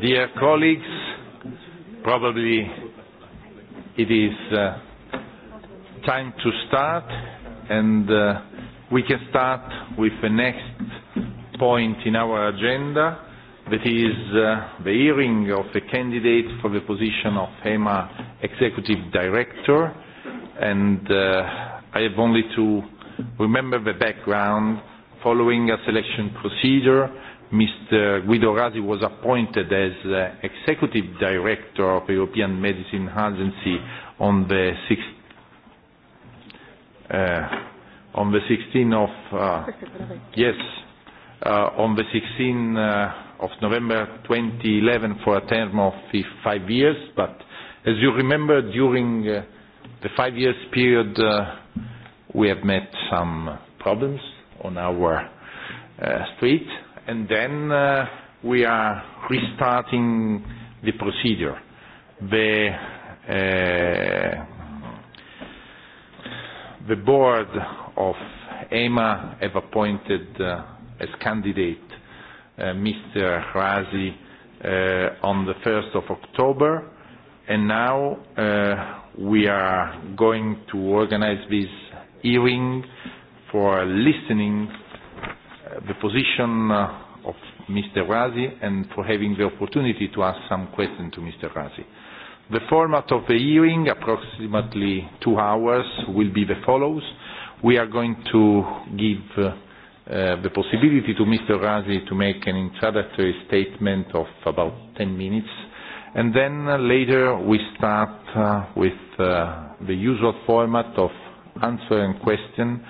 Dear colleagues, probably it is uh, time to start and uh, we can start with the next point in our agenda that is uh, the hearing of the candidate for the position of HEMA Executive Director and uh, I have only to remember the background following a selection procedure Mr. Guido Rasi was appointed as uh, Executive Director of European Medicine Agency on the six, uh, on the 16th of, uh, yes, uh, on the 16th uh, of November 2011 for a term of five years, but as you remember, during uh, the five years period, uh, we have met some problems on our uh, street and then uh, we are restarting the procedure. The, uh, the board of EMA have appointed uh, as candidate uh, Mr. Razi uh, on the 1st of October, and now uh, we are going to organize this hearing for listening the position uh, of Mr. Razi and for having the opportunity to ask some questions to Mr. Razi. The format of the hearing, approximately two hours, will be the follows. We are going to give uh, the possibility to Mr. Razi to make an introductory statement of about 10 minutes, and then uh, later we start uh, with uh, the usual format of answer and question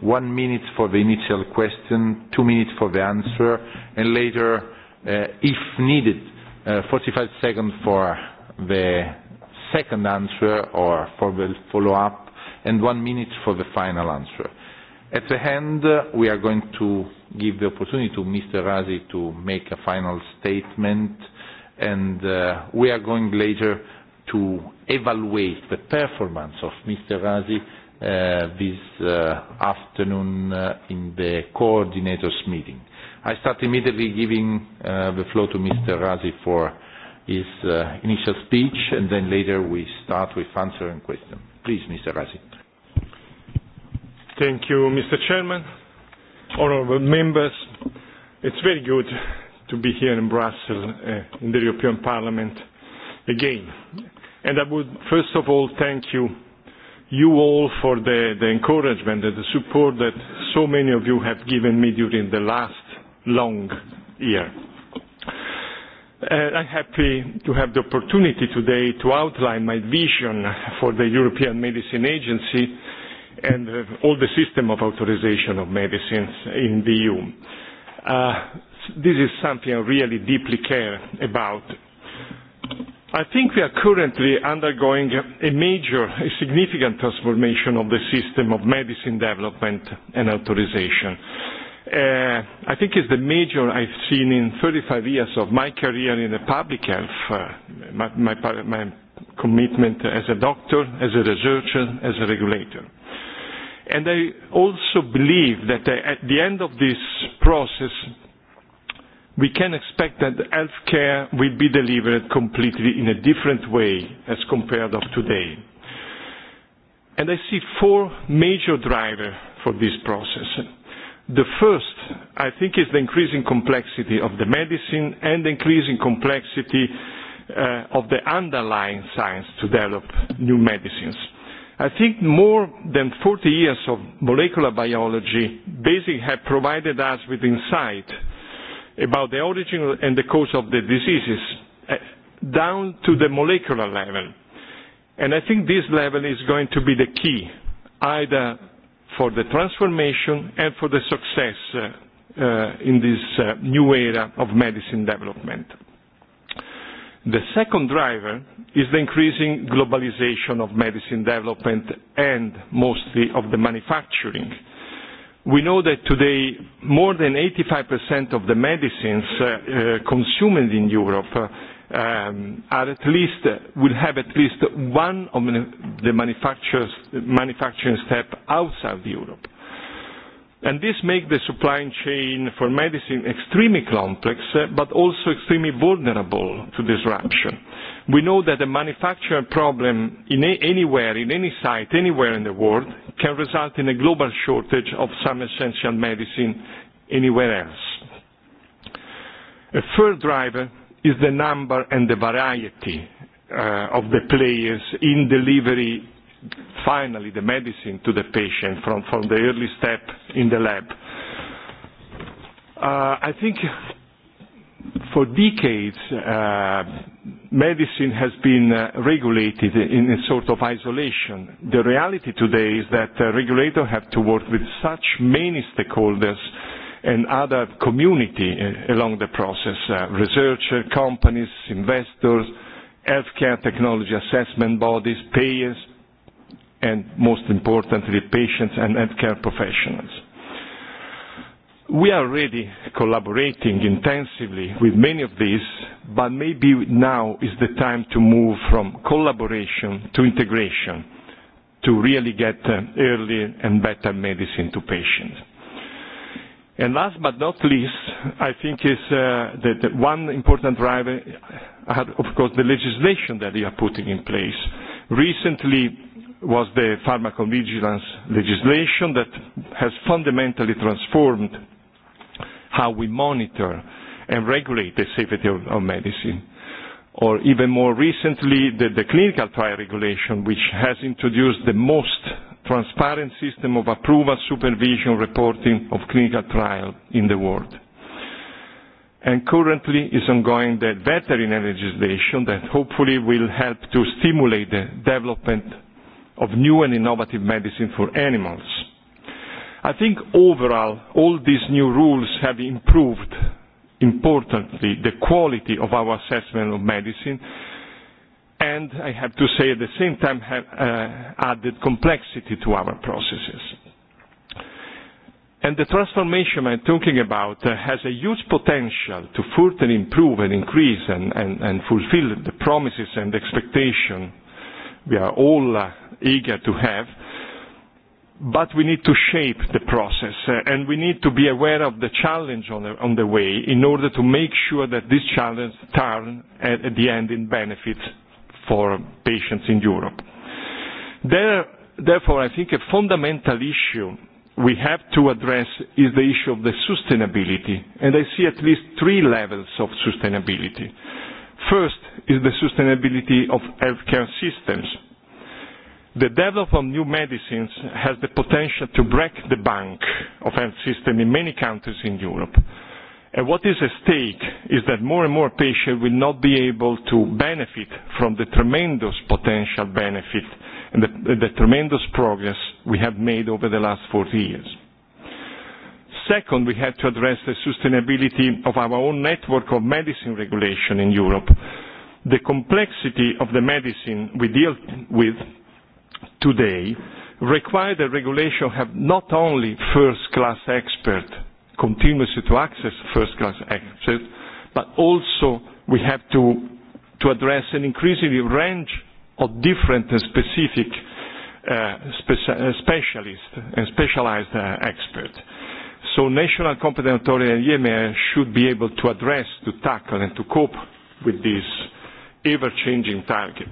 one minute for the initial question, two minutes for the answer, and later, uh, if needed, uh, 45 seconds for the second answer or for the follow-up, and one minute for the final answer. At the end, uh, we are going to give the opportunity to Mr. Razi to make a final statement, and uh, we are going later to evaluate the performance of Mr. Razi uh, this uh, afternoon uh, in the coordinators meeting. I start immediately giving uh, the floor to Mr. Razi for his uh, initial speech, and then later we start with answering questions. Please, Mr. Razi. Thank you, Mr. Chairman, honorable members. It's very good to be here in Brussels, uh, in the European Parliament again. And I would first of all thank you you all for the, the encouragement and the support that so many of you have given me during the last long year. Uh, I'm happy to have the opportunity today to outline my vision for the European Medicine Agency and uh, all the system of authorization of medicines in the EU. Uh, this is something I really deeply care about I think we are currently undergoing a major, a significant transformation of the system of medicine development and authorization. Uh, I think it's the major I've seen in 35 years of my career in the public health, uh, my, my, my commitment as a doctor, as a researcher, as a regulator. And I also believe that at the end of this process, we can expect that healthcare will be delivered completely in a different way as compared of today. And I see four major drivers for this process. The first, I think, is the increasing complexity of the medicine and the increasing complexity uh, of the underlying science to develop new medicines. I think more than 40 years of molecular biology basically have provided us with insight about the origin and the cause of the diseases down to the molecular level. And I think this level is going to be the key, either for the transformation and for the success uh, in this uh, new era of medicine development. The second driver is the increasing globalization of medicine development and mostly of the manufacturing We know that today more than 85% of the medicines uh, uh, consumed in Europe uh, um, are at least, uh, will have at least one of the manufacturers, manufacturing step outside Europe. And this makes the supply chain for medicine extremely complex, uh, but also extremely vulnerable to disruption We know that a manufacturing problem in a, anywhere, in any site, anywhere in the world, can result in a global shortage of some essential medicine anywhere else. A third driver is the number and the variety uh, of the players in delivery, finally, the medicine to the patient from, from the early step in the lab. Uh, I think for decades, uh, medicine has been uh, regulated in a sort of isolation. The reality today is that uh, regulators have to work with such many stakeholders and other community uh, along the process, uh, researchers, companies, investors, healthcare technology assessment bodies, payers, and most importantly, patients and healthcare professionals We are already collaborating intensively with many of these, but maybe now is the time to move from collaboration to integration to really get early and better medicine to patients. And last but not least, I think is uh, that one important driver of course, the legislation that we are putting in place. Recently, was the pharmacovigilance legislation that has fundamentally transformed how we monitor and regulate the safety of, of medicine. Or even more recently, the, the clinical trial regulation, which has introduced the most transparent system of approval, supervision, reporting of clinical trials in the world. And currently is ongoing the veterinary legislation that hopefully will help to stimulate the development of new and innovative medicine for animals I think overall, all these new rules have improved importantly the quality of our assessment of medicine and I have to say at the same time have uh, added complexity to our processes. And the transformation I'm talking about uh, has a huge potential to further improve and increase and, and, and fulfill the promises and expectation we are all uh, eager to have but we need to shape the process uh, and we need to be aware of the challenge on the, on the way in order to make sure that this challenge turn at, at the end in benefits for patients in Europe. There, therefore, I think a fundamental issue we have to address is the issue of the sustainability, and I see at least three levels of sustainability. First is the sustainability of healthcare systems The development of new medicines has the potential to break the bank of health system in many countries in Europe. And what is at stake is that more and more patients will not be able to benefit from the tremendous potential benefit and the, the tremendous progress we have made over the last 40 years. Second, we have to address the sustainability of our own network of medicine regulation in Europe. The complexity of the medicine we deal with today require that regulation have not only first-class expert continuously to access first-class experts, but also we have to, to address an increasing range of different and specific uh, uh, specialists and specialized uh, experts. So national competent authority and EMA should be able to address, to tackle and to cope with this ever-changing target.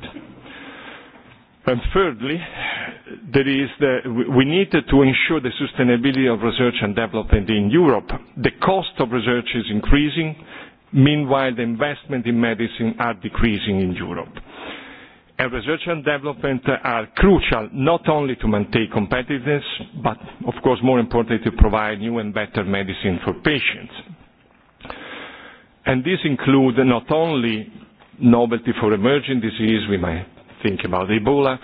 And Thirdly, there is the we need to ensure the sustainability of research and development in Europe. The cost of research is increasing. Meanwhile, the investment in medicine are decreasing in Europe. And Research and development are crucial not only to maintain competitiveness, but of course, more importantly, to provide new and better medicine for patients. And This include not only novelty for emerging disease, we might think about Ebola.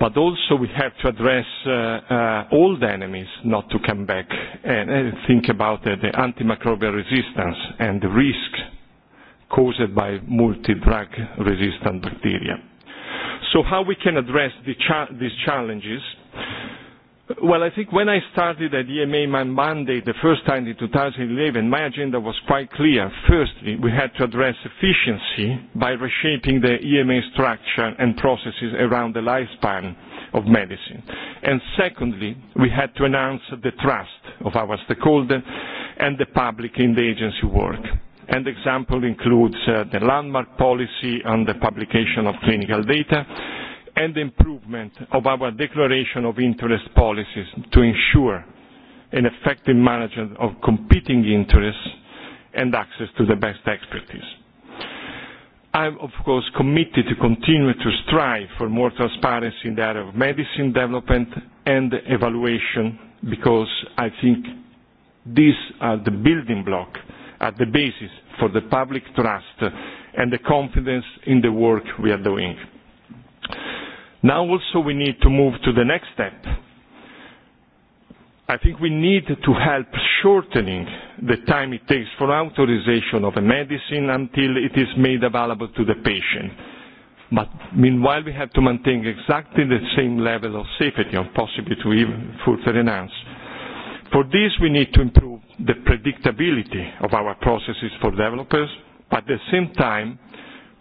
But also we have to address uh, uh, old enemies not to come back and, and think about uh, the antimicrobial resistance and the risk caused by multi-drug resistant bacteria. So how we can address the cha- these challenges? Well, I think when I started at EMA, my mandate the first time in 2011, my agenda was quite clear. Firstly, we had to address efficiency by reshaping the EMA structure and processes around the lifespan of medicine. And secondly, we had to enhance the trust of our stakeholders and the public in the agency work. And example includes uh, the landmark policy on the publication of clinical data, and improvement of our declaration of interest policies to ensure an effective management of competing interests and access to the best expertise. I am, of course, committed to continue to strive for more transparency in the area of medicine development and evaluation because I think these are the building block at the basis for the public trust and the confidence in the work we are doing. Now also we need to move to the next step. I think we need to help shortening the time it takes for authorization of a medicine until it is made available to the patient. But meanwhile, we have to maintain exactly the same level of safety and possibly to even further enhance. For this, we need to improve the predictability of our processes for developers, but at the same time,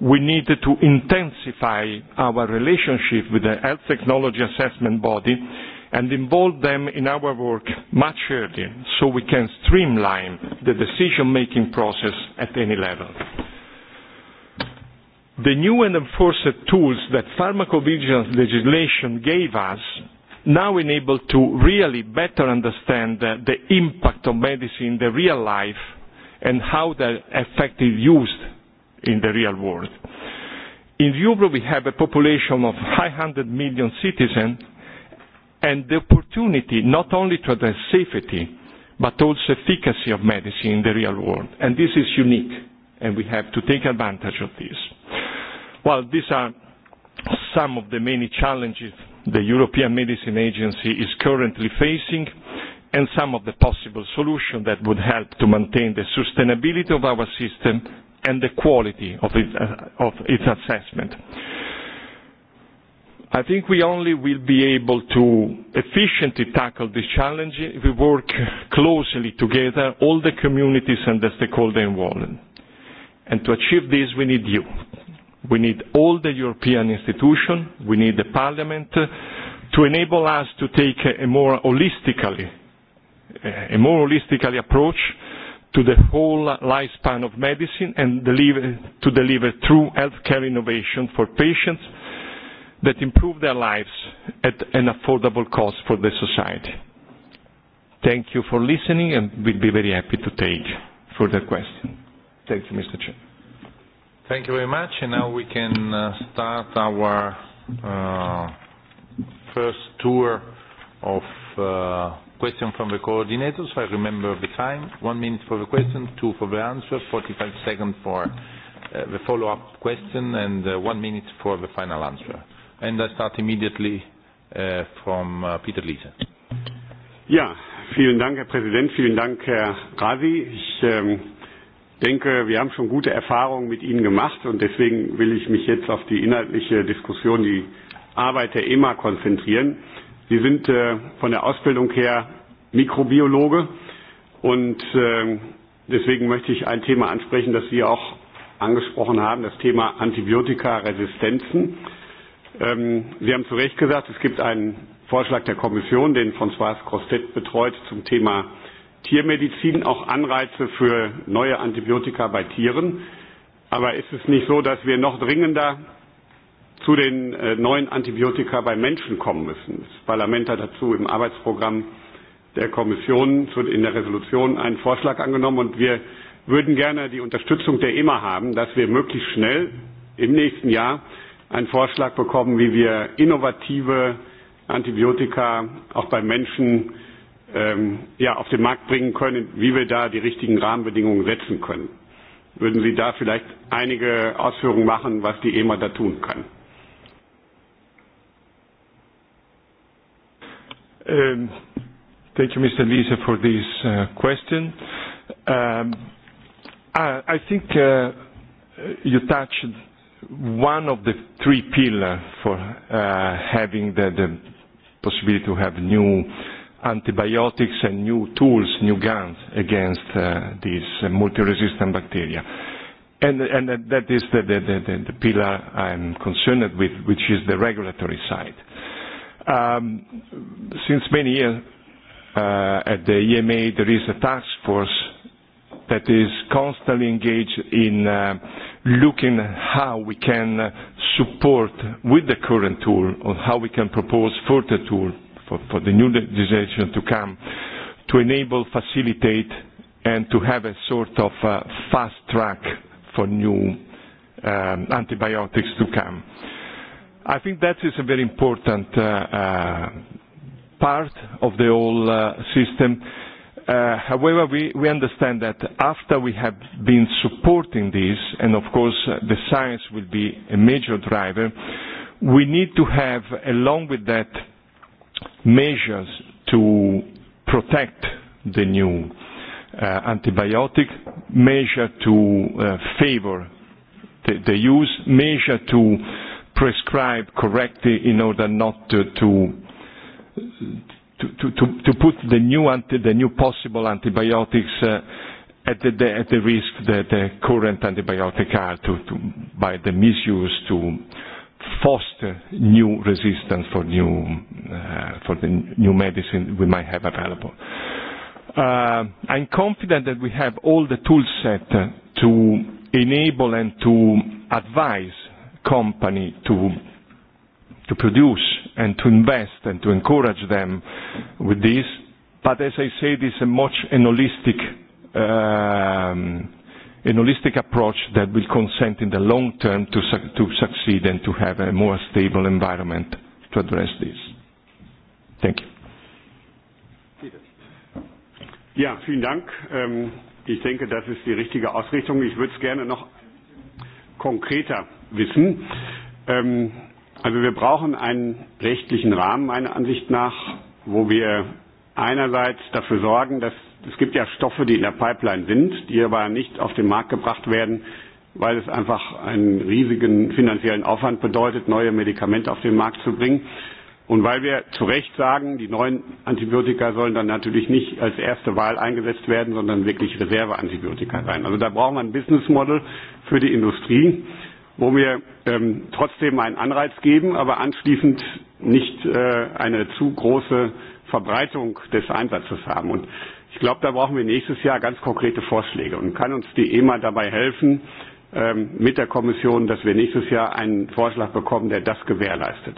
we need to intensify our relationship with the health technology assessment body and involve them in our work much earlier so we can streamline the decision-making process at any level. The new and enforced tools that pharmacovigilance legislation gave us now enable to really better understand the impact of medicine in the real life and how they're effectively used in the real world. In Europe, we have a population of 500 million citizens and the opportunity not only to address safety, but also efficacy of medicine in the real world. And this is unique, and we have to take advantage of this. Well, these are some of the many challenges the European Medicine Agency is currently facing and some of the possible solutions that would help to maintain the sustainability of our system and the quality of its, uh, of its assessment. I think we only will be able to efficiently tackle this challenge if we work closely together, all the communities and the stakeholders involved. And to achieve this, we need you. We need all the European institutions, we need the Parliament, to enable us to take a more holistically, a more holistically approach to the whole lifespan of medicine and deliver, to deliver true healthcare innovation for patients that improve their lives at an affordable cost for the society. Thank you for listening and we'll be very happy to take further questions. Thank you, Mr. Chair. Thank you very much. And now we can uh, start our uh, first tour of uh, Question from the coordinators, if I remember the time. One minute for the question, two for the answer, 45 seconds for uh, the follow-up question, and uh, one minute for the final answer. And I start immediately uh, from uh, Peter Liese. Yeah. vielen Dank, Herr Präsident, vielen Dank, Herr Rasi. Ich ähm, denke, wir haben schon gute Erfahrungen mit Ihnen gemacht und deswegen will ich mich jetzt auf die inhaltliche Diskussion, die Arbeit der EMA konzentrieren. Sie sind von der Ausbildung her Mikrobiologe und deswegen möchte ich ein Thema ansprechen, das Sie auch angesprochen haben, das Thema Antibiotikaresistenzen. Sie haben zu Recht gesagt, es gibt einen Vorschlag der Kommission, den François Crostet betreut, zum Thema Tiermedizin, auch Anreize für neue Antibiotika bei Tieren. Aber ist es nicht so, dass wir noch dringender zu den neuen Antibiotika bei Menschen kommen müssen. Das Parlament hat dazu im Arbeitsprogramm der Kommission in der Resolution einen Vorschlag angenommen und wir würden gerne die Unterstützung der EMA haben, dass wir möglichst schnell im nächsten Jahr einen Vorschlag bekommen, wie wir innovative Antibiotika auch bei Menschen ähm, ja, auf den Markt bringen können, wie wir da die richtigen Rahmenbedingungen setzen können. Würden Sie da vielleicht einige Ausführungen machen, was die EMA da tun kann? Thank you, Mr. Liese, for this uh, question. Um, I, I think uh, you touched one of the three pillars for uh, having the, the possibility to have new antibiotics and new tools, new guns against uh, these uh, multi-resistant bacteria. And, and that is the, the, the, the pillar I'm concerned with, which is the regulatory side Um, since many years uh, at the EMA, there is a task force that is constantly engaged in uh, looking how we can support with the current tool or how we can propose further tool for, for the new legislation to come to enable, facilitate and to have a sort of uh, fast track for new um, antibiotics to come. I think that is a very important uh, uh, part of the whole uh, system. Uh, however, we, we understand that after we have been supporting this, and of course uh, the science will be a major driver, we need to have, along with that, measures to protect the new uh, antibiotic, measure to uh, favor the, the use, measure to uh, prescribe correctly in order not to to to, to, to put the new anti, the new possible antibiotics uh, at the, the at the risk that the current antibiotics are to, to by the misuse to foster new resistance for new uh, for the new medicine we might have available. Uh, I'm confident that we have all the tool set to enable and to advise company to to produce and to invest and to encourage them with this. But as I this it's a much an holistic, um, an holistic approach that will consent in the long term to, su- to succeed and to have a more stable environment to address this. Thank you. Ja, vielen Dank. ich denke, das ist die richtige Ausrichtung. Ich würde es gerne noch konkreter wissen. Ähm, also wir brauchen einen rechtlichen Rahmen meiner Ansicht nach, wo wir einerseits dafür sorgen, dass es gibt ja Stoffe, die in der Pipeline sind, die aber nicht auf den Markt gebracht werden, weil es einfach einen riesigen finanziellen Aufwand bedeutet, neue Medikamente auf den Markt zu bringen. Und weil wir zu Recht sagen, die neuen Antibiotika sollen dann natürlich nicht als erste Wahl eingesetzt werden, sondern wirklich Reserveantibiotika sein. Also da brauchen wir ein Business Model für die Industrie, wo wir ähm, trotzdem einen Anreiz geben, aber anschließend nicht äh, eine zu große Verbreitung des Einsatzes haben. Und ich glaube, da brauchen wir nächstes Jahr ganz konkrete Vorschläge und kann uns die EMA dabei helfen, ähm, mit der Kommission, dass wir nächstes Jahr einen Vorschlag bekommen, der das gewährleistet.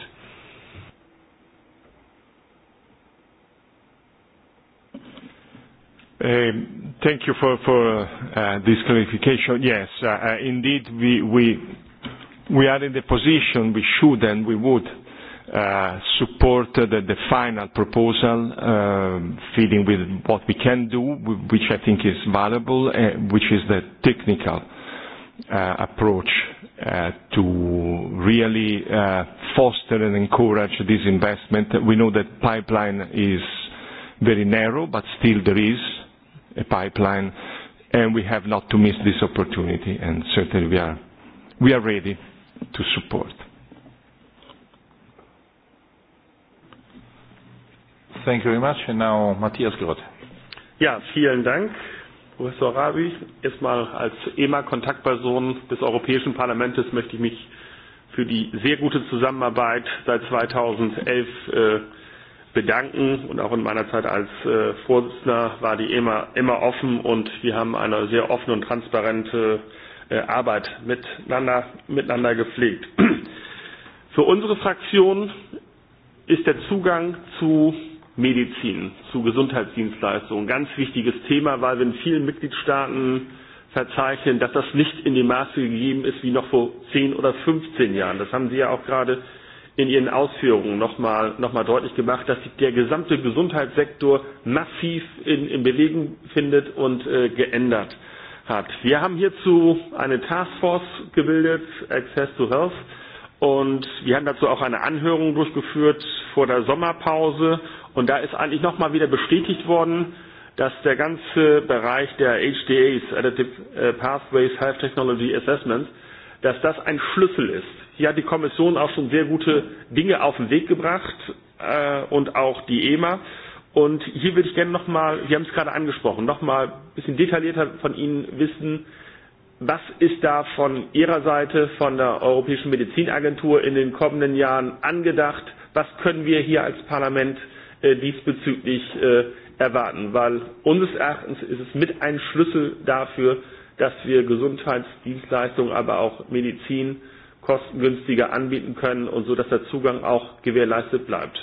Thank you for this clarification. Yes, indeed, we are in the position we should and we would support the final proposal, fitting with what we can do, which I think is valuable, which is the technical approach to really foster and encourage this investment. We know that pipeline is very narrow, but still there is a pipeline, and we have not to miss this opportunity, and certainly we are we are ready to support. Thank you very much. And now Matthias Groth. Ja, vielen Dank, Professor Rabi. Erstmal als EMA-Kontaktperson des Europäischen Parlaments möchte ich mich für die sehr gute Zusammenarbeit seit 2011 äh, bedanken. Und auch in meiner Zeit als äh, Vorsitzender war die immer, immer offen und wir haben eine sehr offene und transparente äh, Arbeit miteinander, miteinander gepflegt. Für unsere Fraktion ist der Zugang zu Medizin, zu Gesundheitsdienstleistungen ein ganz wichtiges Thema, weil wir in vielen Mitgliedstaaten verzeichnen, dass das nicht in dem Maße gegeben ist wie noch vor zehn oder 15 Jahren. Das haben Sie ja auch gerade in Ihren Ausführungen nochmal noch mal deutlich gemacht, dass sich der gesamte Gesundheitssektor massiv in, in Bewegung findet und äh, geändert hat. Wir haben hierzu eine Taskforce gebildet, Access to Health, und wir haben dazu auch eine Anhörung durchgeführt vor der Sommerpause. Und da ist eigentlich nochmal wieder bestätigt worden, dass der ganze Bereich der HDAs, Additive Pathways Health Technology Assessments, dass das ein Schlüssel ist Hier hat die Kommission auch schon sehr gute Dinge auf den Weg gebracht äh, und auch die EMA. Und hier würde ich gerne nochmal, Sie haben es gerade angesprochen, nochmal ein bisschen detaillierter von Ihnen wissen, was ist da von Ihrer Seite, von der Europäischen Medizinagentur in den kommenden Jahren angedacht? Was können wir hier als Parlament äh, diesbezüglich äh, erwarten? Weil unseres Erachtens ist es mit ein Schlüssel dafür, dass wir Gesundheitsdienstleistungen, aber auch Medizin kostengünstiger anbieten können und so, dass der Zugang auch gewährleistet bleibt.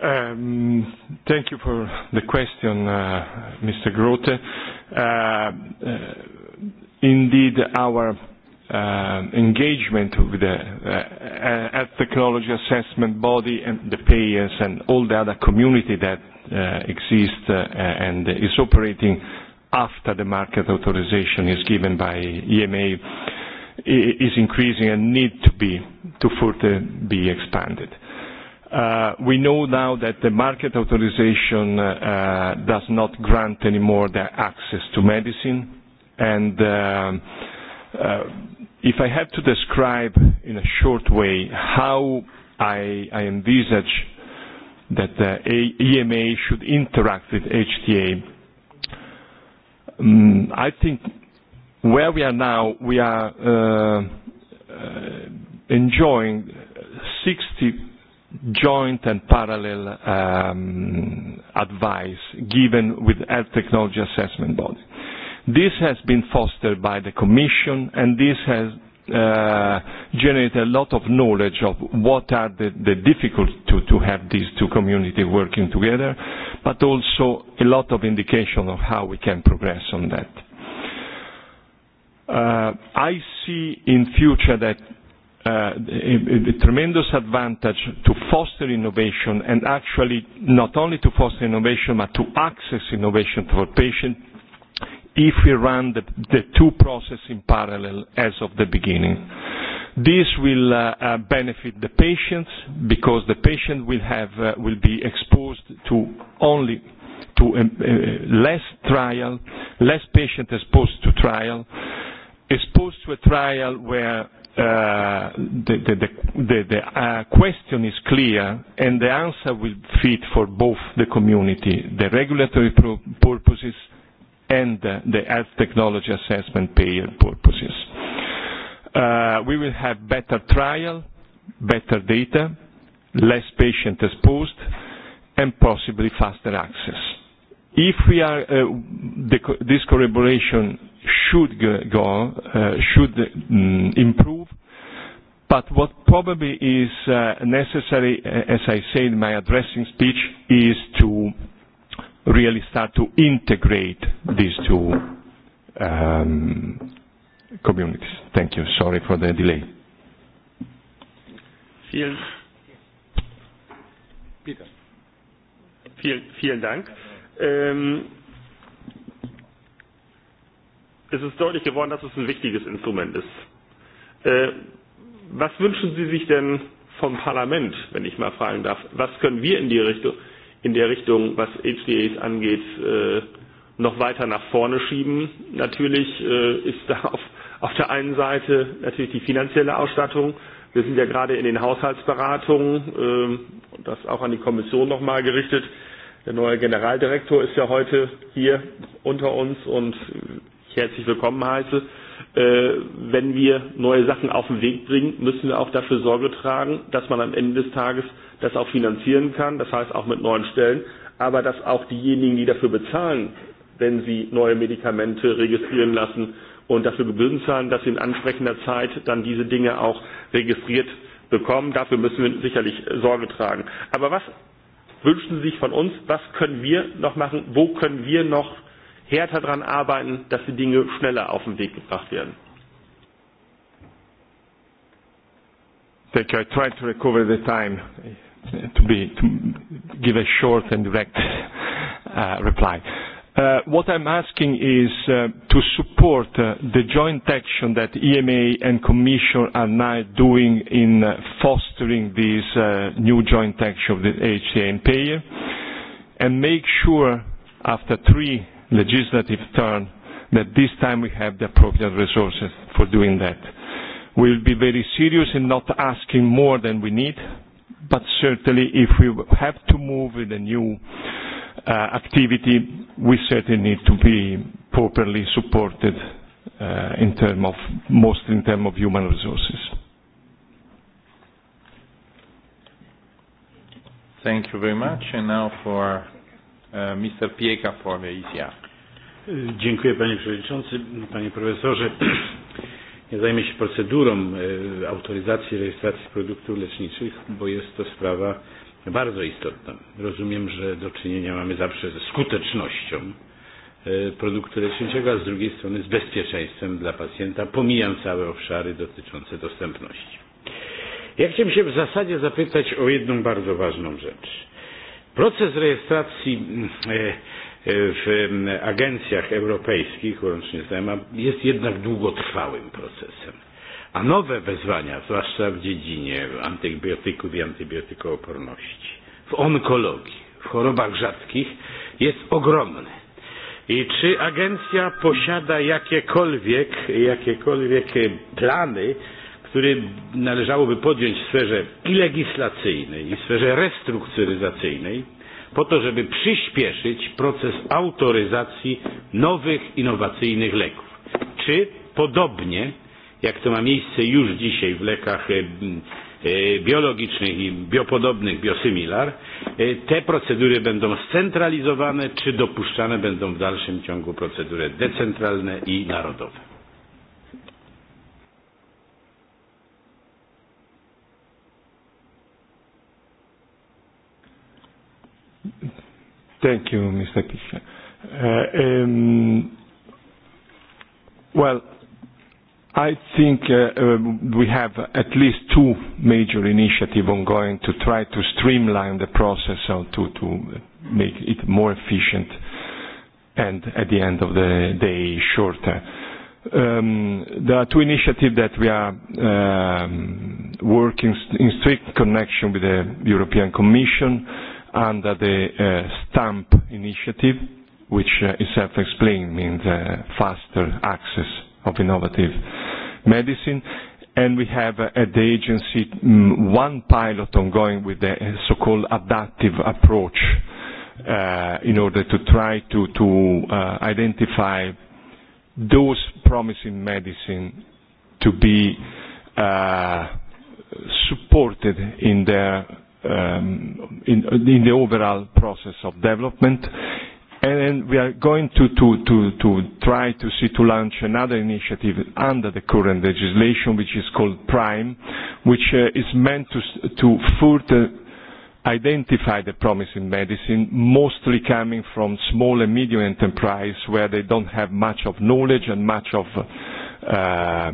Um, thank you for the question, uh, Mr. Grote. Uh, uh, indeed, our uh, engagement with the uh, technology assessment body and the payers and all the other community that uh, exists uh, and is operating uh, after the market authorization is given by EMA is increasing and need to be to further be expanded. Uh, we know now that the market authorization uh, does not grant anymore the access to medicine, and uh, uh, if I have to describe in a short way how I, I envisage that the EMA should interact with HTA, um, I think where we are now, we are uh, uh, enjoying 60 joint and parallel um, advice given with health technology assessment body. This has been fostered by the Commission and this has uh, generate a lot of knowledge of what are the, the difficulties to, to have these two communities working together, but also a lot of indication of how we can progress on that. Uh, I see in future that uh, a, a tremendous advantage to foster innovation and actually not only to foster innovation but to access innovation for patients if we run the, the two processes in parallel as of the beginning. This will uh, uh, benefit the patients because the patient will, have, uh, will be exposed to only to uh, less trial, less patient exposed to trial, exposed to a trial where the, the, the, the, the uh, question is clear and the answer will fit for both the community, the regulatory purposes and the health technology assessment payer purposes. Uh, we will have better trial, better data, less patient exposed, and possibly faster access. If we are, uh, the, this collaboration should go, uh, should um, improve, but what probably is uh, necessary, as I said in my addressing speech, is to really start to integrate these two um, communities. Thank you. Sorry for the delay. Vielen, Peter. Vielen, vielen Dank. Ähm, es ist deutlich geworden, dass es ein wichtiges Instrument ist. Äh, was wünschen Sie sich denn vom Parlament, wenn ich mal fragen darf? Was können wir in die Richtung, in der Richtung, was HDAs angeht, äh, noch weiter nach vorne schieben. Natürlich äh, ist da auf, auf der einen Seite natürlich die finanzielle Ausstattung. Wir sind ja gerade in den Haushaltsberatungen, äh, das auch an die Kommission nochmal gerichtet. Der neue Generaldirektor ist ja heute hier unter uns und ich herzlich willkommen heiße. Äh, wenn wir neue Sachen auf den Weg bringen, müssen wir auch dafür Sorge tragen, dass man am Ende des Tages äh, das auch finanzieren kann, das heißt auch mit neuen Stellen, aber dass auch diejenigen, die dafür bezahlen, wenn sie neue Medikamente registrieren lassen und dafür Gebühren zahlen, dass sie in ansprechender Zeit dann diese Dinge auch registriert bekommen. Dafür müssen wir sicherlich Sorge tragen. Aber was wünschen Sie sich von uns? Was können wir noch machen? Wo können wir noch härter daran arbeiten, dass die Dinge schneller auf den Weg gebracht werden? Thank you. I tried to recover the time to be to give a short and direct uh, reply. Uh, what I'm asking is uh, to support uh, the joint action that EMA and Commission are now doing in uh, fostering this uh, new joint action of the HCA and payer, and make sure after three legislative turns that this time we have the appropriate resources for doing that. We'll be very serious in not asking more than we need but certainly if we have to move with a new uh, activity, we certainly need to be properly supported uh, in terms of, mostly in terms of human resources. Thank you very much. And now for uh, Mr. Pieka for the ECR. Dziękuję panie przewodniczący, panie profesorze nie zajmie się procedurą autoryzacji rejestracji produktów leczniczych, bo jest to sprawa bardzo istotna. Rozumiem, że do czynienia mamy zawsze ze skutecznością produktu leczniczego, a z drugiej strony z bezpieczeństwem dla pacjenta, pomijam całe obszary dotyczące dostępności. Ja chciałem się w zasadzie zapytać o jedną bardzo ważną rzecz. Proces rejestracji w agencjach europejskich, łącznie z EMA, jest jednak długotrwałym procesem. A nowe wezwania, zwłaszcza w dziedzinie antybiotyków i antybiotykooporności, w onkologii, w chorobach rzadkich, jest ogromne. I czy agencja posiada jakiekolwiek, jakiekolwiek plany, które należałoby podjąć w sferze i legislacyjnej, i w sferze restrukturyzacyjnej, po to, żeby przyspieszyć proces autoryzacji nowych, innowacyjnych leków. Czy podobnie, jak to ma miejsce już dzisiaj w lekach biologicznych i biopodobnych, biosymilar te procedury będą scentralizowane, czy dopuszczane będą w dalszym ciągu procedury decentralne i narodowe. Thank you, Mr. Kisha. Uh, um, well, I think uh, we have at least two major initiatives ongoing to try to streamline the process and to, to make it more efficient and at the end of the day shorter. Um, there are two initiatives that we are um, working in strict connection with the European Commission under the uh, STAMP initiative, which uh, is self-explained, means uh, faster access of innovative medicine. And we have uh, at the agency um, one pilot ongoing with the so-called adaptive approach uh, in order to try to, to uh, identify those promising medicine to be uh, supported in their um, in, in the overall process of development. And we are going to, to, to, to try to see to launch another initiative under the current legislation, which is called PRIME, which uh, is meant to, to further identify the promise in medicine, mostly coming from small and medium enterprise where they don't have much of knowledge and much of uh,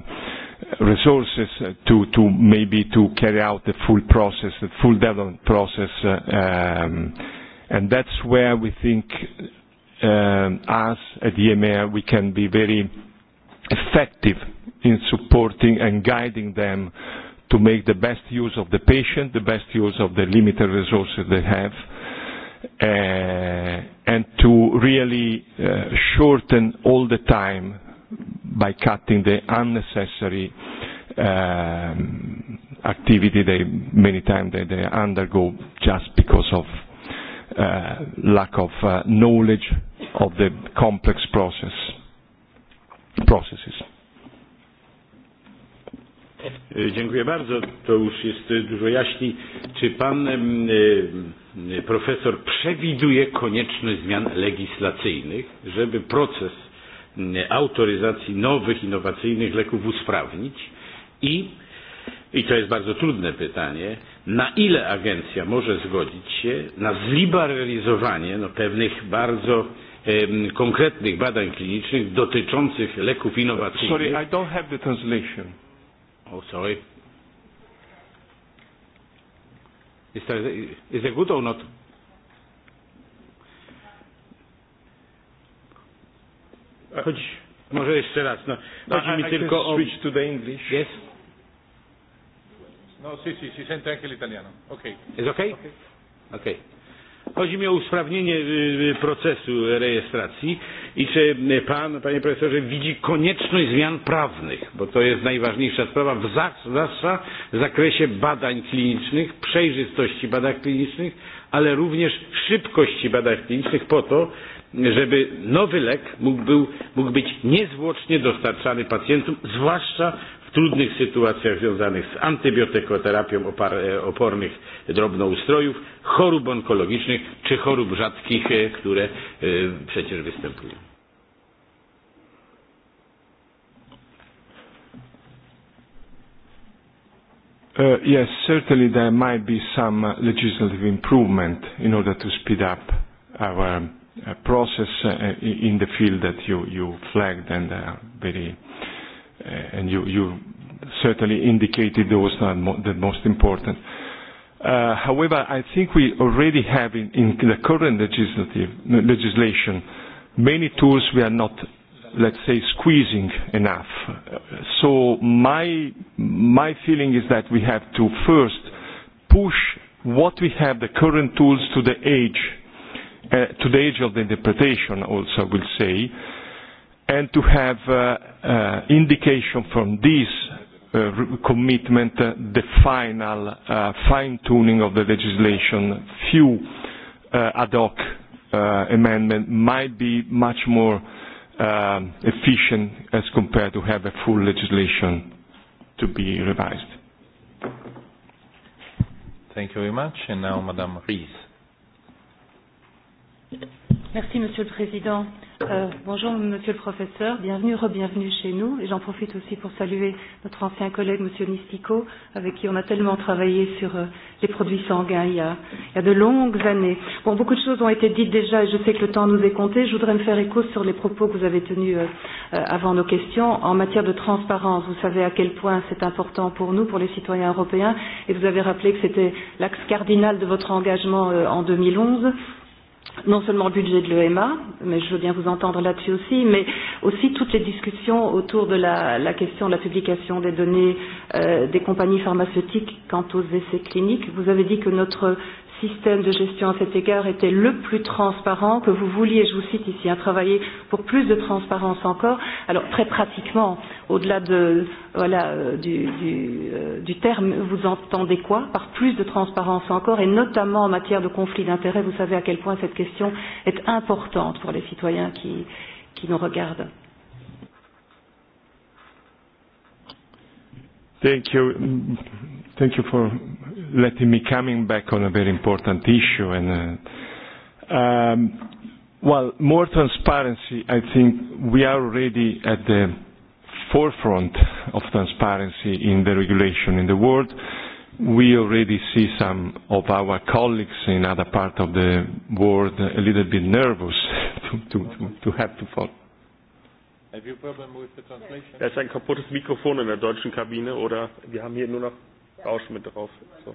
resources to, to maybe to carry out the full process, the full development process. Um, and that's where we think um, us at EMEA, we can be very effective in supporting and guiding them to make the best use of the patient, the best use of the limited resources they have, uh, and to really uh, shorten all the time by cutting the unnecessary uh, activity they many times they, they undergo just because of uh, lack of uh, knowledge of the complex process processes. Dziękuję bardzo. To już jest dużo jaśniej. Czy pan profesor przewiduje konieczność zmian legislacyjnych, żeby proces autoryzacji nowych, innowacyjnych leków usprawnić i, i to jest bardzo trudne pytanie, na ile agencja może zgodzić się na zliberalizowanie no, pewnych bardzo um, konkretnych badań klinicznych dotyczących leków innowacyjnych. Sorry, I don't have the translation. Oh, sorry. Is that, is that good or not? choć może jeszcze raz. No. Chodzi no, mi I tylko o... switch to the English. Yes? No, si, si, si sente anche l'italiano. Ok. Jest ok? Ok. okay. Chodzi mi o usprawnienie procesu rejestracji i czy Pan, Panie Profesorze, widzi konieczność zmian prawnych, bo to jest najważniejsza sprawa, zwłaszcza w zakresie badań klinicznych, przejrzystości badań klinicznych, ale również szybkości badań klinicznych po to, żeby nowy lek mógł, był, mógł być niezwłocznie dostarczany pacjentom, zwłaszcza w trudnych sytuacjach związanych z antybiotykoterapią opar, opornych drobnoustrojów, chorób onkologicznych czy chorób rzadkich, które przecież występują. Uh, yes, certainly there might be some legislative improvement in order to speed up our uh, process uh, in the field that you, you flagged and uh, very uh, and you, you certainly indicated those are mo- the most important. Uh, however, I think we already have in, in the current legislative legislation many tools we are not, let's say, squeezing enough. So my my feeling is that we have to first push what we have, the current tools, to the age uh, to the age of the interpretation also, I will say, and to have uh, uh, indication from this uh, commitment, uh, the final uh, fine-tuning of the legislation, few uh, ad hoc uh, amendment might be much more um, efficient as compared to have a full legislation to be revised. Thank you very much. And now, Madame Rees. Merci, Monsieur le Président. Euh, bonjour, Monsieur le Professeur. Bienvenue, re-bienvenue chez nous. Et j'en profite aussi pour saluer notre ancien collègue, Monsieur Nistico, avec qui on a tellement travaillé sur euh, les produits sanguins il y, a, il y a de longues années. Bon, beaucoup de choses ont été dites déjà et je sais que le temps nous est compté. Je voudrais me faire écho sur les propos que vous avez tenus euh, euh, avant nos questions en matière de transparence. Vous savez à quel point c'est important pour nous, pour les citoyens européens, et vous avez rappelé que c'était l'axe cardinal de votre engagement euh, en 2011 non seulement le budget de l'EMA, mais je veux bien vous entendre là-dessus aussi, mais aussi toutes les discussions autour de la, la question de la publication des données euh, des compagnies pharmaceutiques quant aux essais cliniques. Vous avez dit que notre système de gestion à cet égard était le plus transparent, que vous vouliez, je vous cite ici, hein, travailler pour plus de transparence encore. Alors très pratiquement, au-delà de, voilà, du, du, euh, du terme, vous entendez quoi par plus de transparence encore, et notamment en matière de conflit d'intérêts, vous savez à quel point cette question est importante pour les citoyens qui, qui nous regardent. Thank you. Thank you for let me coming back on a very important issue. And uh, um, well, more transparency. I think we are already at the forefront of transparency in the regulation in the world. We already see some of our colleagues in other parts of the world a little bit nervous to, to, to, to have to follow. Have you a problem with the translation? Das ist ein kaputtes Mikrofon in der deutschen Kabine oder wir haben hier nur noch Rauschen mit drauf. So.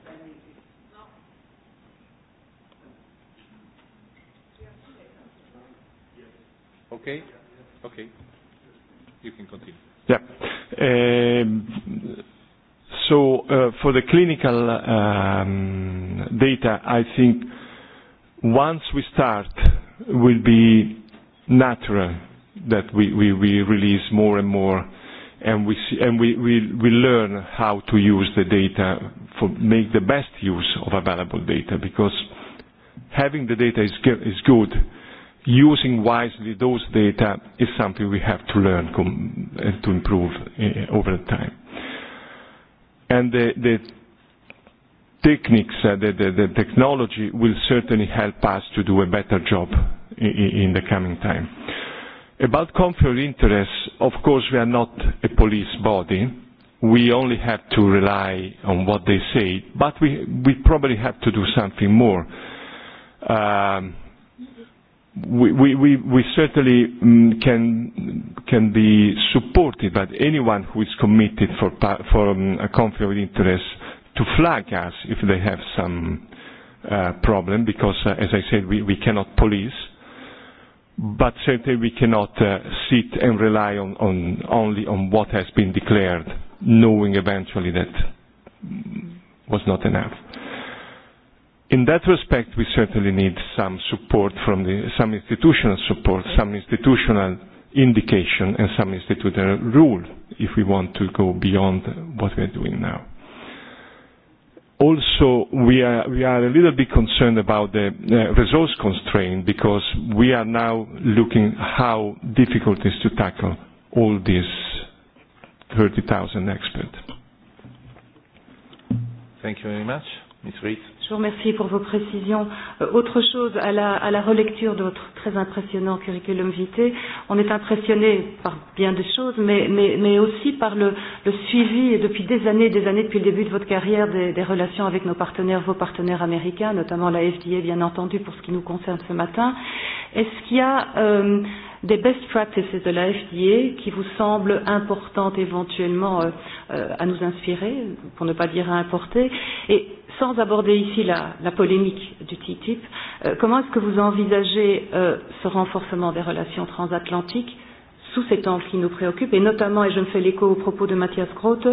Okay? Okay. You can continue. Yeah. Um, so uh, for the clinical um, data, I think once we start, will be natural that we, we, we release more and more and we see, and we, we, we learn how to use the data for make the best use of available data because having the data is, is good using wisely those data is something we have to learn com- to improve uh, over time and the, the techniques uh, the, the, the technology will certainly help us to do a better job in, in the coming time About conflict of interest, of course, we are not a police body. We only have to rely on what they say, but we, we probably have to do something more. Um, we, we, we, we certainly can, can be supported by anyone who is committed for, for a conflict of interest to flag us if they have some uh, problem, because, uh, as I said, we, we cannot police but certainly we cannot uh, sit and rely on, on only on what has been declared, knowing eventually that was not enough. In that respect, we certainly need some support from the, some institutional support, some institutional indication, and some institutional rule if we want to go beyond what we are doing now. Also, we are we are a little bit concerned about the uh resource constraint because we are now looking how difficult it is to tackle all these 30,000 experts. Thank you very much. Ms. Reed. Je vous remercie pour vos précisions. Euh, autre chose, à la, à la relecture de votre très impressionnant curriculum vitae, on est impressionné par bien des choses, mais, mais, mais aussi par le, le suivi, depuis des années, des années, depuis le début de votre carrière, des, des relations avec nos partenaires, vos partenaires américains, notamment la FDA, bien entendu, pour ce qui nous concerne ce matin. Est-ce qu'il y a euh, des best practices de la FDA qui vous semblent importantes éventuellement euh, euh, à nous inspirer, pour ne pas dire à importer et sans aborder ici la, la polémique du TTIP, euh, comment est-ce que vous envisagez euh, ce renforcement des relations transatlantiques sous cet angle qui nous préoccupe, et notamment, et je me fais l'écho aux propos de Mathias Grote,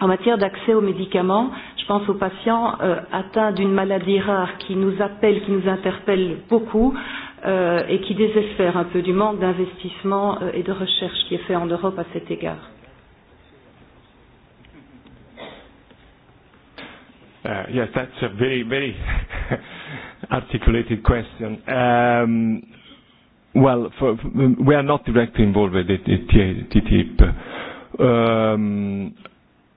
en matière d'accès aux médicaments, je pense aux patients euh, atteints d'une maladie rare qui nous appelle, qui nous interpelle beaucoup euh, et qui désespère un peu du manque d'investissement euh, et de recherche qui est fait en Europe à cet égard. Uh, yes, that's a very, very articulated question. Um, well, for, we are not directly involved with TTIP. Um,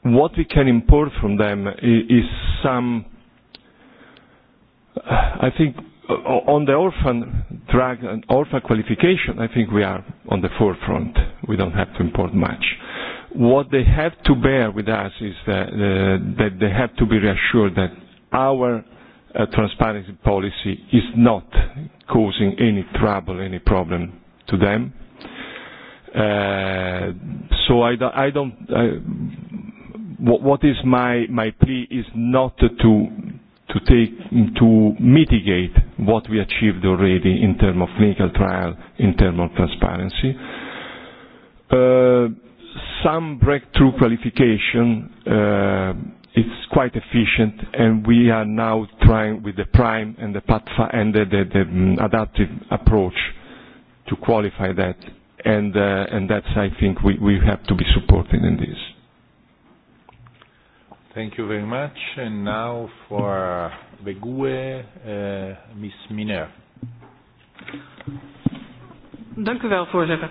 what we can import from them is, is some, uh I think, uh on the orphan drug and orphan qualification, I think we are on the forefront. We don't have to import much what they have to bear with us is that uh, that they have to be reassured that our uh, transparency policy is not causing any trouble, any problem to them. Uh, so I, do, I don't. I, what, what is my my plea is not to to take to mitigate what we achieved already in terms of clinical trial, in terms of transparency. Uh, some breakthrough qualification, uh, it's quite efficient, and we are now trying with the prime and the PATFA and the, the, the adaptive approach to qualify that. And, uh, and that's, I think, we, we have to be supporting in this. Thank you very much. And now for the GUE, uh, Ms. Miner. Dank u wel, voorzitter.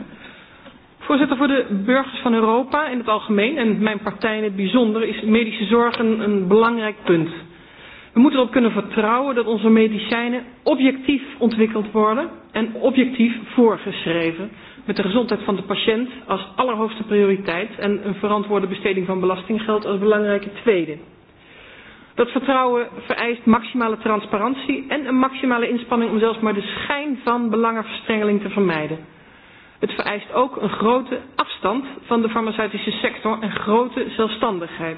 Voorzitter, voor de burgers van Europa in het algemeen en mijn partij in het bijzonder is medische zorg een, een belangrijk punt. We moeten erop kunnen vertrouwen dat onze medicijnen objectief ontwikkeld worden en objectief voorgeschreven. Met de gezondheid van de patiënt als allerhoogste prioriteit en een verantwoorde besteding van belastinggeld als belangrijke tweede. Dat vertrouwen vereist maximale transparantie en een maximale inspanning om zelfs maar de schijn van belangenverstrengeling te vermijden. Het vereist ook een grote afstand van de farmaceutische sector en grote zelfstandigheid.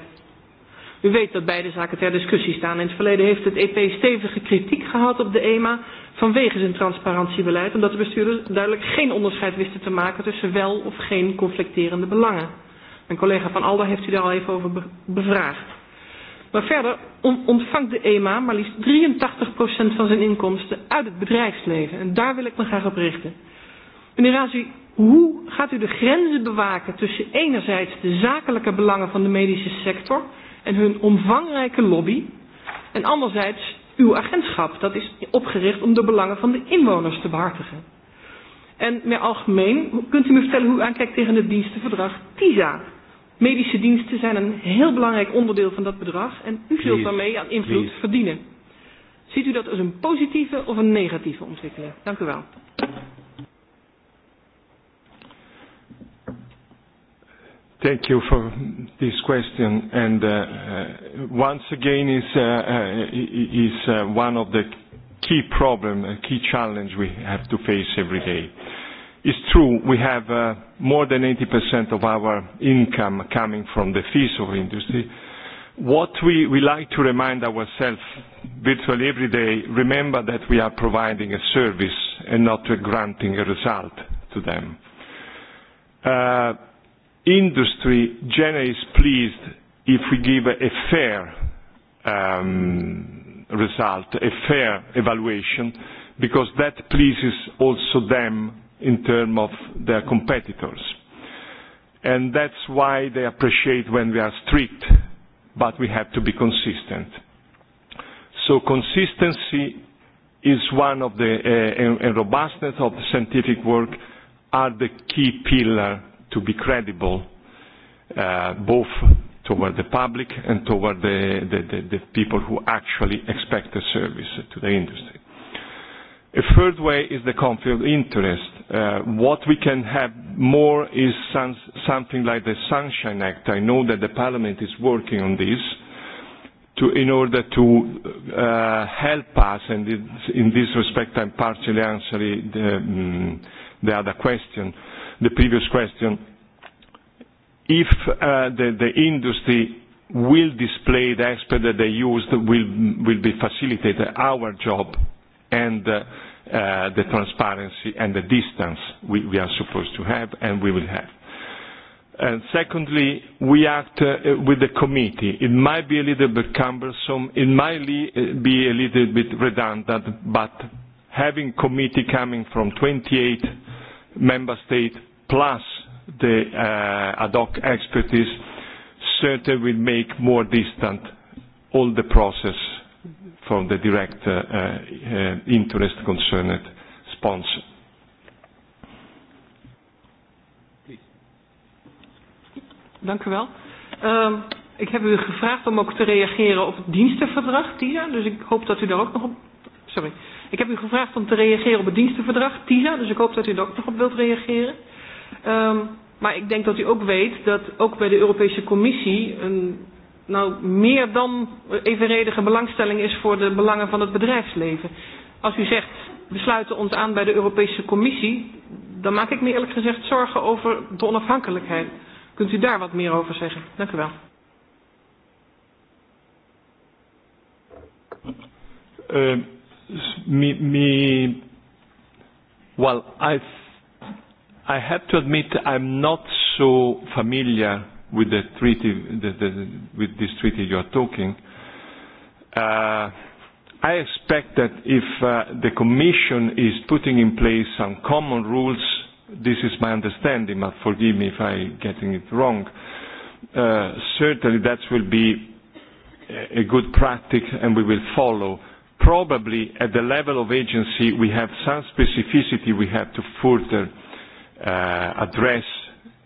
U weet dat beide zaken ter discussie staan. In het verleden heeft het EP stevige kritiek gehad op de EMA vanwege zijn transparantiebeleid, omdat de bestuurders duidelijk geen onderscheid wisten te maken tussen wel of geen conflicterende belangen. Mijn collega van Alder heeft u daar al even over bevraagd. Maar verder ontvangt de EMA maar liefst 83% van zijn inkomsten uit het bedrijfsleven. En daar wil ik me graag op richten. Meneer Razi, hoe gaat u de grenzen bewaken tussen enerzijds de zakelijke belangen van de medische sector en hun omvangrijke lobby en anderzijds uw agentschap? Dat is opgericht om de belangen van de inwoners te behartigen. En meer algemeen, kunt u me vertellen hoe u aankijkt tegen het dienstenverdrag TISA? Medische diensten zijn een heel belangrijk onderdeel van dat bedrag en u zult daarmee aan invloed please. verdienen. Ziet u dat als een positieve of een negatieve ontwikkeling? Dank u wel. Thank you for this question. and uh Once again, is uh uh is uh one of the key problem, a key challenge we have to face every day. It's true, we have uh more than 80% of our income coming from the fees of industry. What we we like to remind ourselves virtually every day, remember that we are providing a service and not granting a result to them. Uh industry generally is pleased if we give a fair um, result, a fair evaluation, because that pleases also them in terms of their competitors. And that's why they appreciate when we are strict, but we have to be consistent. So consistency is one of the, uh, and, and robustness of the scientific work are the key pillar to be credible, uh, both toward the public and toward the, the, the, the people who actually expect the service to the industry. A third way is the conflict of interest. Uh, what we can have more is some, something like the Sunshine Act. I know that the Parliament is working on this to, in order to uh, help us, and in this respect I'm partially answering the, um, the other question, uh, the previous question. If uh, the, the industry will display the expert that they used will, will be facilitated our job and uh, uh, the transparency and the distance we, we are supposed to have and we will have. And secondly, we act uh, with the committee. It might be a little bit cumbersome, it might be a little bit redundant, but having committee coming from 28 member states plus the uh, ad hoc expertise certainly will make more distant all the process from the direct uh, uh, interest concerned sponsor. Dank u wel. Um, ik heb u gevraagd om ook te reageren op het dienstenverdrag, TISA. Dus ik hoop dat u daar ook nog op. Sorry. Ik heb u gevraagd om te reageren op het dienstenverdrag, TISA. Dus ik hoop dat u daar ook nog op wilt reageren. Um, maar ik denk dat u ook weet dat ook bij de Europese Commissie een nou, meer dan evenredige belangstelling is voor de belangen van het bedrijfsleven. Als u zegt, we sluiten ons aan bij de Europese Commissie, dan maak ik me eerlijk gezegd zorgen over de onafhankelijkheid. Kunt u daar wat meer over zeggen? Dank u wel. Uh, me, me, well, I I have to admit I'm not so familiar with the treaty, the, the, with this treaty you are talking. Uh, I expect that if uh, the Commission is putting in place some common rules, this is my understanding, but forgive me if I'm getting it wrong, uh, certainly that will be a good practice and we will follow. Probably at the level of agency we have some specificity we have to further uh, uh, address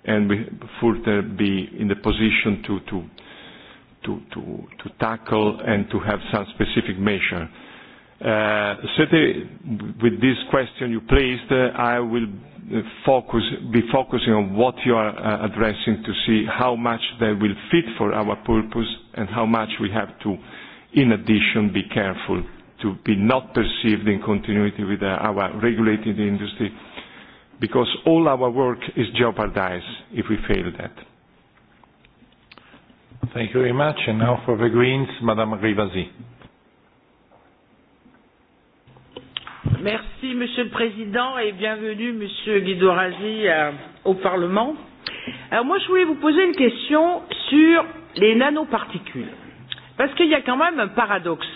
and we further be in the position to, to, to, to, to tackle and to have some specific measure. Uh, certainly, with this question you placed, uh, I will focus, be focusing on what you are uh, addressing to see how much they will fit for our purpose and how much we have to, in addition, be careful to be not perceived in continuity with uh, our regulated industry because all our work is jeopardized if we fail that. Thank you very much. And now for the Greens, Madame Rivasi. Merci, Monsieur le Président, et bienvenue, Monsieur Guido Razi, euh, au Parlement. Alors moi, je voulais vous poser une question sur les nanoparticules, parce qu'il y a quand même un paradoxe.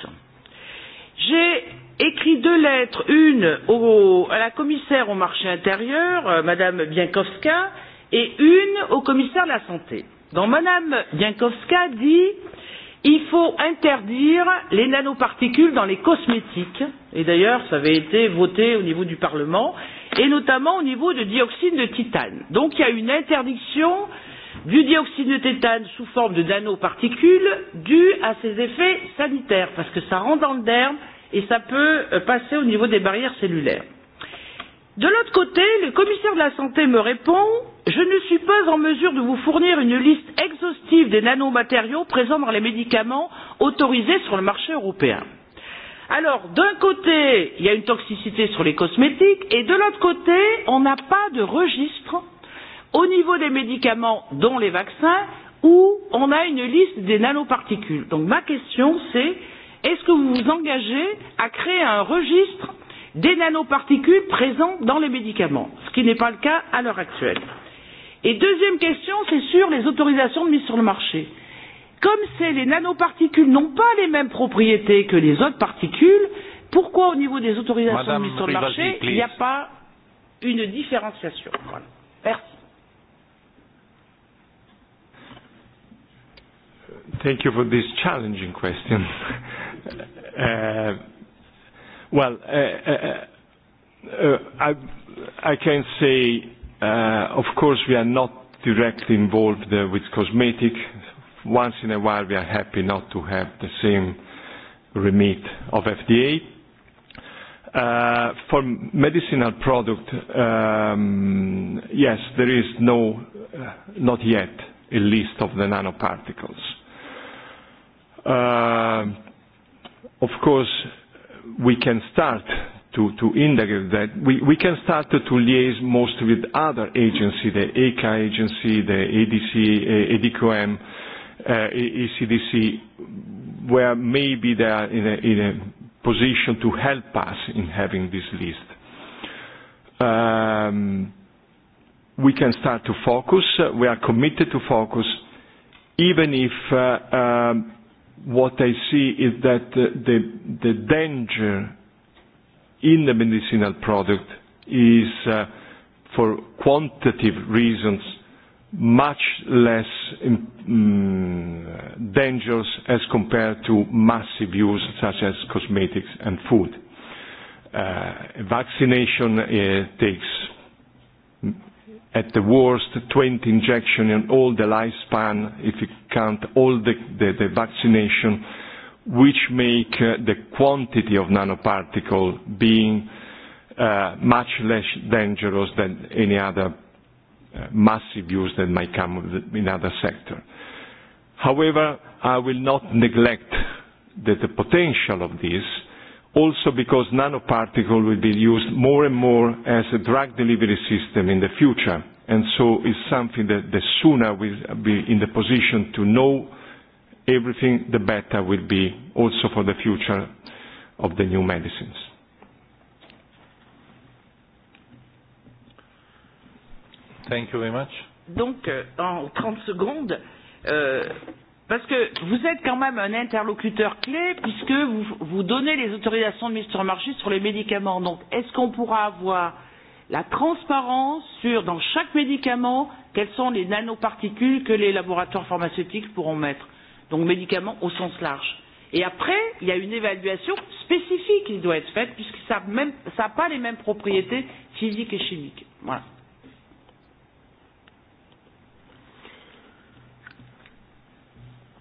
J'ai écrit deux lettres, une au, à la commissaire au marché intérieur, euh, Madame Biankowska, et une au commissaire de la santé. Donc Madame Biankowska dit il faut interdire les nanoparticules dans les cosmétiques, et d'ailleurs ça avait été voté au niveau du Parlement, et notamment au niveau de dioxyde de titane. Donc il y a une interdiction du dioxyde de titane sous forme de nanoparticules due à ses effets sanitaires, parce que ça rentre dans le derme, et ça peut passer au niveau des barrières cellulaires. De l'autre côté, le commissaire de la santé me répond Je ne suis pas en mesure de vous fournir une liste exhaustive des nanomatériaux présents dans les médicaments autorisés sur le marché européen. Alors, d'un côté, il y a une toxicité sur les cosmétiques, et de l'autre côté, on n'a pas de registre au niveau des médicaments, dont les vaccins, où on a une liste des nanoparticules. Donc, ma question, c'est est-ce que vous vous engagez à créer un registre des nanoparticules présentes dans les médicaments, ce qui n'est pas le cas à l'heure actuelle Et deuxième question, c'est sur les autorisations de mise sur le marché. Comme c'est les nanoparticules n'ont pas les mêmes propriétés que les autres particules, pourquoi au niveau des autorisations Madame de mise sur le marché, il n'y a pas une différenciation voilà. Merci. Thank you for this challenging question well, uh, uh, uh, I, I can say, uh, of course, we are not directly involved uh, with cosmetic. Once in a while, we are happy not to have the same remit of FDA. Uh, for medicinal product, um, yes, there is no, uh, not yet, a list of the nanoparticles. Uh, of course, we can start to, to integrate that. We, we can start to liaise most with other agencies, the ECA agency, the ADC, ADQM, uh, ECDC, where maybe they are in a, in a position to help us in having this list. Um, we can start to focus. We are committed to focus, even if uh, um, what I see is that the, the danger in the medicinal product is, uh, for quantitative reasons, much less um, dangerous as compared to massive use such as cosmetics and food. Uh, vaccination uh, takes at the worst 20 injection in all the lifespan, if you count all the, the, the vaccination, which make uh, the quantity of nanoparticle being uh, much less dangerous than any other uh, massive use that might come in other sector. However, I will not neglect that the potential of this also because nanoparticles will be used more and more as a drug delivery system in the future. And so it's something that the sooner we'll be in the position to know everything, the better will be also for the future of the new medicines. Thank you very much. Donc, en 30 secondes, euh, Parce que vous êtes quand même un interlocuteur clé puisque vous, vous donnez les autorisations de mise sur le marché sur les médicaments. Donc, est-ce qu'on pourra avoir la transparence sur, dans chaque médicament, quelles sont les nanoparticules que les laboratoires pharmaceutiques pourront mettre Donc, médicaments au sens large. Et après, il y a une évaluation spécifique qui doit être faite puisque ça n'a pas les mêmes propriétés physiques et chimiques. Voilà.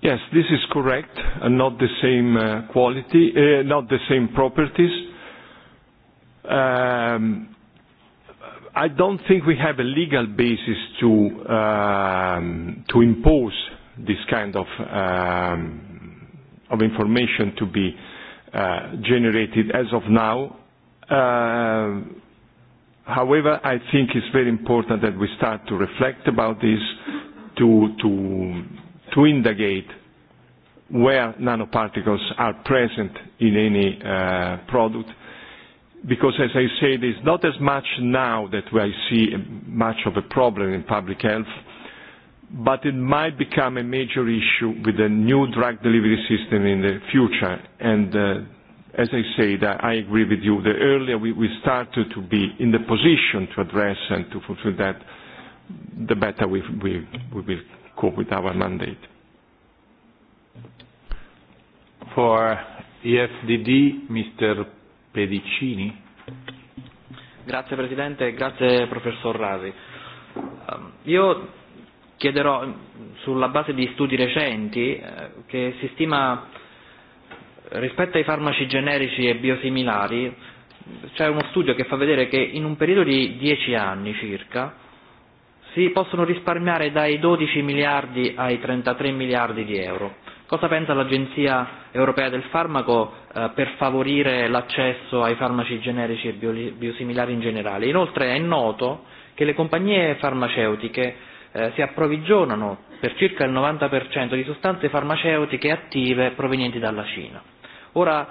Yes, this is correct. Not the same uh quality, uh not the same properties. Um I don't think we have a legal basis to um to impose this kind of um of information to be uh generated as of now. Uh However, I think it's very important that we start to reflect about this, to to to indicate where nanoparticles are present in any uh, product. Because as I said, it's not as much now that I see much of a problem in public health, but it might become a major issue with the new drug delivery system in the future. And uh, as I said, I agree with you, the earlier we, we started to be in the position to address and to fulfill that, the better we, we, we will cope our mandate. For EFDD, Mr. Pedicini. Grazie Presidente, grazie Professor Rasi. Io chiederò, sulla base di studi recenti, che si stima rispetto ai farmaci generici e biosimilari, c'è uno studio che fa vedere che in un periodo di dieci anni circa si possono risparmiare dai 12 miliardi ai 33 miliardi di euro. Cosa pensa l'Agenzia europea del farmaco eh, per favorire l'accesso ai farmaci generici e biosimilari in generale? Inoltre è noto che le compagnie farmaceutiche eh, si approvvigionano per circa il 90% di sostanze farmaceutiche attive provenienti dalla Cina. Ora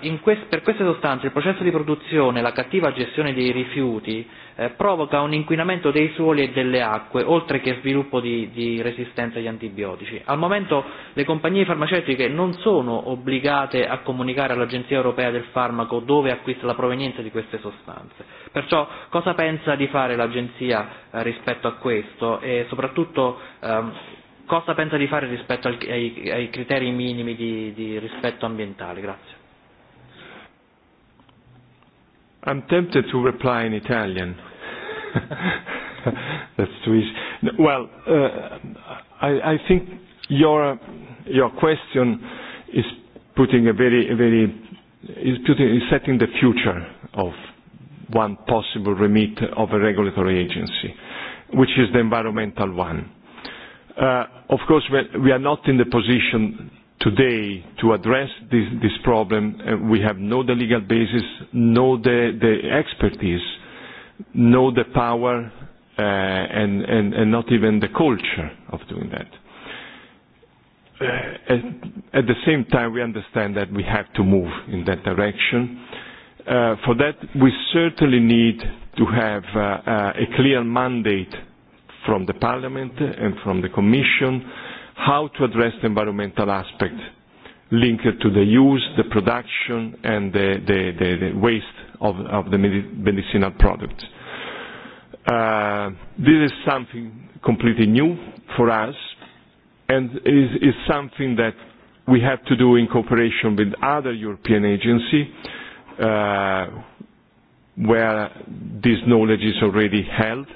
in quest- per queste sostanze il processo di produzione e la cattiva gestione dei rifiuti eh, provoca un inquinamento dei suoli e delle acque, oltre che sviluppo di, di resistenza agli antibiotici. Al momento le compagnie farmaceutiche non sono obbligate a comunicare all'Agenzia europea del farmaco dove acquista la provenienza di queste sostanze. Perciò cosa pensa di fare l'Agenzia eh, rispetto a questo e soprattutto ehm, cosa pensa di fare rispetto al, ai, ai criteri minimi di, di rispetto ambientale? Grazie. I'm tempted to reply in Italian. That's too easy. Well, uh, I, I think your your question is putting a very a very is putting is setting the future of one possible remit of a regulatory agency, which is the environmental one. Uh, of course, we are not in the position today to address this, this problem. Uh, we have no the legal basis, no the, the expertise, no the power, uh, and, and, and not even the culture of doing that. Uh, at, at the same time, we understand that we have to move in that direction. Uh, for that, we certainly need to have uh, uh, a clear mandate from the Parliament and from the Commission uh, how to address the environmental aspect linked to the use, the production, and the, the, the, the waste of, of the medicinal products. Uh, this is something completely new for us, and is, is something that we have to do in cooperation with other European agencies uh, where this knowledge is already held. Uh,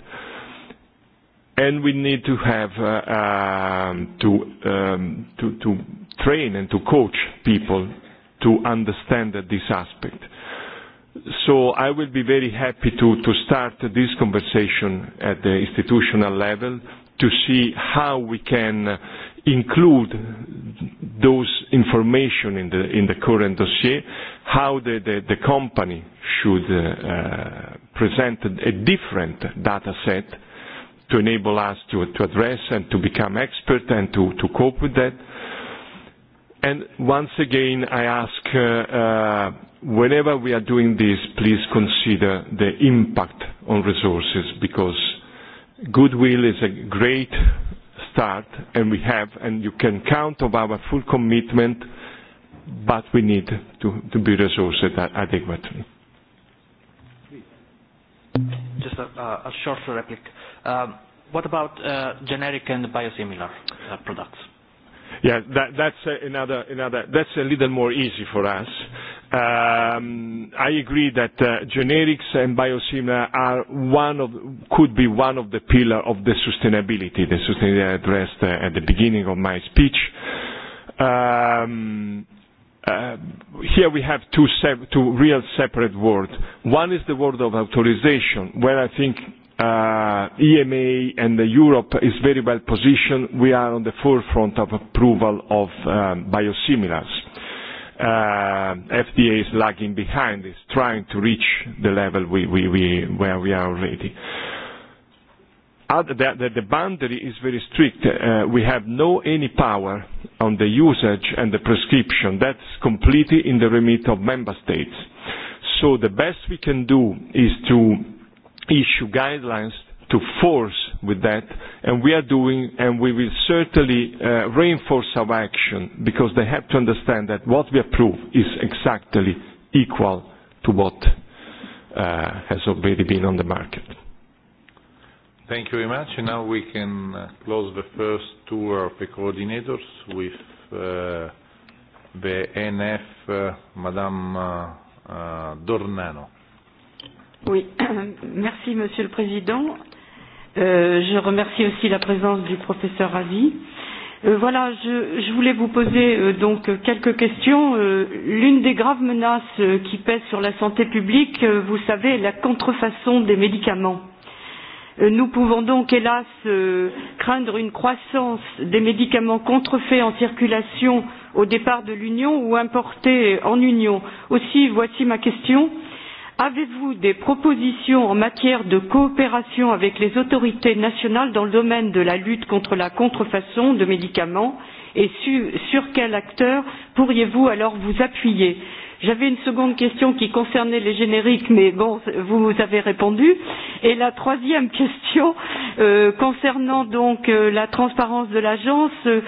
and we need to have uh, um, to, um, to to train and to coach people to understand this aspect. So I will be very happy to, to start this conversation at the institutional level to see how we can include those information in the, in the current dossier, how the, the, the company should uh, uh, present a different data set to enable us to, to address and to become expert and to, to cope with that. And once again, I ask, uh, uh, whenever we are doing this, please consider the impact on resources because goodwill is a great start and we have, and you can count on our full commitment, but we need to, to be resourced adequately. Just a, a short replica What about generic and biosimilar products? Yeah, that that's another. another That's a little more easy for us. Um I agree that uh generics and biosimilar are one of could be one of the pillar of the sustainability, the sustainability I addressed uh at the beginning of my speech. Um uh Here we have two two real separate words. One is the world of authorization, where I think uh, EMA and the Europe is very well positioned. We are on the forefront of approval of um, biosimilars. Uh, FDA is lagging behind, is trying to reach the level we, we, we, where we are already. the, the boundary is very strict. Uh, we have no any power on the usage and the prescription. That's completely in the remit of member states. So the best we can do is to issue guidelines to force with that, and we are doing, and we will certainly uh, reinforce our action because they have to understand that what we approve is exactly equal to what uh, has already been on the market. Thank you very much. And now we can uh, close the first tour of the coordinators with uh, the NF, uh, Madame uh, uh, Dornano. Oui, merci Monsieur le Président. Euh, je remercie aussi la présence du professeur Ravi. Euh, voilà, je, je voulais vous poser euh, donc quelques questions. Euh, L'une des graves menaces euh, qui pèsent sur la santé publique, euh, vous savez, est la contrefaçon des médicaments. Euh, nous pouvons donc, hélas, euh, craindre une croissance des médicaments contrefaits en circulation au départ de l'Union ou importés en Union. Aussi, voici ma question. Euh, Avez-vous des propositions en matière de coopération avec les autorités nationales dans le domaine de la lutte contre la contrefaçon de médicaments et sur, sur quel acteur pourriez-vous alors vous appuyer J'avais une seconde question qui concernait les génériques, mais bon, vous avez répondu. Et la troisième question euh, concernant donc euh, la transparence de l'agence, euh,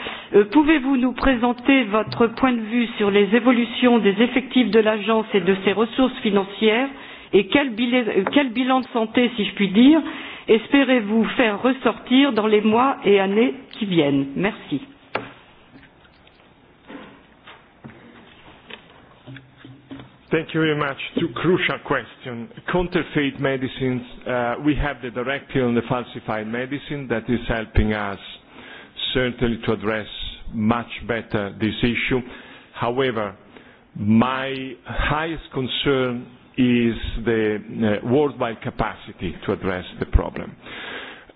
pouvez-vous nous présenter votre point de vue sur les évolutions des effectifs de l'agence et de ses ressources financières et quel bilan, quel bilan de santé, si je puis dire, espérez-vous faire ressortir dans les mois et années qui viennent Merci. Thank you very much. Two crucial question. Counterfeit medicines, uh, we have the directive on the falsified medicine that is helping us certainly to address much better this issue. However, my highest concern is the uh, worldwide capacity to address the problem.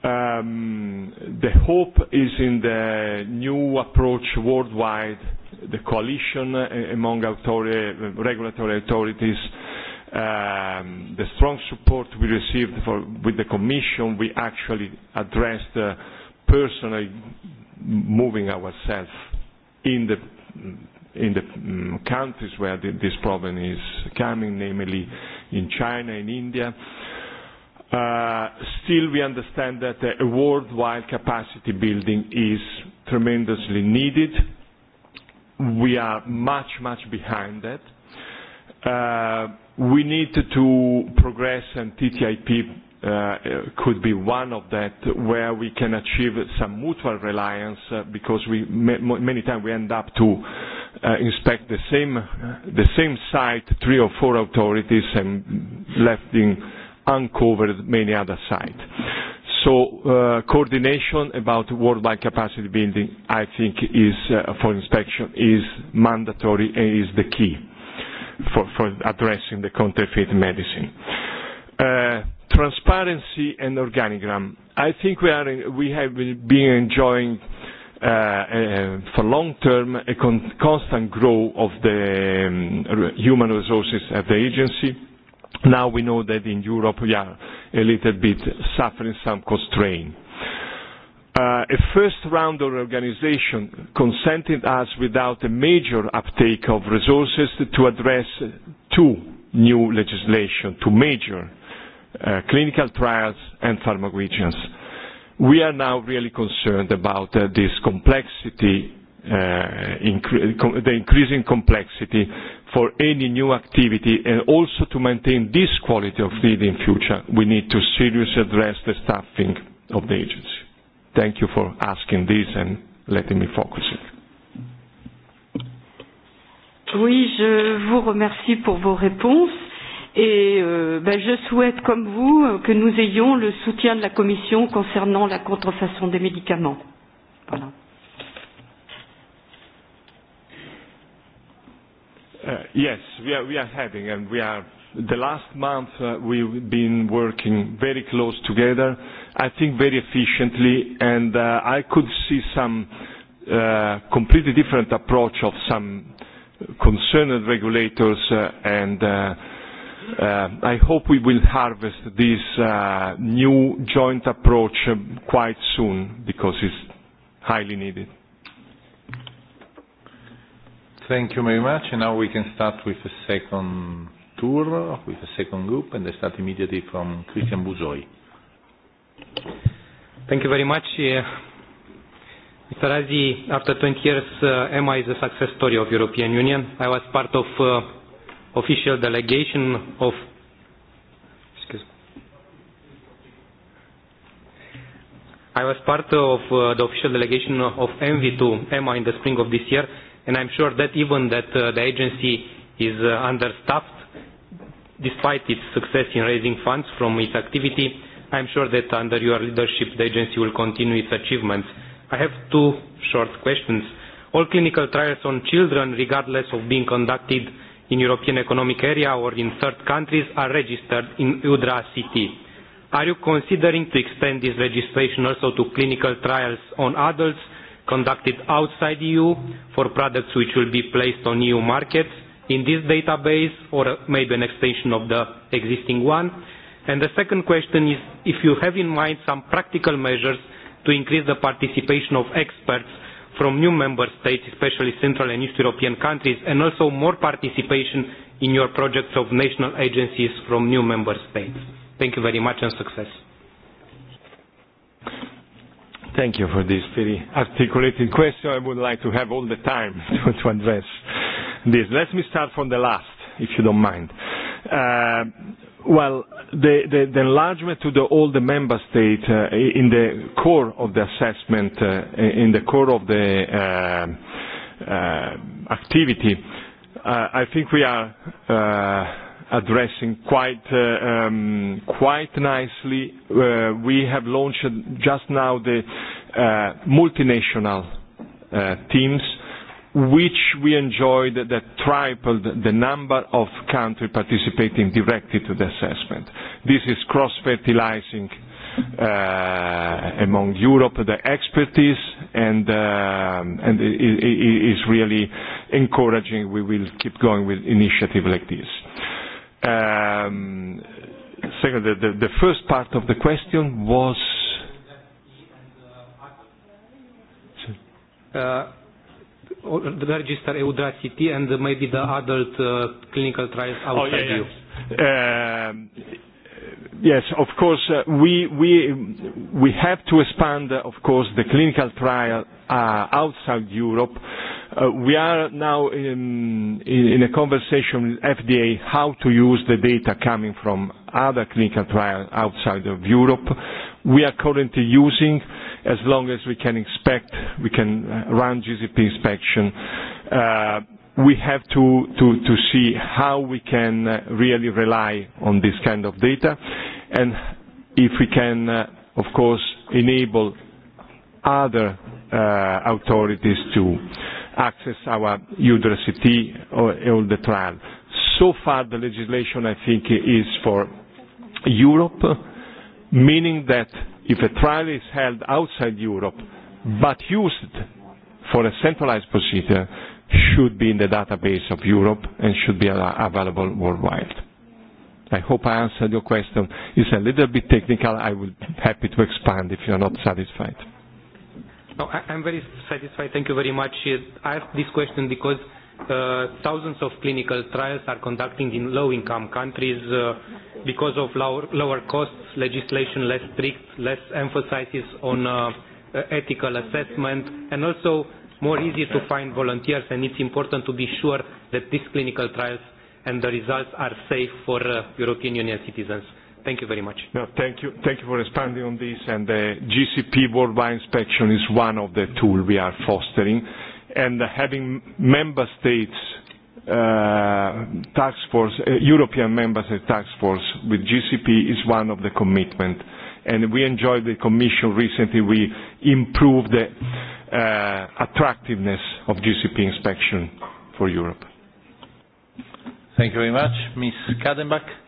Um, the hope is in the new approach worldwide the coalition among authority, regulatory authorities, um, the strong support we received for, with the Commission, we actually addressed uh, personally moving ourselves in the in the um, countries where the, this problem is coming, namely in China and India. Uh, still, we understand that a worldwide capacity building is tremendously needed we are much, much behind that. Uh, we need to progress, and TTIP uh, could be one of that, where we can achieve some mutual reliance, uh, because we many times we end up to uh, inspect the same the same site, three or four authorities, and left in uncovered many other sites. So uh, coordination about worldwide capacity building, I think, is uh, for inspection is mandatory and is the key for, for addressing the counterfeit medicine. Uh, transparency and organigram. I think we are in we have been enjoying uh, for long term a con- constant growth of the um, human resources at the agency Now we know that in Europe we are a little bit suffering some constraint. Uh, a first round of organization consented us without a major uptake of resources to address two new legislation, two major uh, clinical trials and pharmacovigilance. We are now really concerned about uh, this complexity incre the increasing complexity for any new activity and also to maintain this quality of lead in future, we need to seriously address the staffing of the agency. Thank you for asking this and letting me focus it. Oui, je vous remercie pour vos réponses et euh, ben, je souhaite, comme vous, que nous ayons le soutien de la Commission concernant la contrefaçon des médicaments. Voilà. Yes, we are we are having, and we are the last month, uh we've been working very close together, I think very efficiently, and uh I could see some uh completely different approach of some concerned regulators, uh and uh uh I hope we will harvest this uh new joint approach uh quite soon because it's highly needed. Thank you very much. And now we can start with the second tour, with the second group, and I start immediately from Christian Bouzoy. Thank you very much. Mr. Razi, after 20 years, uh, EMA is a success story of European Union. I was part of uh, official delegation of excuse me. I was part of uh, the official delegation of ENVI to EMA in the spring of this year and I'm sure that even that uh, the agency is uh, understaffed, despite its success in raising funds from its activity, I'm sure that under your leadership the agency will continue its achievements. I have two short questions. All clinical trials on children, regardless of being conducted in European Economic Area or in third countries, are registered in UDRA CT. Are you considering to extend this registration also to clinical trials on adults conducted outside the EU for products which will be placed on EU markets in this database or maybe an extension of the existing one? And the second question is if you have in mind some practical measures to increase the participation of experts from new member states, especially Central and East European countries, and also more participation in your projects of national agencies from new member states. Thank you very much and success. Thank you for this very articulated question. I would like to have all the time to, to address this. Let me start from the last, if you don't mind. Uh, Well, the, the, the enlargement to the, all the member states uh, in the core of the assessment, uh, in the core of the uh, uh, activity, uh, I think we are addressing quite uh um quite nicely. Uh We have launched just now the uh multinational uh teams, which we enjoyed that tripled the number of countries participating directly to the assessment. This is cross-fertilizing uh among Europe, the expertise, and uh and it is really encouraging. We will keep going with initiative like this. Um, second, the, the, the first part of the question was. Uh, the register EUDRACT and maybe the adult uh, clinical trials outside oh, yeah, yeah. you. Um, Yes, of course, uh, we, we, we have to expand, uh, of course, the clinical trial uh, outside Europe Uh we are now in, in, in a conversation with FDA how to use the data coming from other clinical trials outside of Europe. We are currently using, as long as we can expect, we can run GCP inspection. Uh, we have to, to, to see how we can really rely on this kind of data and if we can, uh, of course, enable other uh, authorities to access our university or all the trial. So far, the legislation, I think, is for Europe, meaning that if a trial is held outside Europe, but used for a centralized procedure, should be in the database of Europe and should be available worldwide. I hope I answered your question. It's a little bit technical. I will be happy to expand if you are not satisfied. No, I, I'm very satisfied. Thank you very much. I asked this question because uh, thousands of clinical trials are conducting in low-income countries uh, because of lower, lower costs, legislation less strict, less emphasis on uh, ethical assessment, and also more easy to find volunteers. And it's important to be sure that these clinical trials and the results are safe for uh, European Union citizens. Thank you very much. No, thank you. Thank you for expanding on this. And the GCP worldwide inspection is one of the tools we are fostering. And having member states uh, task force, uh, European member state task force with GCP is one of the commitment. And we enjoyed the commission recently. We improved the uh, attractiveness of GCP inspection for Europe. Thank you very much. Ms. Kadenbach.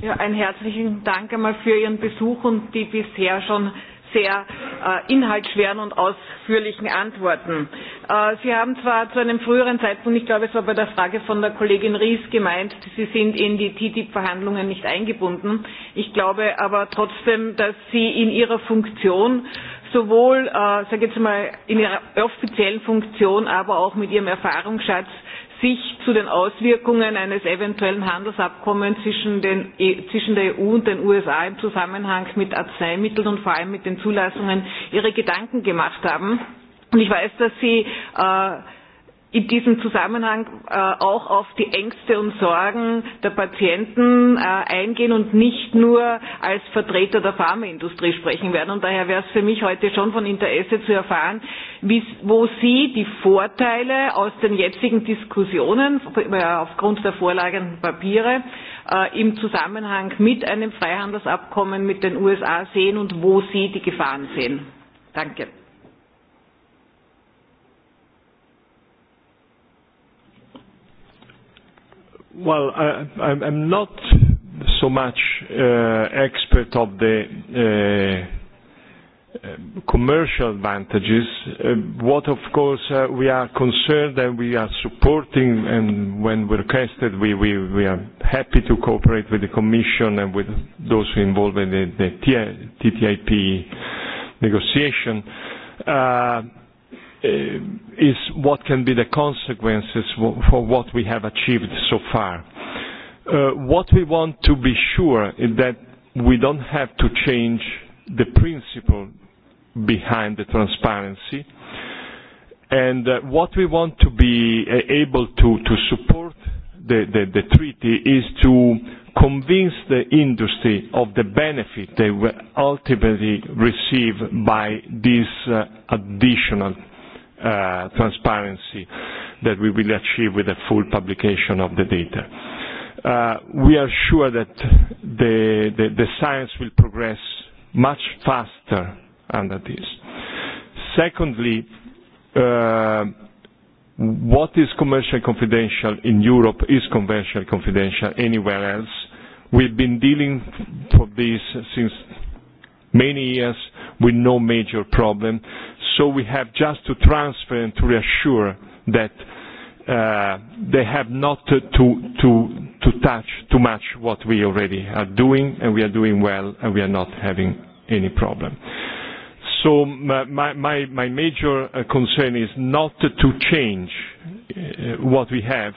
Ja, einen herzlichen Dank einmal für Ihren Besuch und die bisher schon sehr äh, inhaltsschweren und ausführlichen Antworten. Äh, Sie haben zwar zu einem früheren Zeitpunkt, ich glaube, es war bei der Frage von der Kollegin Ries gemeint, Sie sind in die TTIP-Verhandlungen nicht eingebunden. Ich glaube aber trotzdem, dass Sie in Ihrer Funktion sowohl, äh, sage jetzt mal, in Ihrer offiziellen Funktion, aber auch mit Ihrem Erfahrungsschatz sich zu den Auswirkungen eines eventuellen Handelsabkommens zwischen, den, zwischen der EU und den USA im Zusammenhang mit Arzneimitteln und vor allem mit den Zulassungen ihre Gedanken gemacht haben. Und ich weiß, dass Sie äh, in diesem Zusammenhang auch auf die Ängste und Sorgen der Patienten eingehen und nicht nur als Vertreter der Pharmaindustrie sprechen werden. Und daher wäre es für mich heute schon von Interesse zu erfahren, wo Sie die Vorteile aus den jetzigen Diskussionen aufgrund der vorlagenden Papiere im Zusammenhang mit einem Freihandelsabkommen mit den USA sehen und wo Sie die Gefahren sehen. Danke. Well, I, I'm not so much uh, expert of the uh, commercial advantages. Uh What, of course, uh we are concerned and we are supporting, and when requested, we we we are happy to cooperate with the Commission and with those who involved in the the TTIP negotiation. Uh is what can be the consequences for what we have achieved so far. Uh, what we want to be sure is that we don't have to change the principle behind the transparency. And uh, what we want to be uh, able to, to support the, the, the treaty is to convince the industry of the benefit they will ultimately receive by this uh, additional uh, transparency that we will achieve with the full publication of the data. Uh, we are sure that the, the, the science will progress much faster under this. Secondly, uh, what is commercially confidential in Europe is commercially confidential anywhere else. We've been dealing with this since many years with no major problem. So we have just to transfer and to reassure that uh, they have not to, to, to, to touch too much what we already are doing, and we are doing well, and we are not having any problem. So my, my, my major concern is not to change what we have.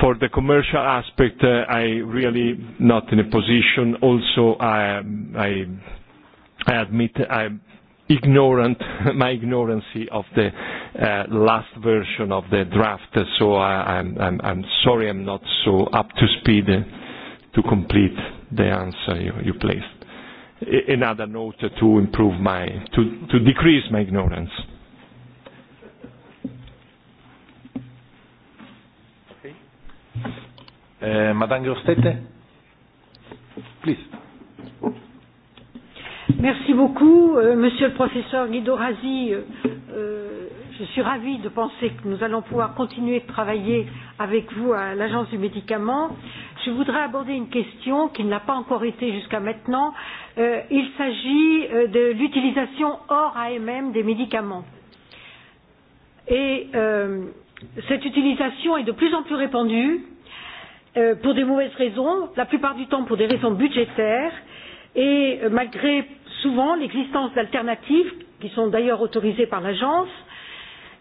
For the commercial aspect, uh, I really not in a position. Also, I, I, I admit I'm ignorant my ignorance of the uh, last version of the draft so I, I'm, I'm, I'm sorry I'm not so up to speed to complete the answer you, you placed another note to improve my to, to decrease my ignorance Uh, Madame Grostete, please. Merci beaucoup, Monsieur le professeur Guido Razi. Je suis ravie de penser que nous allons pouvoir continuer de travailler avec vous à l'Agence du médicament. Je voudrais aborder une question qui n'a pas encore été jusqu'à maintenant. Euh, il s'agit de l'utilisation hors AMM des médicaments. Et euh, cette utilisation est de plus en plus répandue euh, pour des mauvaises raisons, la plupart du temps pour des raisons budgétaires. Et malgré souvent l'existence d'alternatives qui sont d'ailleurs autorisées par l'agence.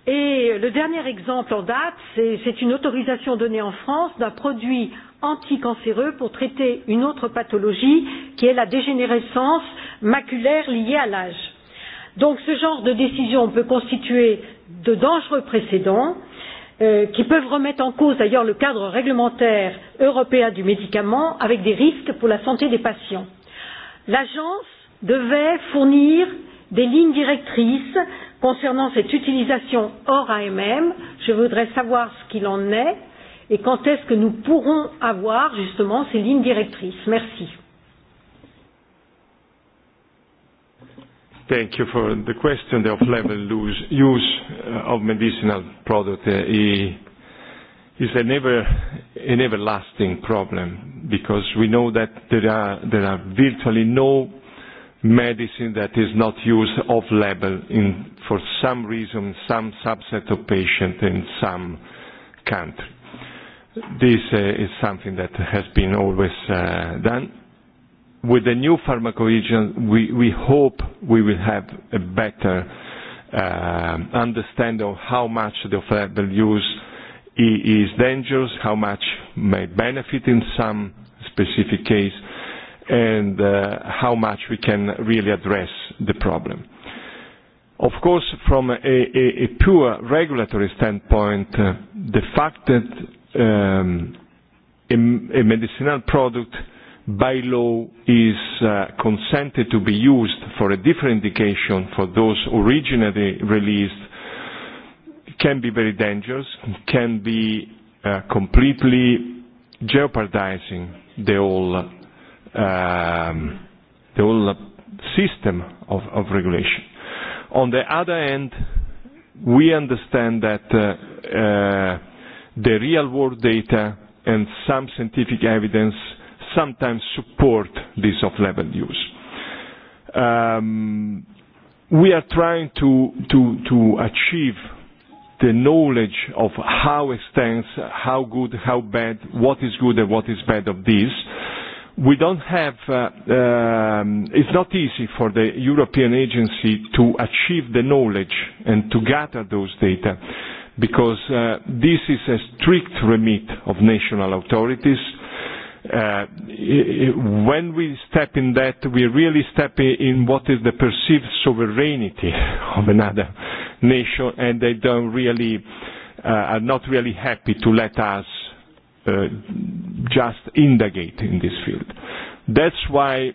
Et le dernier exemple en date, c'est une autorisation donnée en France d'un produit anticancéreux pour traiter une autre pathologie qui est la dégénérescence maculaire liée à l'âge. Donc ce genre de décision peut constituer de dangereux précédents euh, qui peuvent remettre en cause d'ailleurs le cadre réglementaire européen du médicament avec des risques pour la santé des patients. L'agence devait fournir des lignes directrices concernant cette utilisation hors AMM. Je voudrais savoir ce qu'il en est et quand est-ce que nous pourrons avoir justement ces lignes directrices. Merci. Thank you for the question of level use of medicinal product is an ever an everlasting problem because we know that there are there are virtually no medicine that is not used off-label in, for some reason, some subset of patients in some country. This uh, is something that has been always uh, done. With the new pharmacovigilance, we, we hope we will have a better uh, understanding of how much the off-label use is dangerous, how much may benefit in some specific case, and uh, how much we can really address the problem. Of course, from a, a, a pure regulatory standpoint, uh, the fact that um, a, a medicinal product by law is uh, consented to be used for a different indication for those originally released can be very dangerous, can be uh, completely jeopardizing the whole um, the whole system of, of regulation. On the other hand, we understand that uh, uh, the real world data and some scientific evidence sometimes support this off-level use. Um, we are trying to, to, to achieve the knowledge of how extends, how good, how bad, what is good and what is bad of this we don't have, uh, um, it's not easy for the European agency to achieve the knowledge and to gather those data because uh, this is a strict remit of national authorities. Uh, when we step in that, we really step in what is the perceived sovereignty of another nation, and they don't really uh, are not really happy to let us just indicate in this field. That's why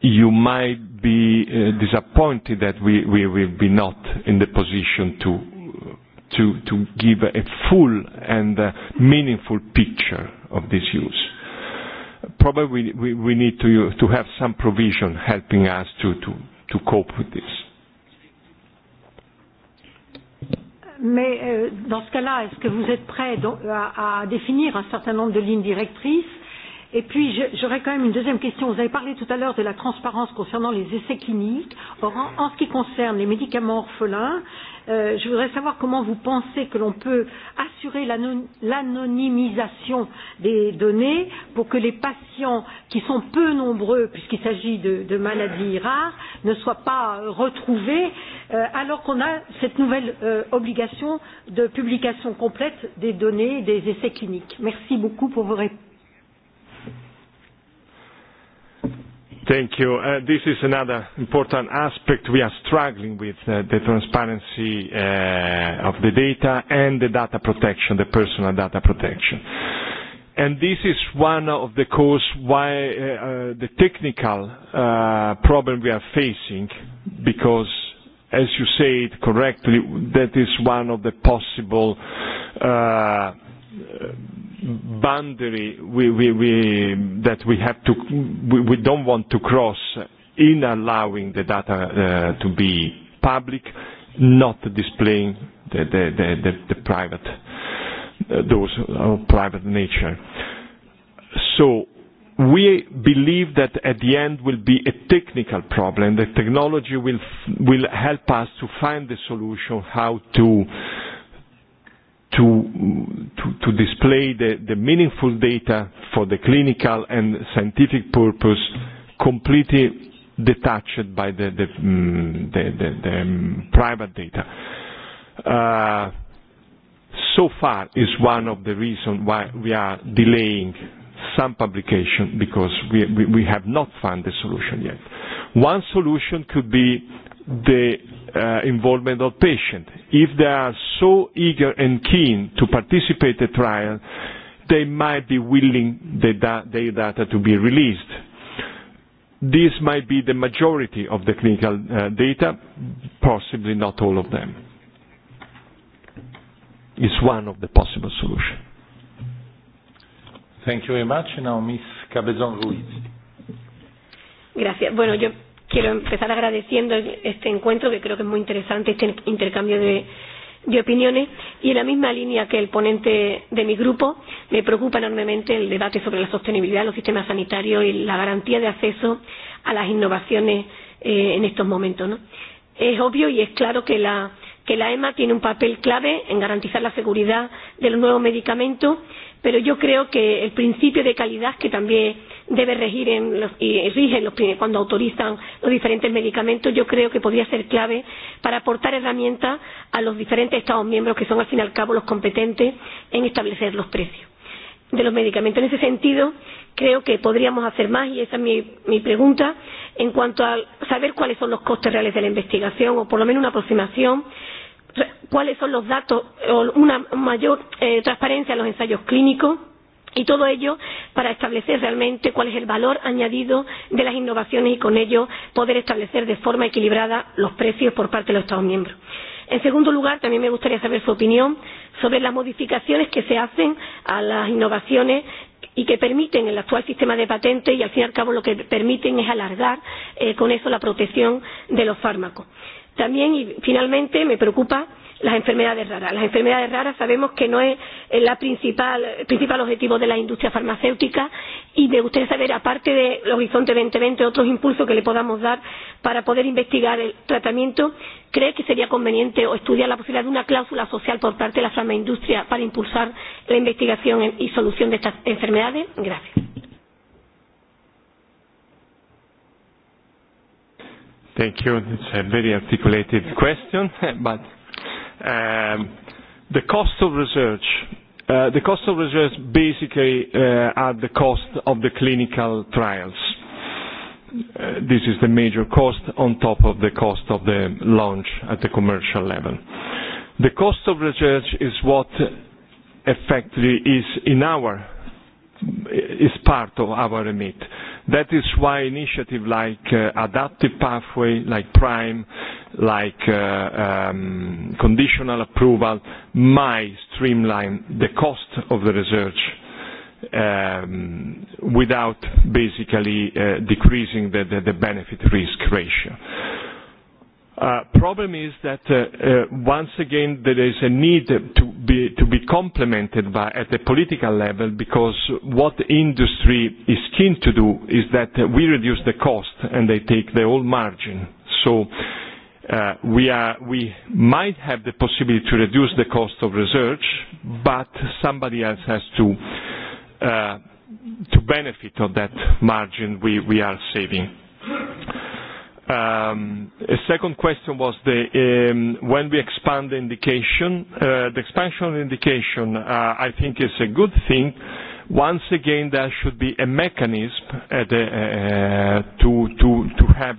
you might be uh, disappointed that we, we will be not in the position to to, to give a full and uh, meaningful picture of this use. Probably we, we, we need to, to have some provision helping us to, to, to cope with this. mais euh, dans ce cas-là, est-ce que vous êtes prêt à, à définir un certain nombre de lignes directrices et puis, j'aurais quand même une deuxième question. Vous avez parlé tout à l'heure de la transparence concernant les essais cliniques. Or, en, en ce qui concerne les médicaments orphelins, je voudrais savoir comment vous pensez que l'on peut assurer l'anonymisation des données pour que les patients qui sont peu nombreux, puisqu'il s'agit de, de maladies rares, ne soient pas retrouvés euh, alors qu'on a cette nouvelle euh, obligation de publication complète des données des essais cliniques. Merci beaucoup pour vos réponses. Thank you. Uh, this is another important aspect we are struggling with, uh, the transparency uh, of the data and the data protection, the personal data protection. And this is one of the cause why uh, uh, the technical uh, problem we are facing, because as you say it correctly, that is one of the possible uh, boundary we, we, we, that we have to we, we don't want to cross in allowing the data uh, to be public, not displaying the, the, the, the, the private uh, those of private nature. So we believe that at the end will be a technical problem. The technology will will help us to find the solution how to uh, to, to, to display the, the meaningful data for the clinical and scientific purpose completely detached by the, the, the, the, the um, private data. Uh, so far is one of the reasons why we are delaying some publication because we, we, we have not found the solution yet. One solution could be the uh, involvement of patients. If they are so eager and keen to participate in the trial, they might be willing the da- their data to be released. This might be the majority of the clinical uh, data, possibly not all of them. It's one of the possible solutions. Thank you very much. Now, Ms. Cabezon Ruiz. Gracias. Bueno, yo quiero empezar agradeciendo este encuentro, que creo que es muy interesante, este intercambio de, de opiniones. Y en la misma línea que el ponente de mi grupo, me preocupa enormemente el debate sobre la sostenibilidad de los sistemas sanitarios y la garantía de acceso a las innovaciones eh, en estos momentos. ¿no? Es obvio y es claro que la, que la EMA tiene un papel clave en garantizar la seguridad de los nuevos medicamentos pero yo creo que el principio de calidad que también debe regir en los, y rigen los, cuando autorizan los diferentes medicamentos, yo creo que podría ser clave para aportar herramientas a los diferentes Estados miembros que son al fin y al cabo los competentes en establecer los precios de los medicamentos. En ese sentido, creo que podríamos hacer más y esa es mi, mi pregunta en cuanto a saber cuáles son los costes reales de la investigación o por lo menos una aproximación cuáles son los datos o una mayor eh, transparencia en los ensayos clínicos y todo ello para establecer realmente cuál es el valor añadido de las innovaciones y con ello poder establecer de forma equilibrada los precios por parte de los Estados miembros. En segundo lugar, también me gustaría saber su opinión sobre las modificaciones que se hacen a las innovaciones y que permiten el actual sistema de patentes y al fin y al cabo lo que permiten es alargar eh, con eso la protección de los fármacos. También, y finalmente, me preocupa las enfermedades raras. Las enfermedades raras sabemos que no es el principal, el principal objetivo de la industria farmacéutica y me gustaría saber, aparte del Horizonte 2020, otros impulsos que le podamos dar para poder investigar el tratamiento, ¿cree que sería conveniente o estudiar la posibilidad de una cláusula social por parte de la farmaindustria para impulsar la investigación y solución de estas enfermedades? Gracias. Thank you. It's a very articulated question, but um, the cost of research. Uh, the cost of research basically uh, are the cost of the clinical trials. Uh, this is the major cost on top of the cost of the launch at the commercial level. The cost of research is what effectively is in our is part of our remit. That is why initiative like uh, adaptive pathway, like prime, like uh, um, conditional approval might streamline the cost of the research um, without basically uh, decreasing the, the, the benefit risk ratio problem is that uh, uh, once again there is a need to be to be complemented by at the political level because what the industry is keen to do is that we reduce the cost and they take the whole margin. So uh, we are we might have the possibility to reduce the cost of research, but somebody else has to. Uh, to benefit of that margin we, we are saving. Um A second question was the um when we expand the indication. uh The expansion of indication, uh I think is a good thing. Once again, there should be a mechanism at the uh to to to have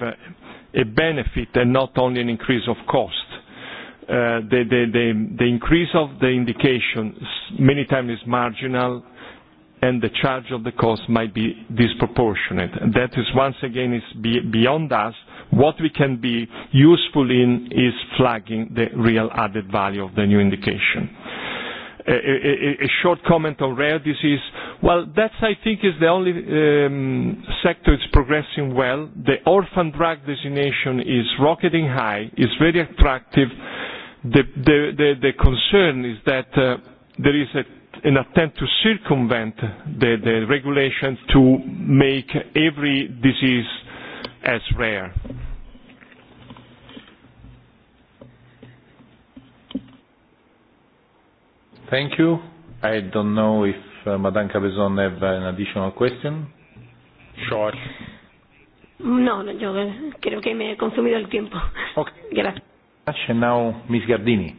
a benefit and not only an increase of cost. Uh The the the the increase of the indication many times is marginal, and the charge of the cost might be disproportionate. That is, once again, is beyond us What we can be useful in is flagging the real added value of the new indication. A, a, a short comment on rare disease. Well, that's, I think, is the only um, sector that's progressing well. The orphan drug designation is rocketing high, is very attractive. The, the, the, the concern is that uh, there is a an attempt to circumvent the, the regulations to make every disease as rare. Thank you. I don't know if uh, Madame Cabezon have an additional question. Short. No, no, yo creo que me he consumido el tiempo. Okay. Gracias. And now, Ms. Gardini.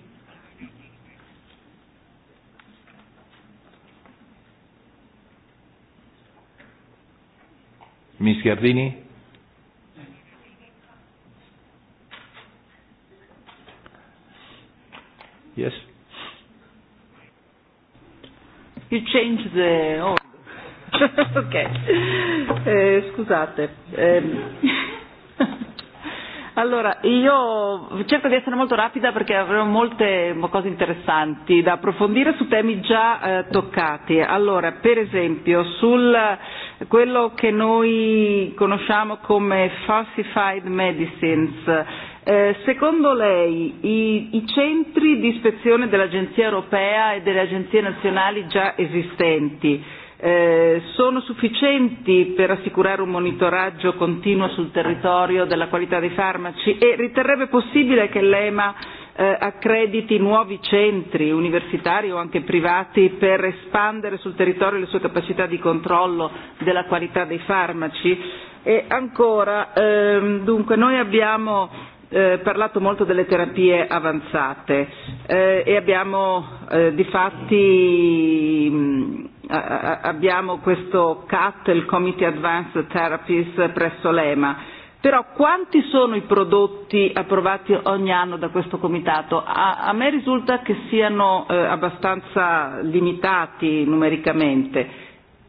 Ms. Gardini. Yes? You change the order. ok. Eh, scusate. Eh, Allora, io cerco di essere molto rapida perché avremo molte cose interessanti da approfondire su temi già eh, toccati. Allora, per esempio, sul quello che noi conosciamo come falsified medicines, Eh, secondo lei i, i centri di ispezione dell'Agenzia europea e delle agenzie nazionali già esistenti eh, sono sufficienti per assicurare un monitoraggio continuo sul territorio della qualità dei farmaci e riterrebbe possibile che l'EMA eh, accrediti nuovi centri universitari o anche privati per espandere sul territorio le sue capacità di controllo della qualità dei farmaci? E ancora, ehm, dunque, noi abbiamo eh, parlato molto delle terapie avanzate eh, e abbiamo eh, di fatti mh, abbiamo questo CAT, il Committee Advanced Therapies presso l'EMA. Però quanti sono i prodotti approvati ogni anno da questo comitato? A, a me risulta che siano eh, abbastanza limitati numericamente.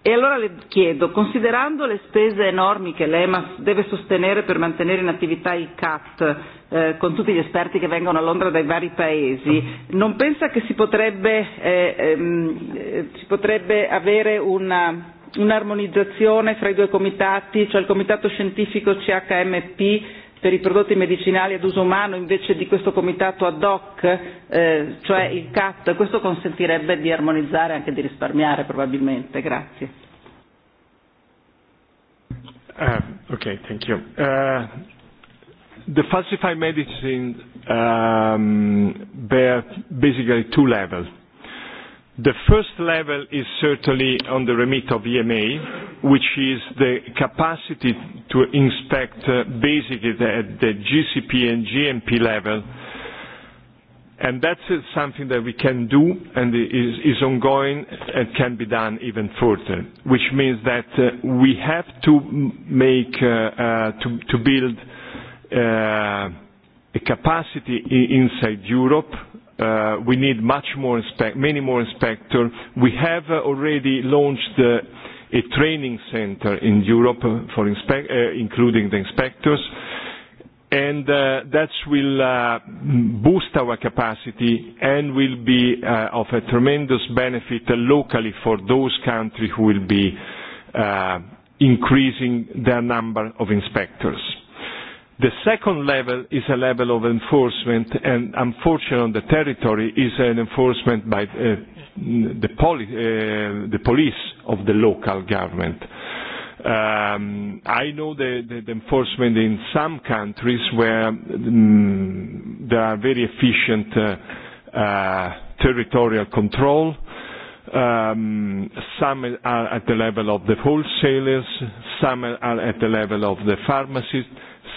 E allora le chiedo, considerando le spese enormi che l'EMAS deve sostenere per mantenere in attività il CAT, eh, con tutti gli esperti che vengono a Londra dai vari paesi, non pensa che si potrebbe, eh, ehm, si potrebbe avere una, un'armonizzazione fra i due comitati, cioè il comitato scientifico CHMP per i prodotti medicinali ad uso umano invece di questo comitato ad hoc, eh, cioè il CAT, questo consentirebbe di armonizzare e anche di risparmiare probabilmente. Grazie. Uh, ok, thank you. Uh, the falsified medicine um, bear basically two levels The first level is certainly on the remit of EMA, which is the capacity to inspect basically the GCP and GMP level. and That's something that we can do and is ongoing and can be done even further, which means that we have to make to build a capacity inside Europe uh, we need much more inspect, many more inspectors. We have uh, already launched uh, a training center in Europe for inspect, uh, including the inspectors, and uh, that will uh, boost our capacity and will be uh, of a tremendous benefit locally for those countries who will be uh, increasing their number of inspectors. The second level is a level of enforcement, and unfortunately on the territory is an enforcement by uh, the, poli- uh, the police of the local government. Um, I know the, the, the enforcement in some countries where um, there are very efficient uh, uh, territorial control. Um, some are at the level of the wholesalers, some are at the level of the pharmacists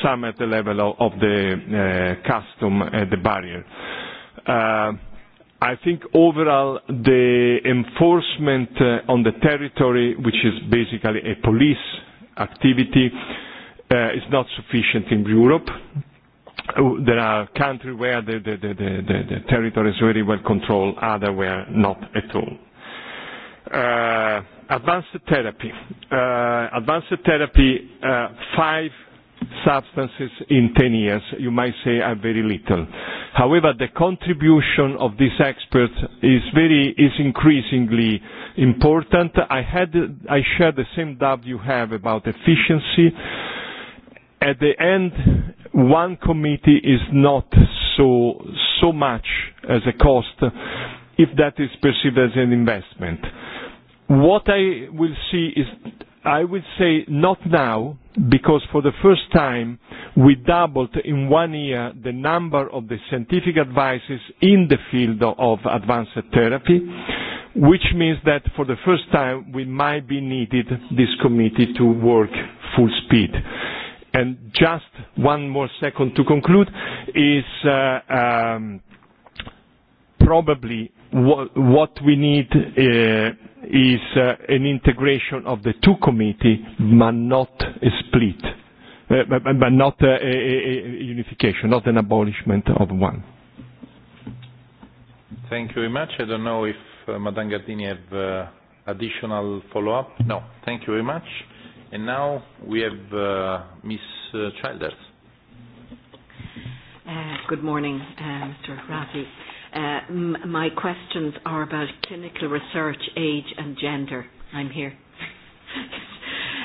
some at the level of the custom at the barrier. I think overall, the enforcement on the territory, which is basically a police activity, is not sufficient in Europe. There are countries where the the the the the territory is very well controlled, others where not at all. Advanced therapy. Advanced therapy, five substances in 10 years, you might say are very little. However, the contribution of these experts is very is increasingly important. I had I share the same doubt you have about efficiency. At the end, one committee is not so so much as a cost if that is perceived as an investment. What I will see is I would say not now, because for the first time, we doubled in one year the number of the scientific advices in the field of advanced therapy, which means that for the first time, we might be needed this committee to work full speed. And Just one more second to conclude is uh um probably what we need uh is uh, an integration of the two committees but not a split, uh, but, but not a, a, a unification, not an abolishment of one. Thank you very much. I don't know if uh, Madame Gardini have uh, additional follow-up. No, thank you very much. And now we have uh, Ms. Childers. Uh, good morning, uh, Mr. Rafi. Uh, m- my questions are about clinical research, age, and gender. I'm here.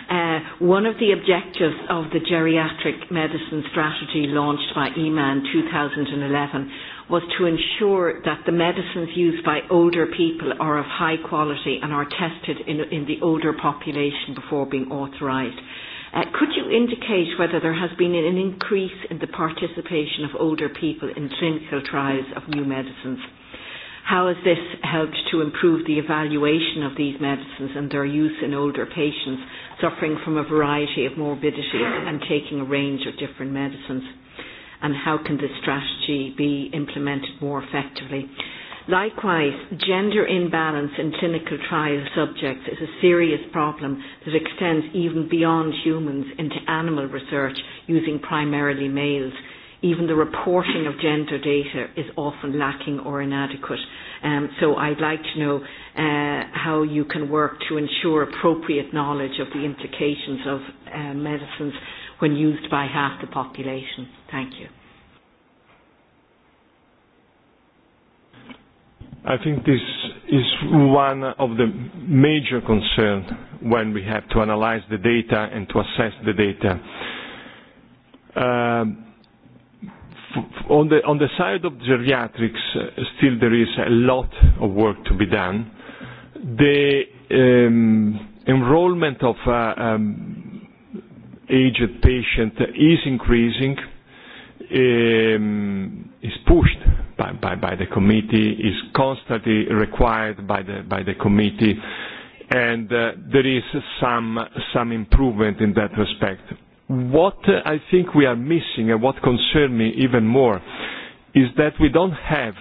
Uh, one of the objectives of the geriatric medicine strategy launched by EMA in 2011 was to ensure that the medicines used by older people are of high quality and are tested in, in the older population before being authorised. Uh, could you indicate whether there has been an increase in the participation of older people in clinical trials of new medicines? How has this helped to improve the evaluation of these medicines and their use in older patients suffering from a variety of morbidities and taking a range of different medicines? And how can this strategy be implemented more effectively? Likewise, gender imbalance in clinical trial subjects is a serious problem that extends even beyond humans into animal research using primarily males. Even the reporting of gender data is often lacking or inadequate. Um, so I'd like to know uh, how you can work to ensure appropriate knowledge of the implications of uh, medicines when used by half the population. Thank you. I think this is one of the major concerns when we have to analyze the data and to assess the data. On the on the side of geriatrics, still there is a lot of work to be done. The um enrollment of uh um aged patients is increasing. Um is pushed by, by, by the committee, is constantly required by the, by the committee, and uh, there is some, some improvement in that respect. What uh, I think we are missing and what concerns me even more is that we don't have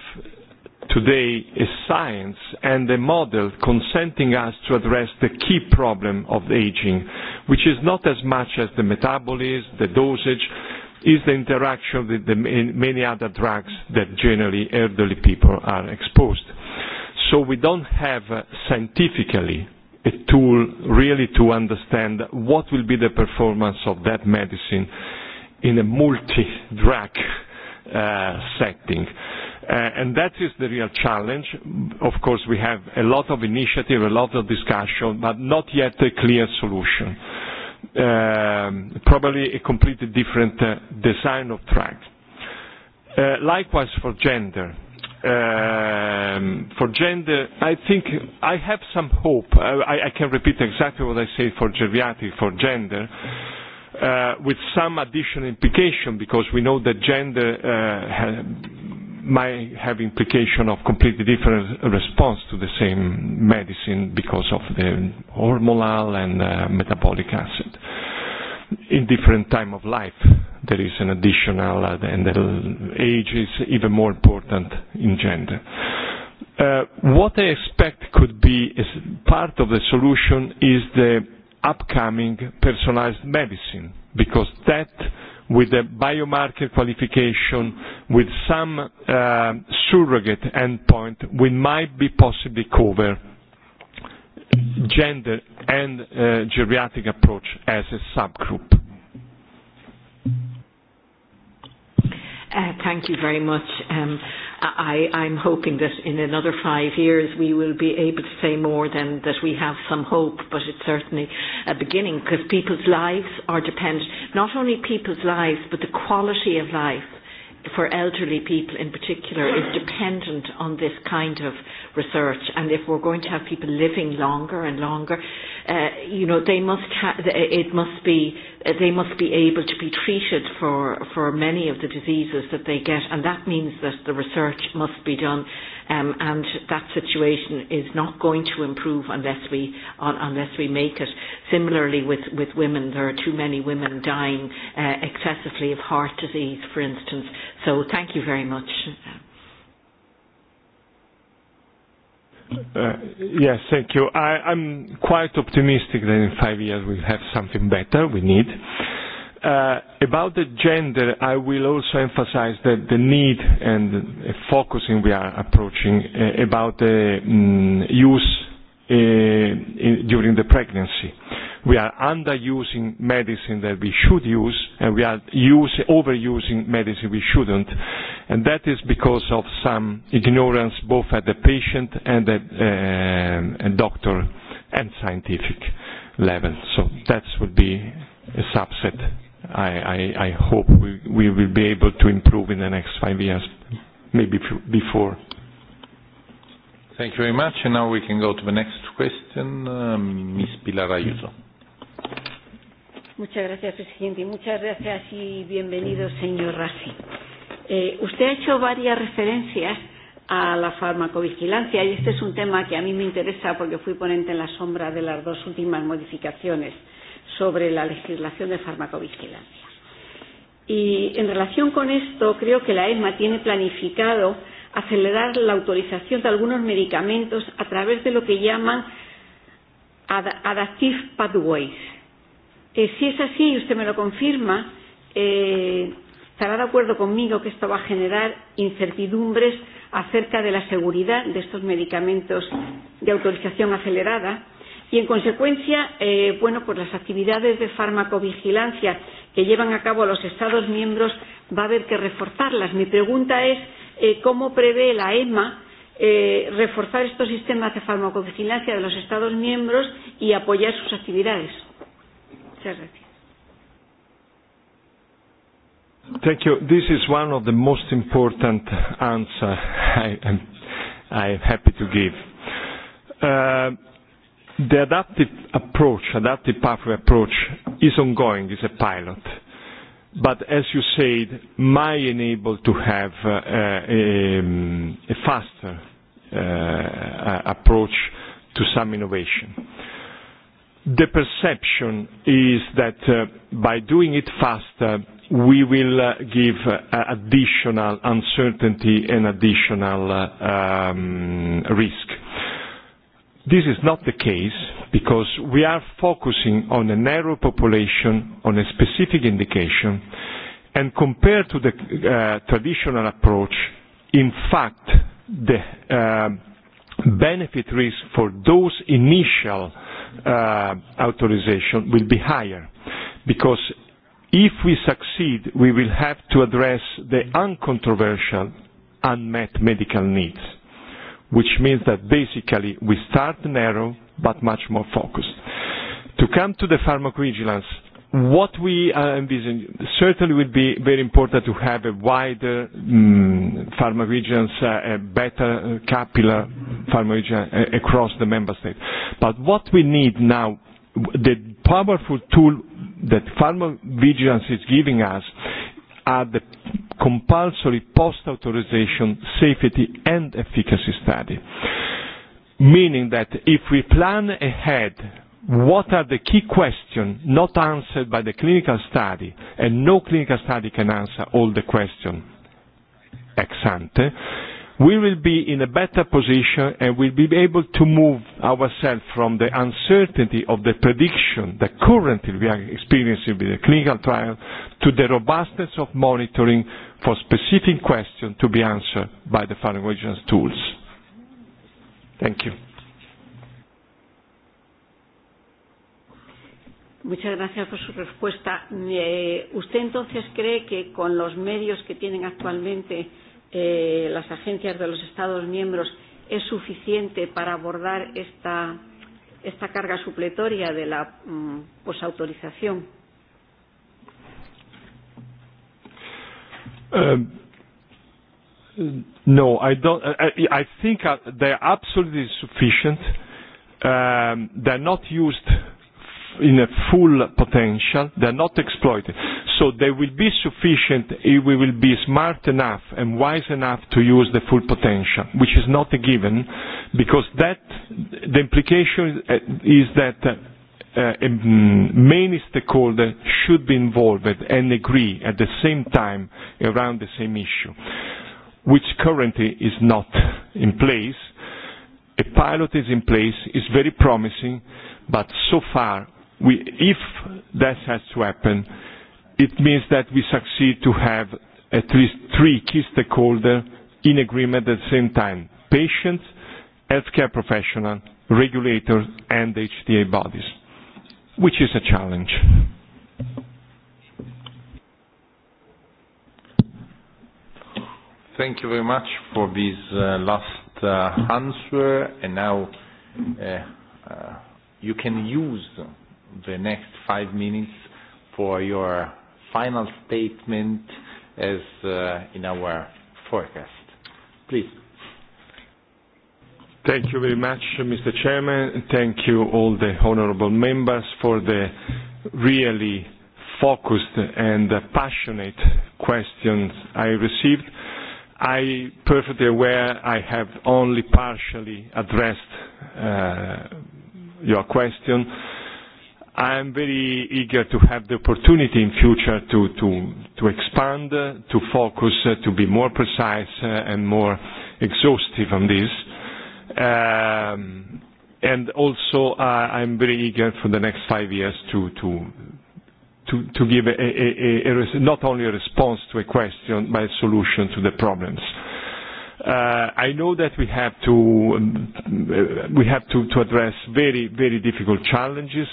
today a science and a model consenting us to address the key problem of aging, which is not as much as the metabolism, the dosage, is the interaction with the many other drugs that generally elderly people are exposed. So we don't have scientifically a tool really to understand what will be the performance of that medicine in a multi-drug uh, setting. Uh, and that is the real challenge. Of course, we have a lot of initiative, a lot of discussion, but not yet a clear solution um, probably a completely different uh, design of track. Uh, likewise for gender. Um, for gender, I think I have some hope. I, I can repeat exactly what I say for Gerviati, for gender, uh, with some additional implication because we know that gender uh, might have implication of completely different response to the same medicine because of the hormonal and uh, metabolic acid. In different time of life, there is an additional, uh, and the age is even more important in gender. Uh, what I expect could be as part of the solution is the upcoming personalized medicine, because that with the biomarker qualification, with some uh, surrogate endpoint, we might be possibly cover gender and uh, geriatric approach as a subgroup. Uh, thank you very much. Um, I, I'm hoping that in another five years we will be able to say more than that we have some hope, but it's certainly a beginning because people's lives are dependent, not only people's lives, but the quality of life for elderly people in particular is dependent on this kind of research and if we're going to have people living longer and longer uh, you know they must ha- it must be uh they must be able to be treated for for many of the diseases that they get and that means that the research must be done um, and that situation is not going to improve unless we on, unless we make it. Similarly, with with women, there are too many women dying uh, excessively of heart disease, for instance. So, thank you very much. Uh, yes, thank you. I, I'm quite optimistic that in five years we'll have something better. We need. Uh, Uh, about the gender, I will also emphasize that the need and the focusing we are approaching uh, about the um, use uh, in, during the pregnancy. We are underusing medicine that we should use, and we are use, overusing medicine we shouldn't. And that is because of some ignorance both at the patient and the uh, and doctor and scientific level. So that would be a subset I, I, I hope we, we will be able to improve in the next five years, maybe before. Thank you very much. And now we can go to the next question, uh, Ms. Pilar Ayuso. Muchas gracias, presidente. Muchas gracias y bienvenido, señor Rassi. Eh, usted ha hecho varias referencias a la farmacovigilancia y este es un tema que a mí me interesa porque fui ponente en la sombra de las dos últimas modificaciones sobre la legislación de farmacovigilancia. Y en relación con esto, creo que la ESMA tiene planificado acelerar la autorización de algunos medicamentos a través de lo que llaman adaptive pathways. Eh, si es así y usted me lo confirma, eh, estará de acuerdo conmigo que esto va a generar incertidumbres acerca de la seguridad de estos medicamentos de autorización acelerada Y en consecuencia, eh, bueno, pues las actividades de farmacovigilancia que llevan a cabo los Estados miembros va a haber que reforzarlas. Mi pregunta es eh, cómo prevé la EMA eh, reforzar estos sistemas de farmacovigilancia de los Estados miembros y apoyar sus actividades. Muchas gracias. Thank you. This is one of the most important answers I am, I am happy to give. Uh, The adaptive approach, adaptive pathway approach is ongoing, is a pilot. But as you said, might enable to have uh, a, a faster uh, approach to some innovation. The perception is that uh, by doing it faster, we will uh, give uh, additional uncertainty and additional uh, um, risk This is not the case because we are focusing on a narrow population, on a specific indication, and compared to the uh, traditional approach, in fact, the uh, benefit risk for those initial uh, authorization will be higher because if we succeed, we will have to address the uncontroversial unmet medical needs which means that basically we start narrow but much more focused. To come to the pharmacovigilance, what we uh, envision certainly would be very important to have a wider mm, pharmacovigilance, uh, a better uh, capillary pharmacovigilance uh, across the member state. But what we need now, the powerful tool that pharmacovigilance is giving us are the compulsory post-authorization safety and efficacy study. Meaning that if we plan ahead what are the key questions not answered by the clinical study, and no clinical study can answer all the questions ex ante, we will be in a better position and we'll be able to move ourselves from the uncertainty of the prediction that currently we are experiencing with the clinical trial to the robustness of monitoring for specific questions to be answered by the pharmacovigilance tools. Thank you. Muchas gracias por su respuesta. Eh, ¿Usted entonces cree que con los medios que tienen actualmente eh, las agencias de los Estados miembros es suficiente para abordar esta, esta carga supletoria de la mm, posautorización? Um. No, I don't. I, I think they're absolutely sufficient. Um, they're not used in a full potential. They are not exploited. So they will be sufficient if we will be smart enough and wise enough to use the full potential, which is not a given, because that the implication is that uh, many stakeholders should be involved and agree at the same time around the same issue, which currently is not in place. A pilot is in place, is very promising, but so far we, if that has to happen, it means that we succeed to have at least three key stakeholders in agreement at the same time, patients, healthcare professionals, regulators, and HTA bodies, which is a challenge. Thank you very much for this uh, last uh, answer. And now uh, uh, you can use the next five minutes for your final statement as uh in our forecast. Please. Thank you very much, Mr. Chairman. Thank you all the honorable members for the really focused and passionate questions I received. I am perfectly aware I have only partially addressed uh, your question I am very eager to have the opportunity in future to, to, to expand, uh, to focus, uh, to be more precise uh, and more exhaustive on this. Um, and also, uh, I'm very eager for the next five years to, to, to, to give a, a, a, a, not only a response to a question, but a solution to the problems. Uh, I know that we have to, um, we have to, to address very, very difficult challenges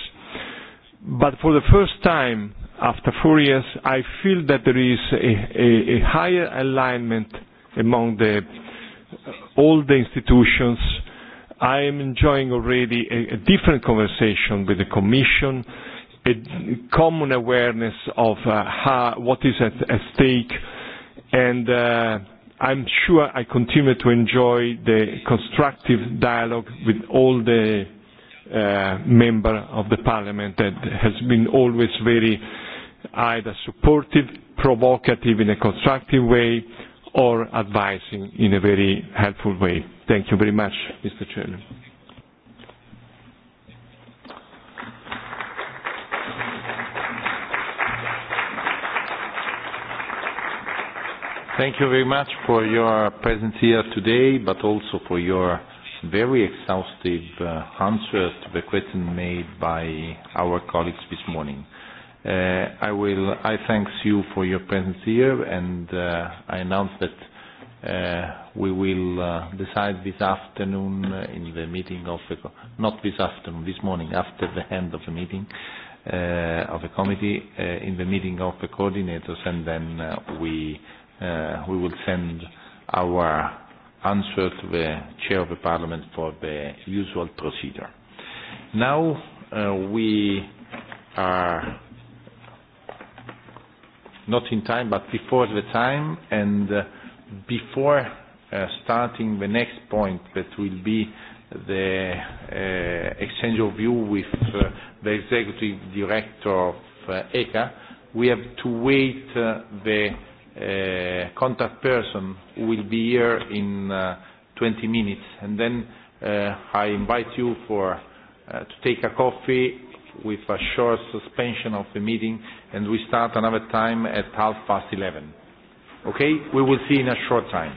But for the first time after four years, I feel that there is a, a, a higher alignment among the, all the institutions. I am enjoying already a, a different conversation with the Commission, a common awareness of uh, how, what is at, at stake, and uh, I'm sure I continue to enjoy the constructive dialogue with all the member of the parliament that has been always very either supportive, provocative in a constructive way, or advising in a very helpful way. Thank you very much, Mr. Chairman. Thank you very much for your presence here today, but also for your very exhaustive uh, answers to the question made by our colleagues this morning. Uh, I will. I thank you for your presence here, and uh, I announce that uh, we will uh, decide this afternoon in the meeting of the, not this afternoon, this morning after the end of the meeting uh, of the committee uh, in the meeting of the coordinators, and then uh, we uh, we will send our answer to the Chair of the Parliament for the usual procedure. Now uh, we are not in time, but before the time, and uh, before uh, starting the next point that will be the uh, exchange of view with uh, the Executive Director of uh, ECA, we have to wait uh, the uh, contact person who will be here in uh, 20 minutes. And then uh, I invite you for uh, to take a coffee with a short suspension of the meeting, and we start another time at half past 11. Okay? We will see in a short time.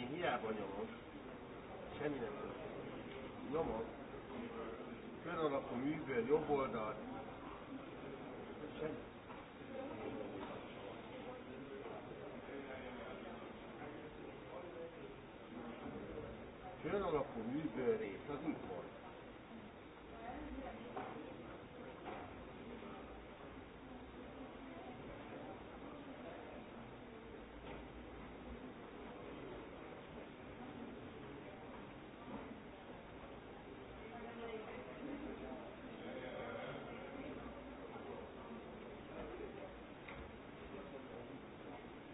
én hiába nyomom, semmi nem történik. Nyomom, alapú műből jobb oldalt, semmi. Kör alapú műből rész, az így van.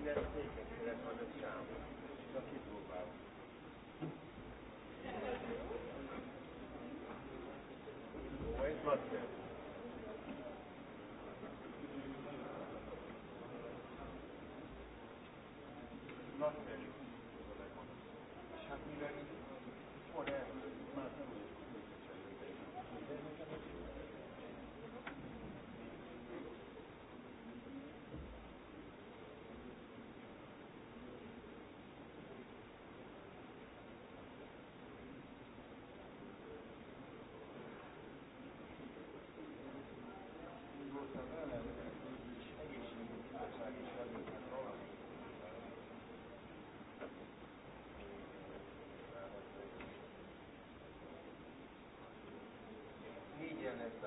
Thank you.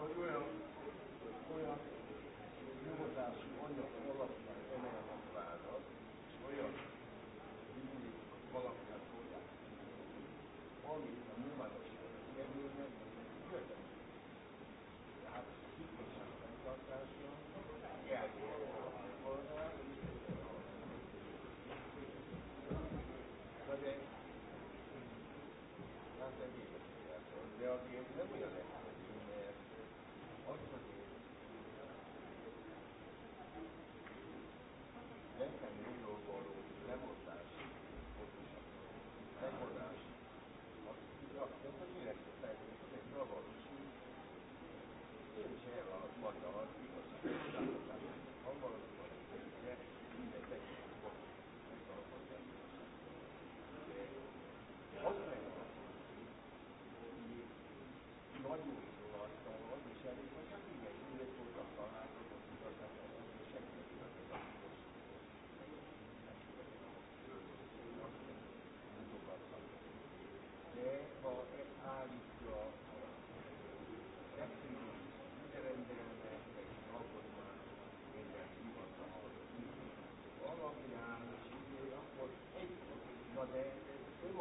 Thank you.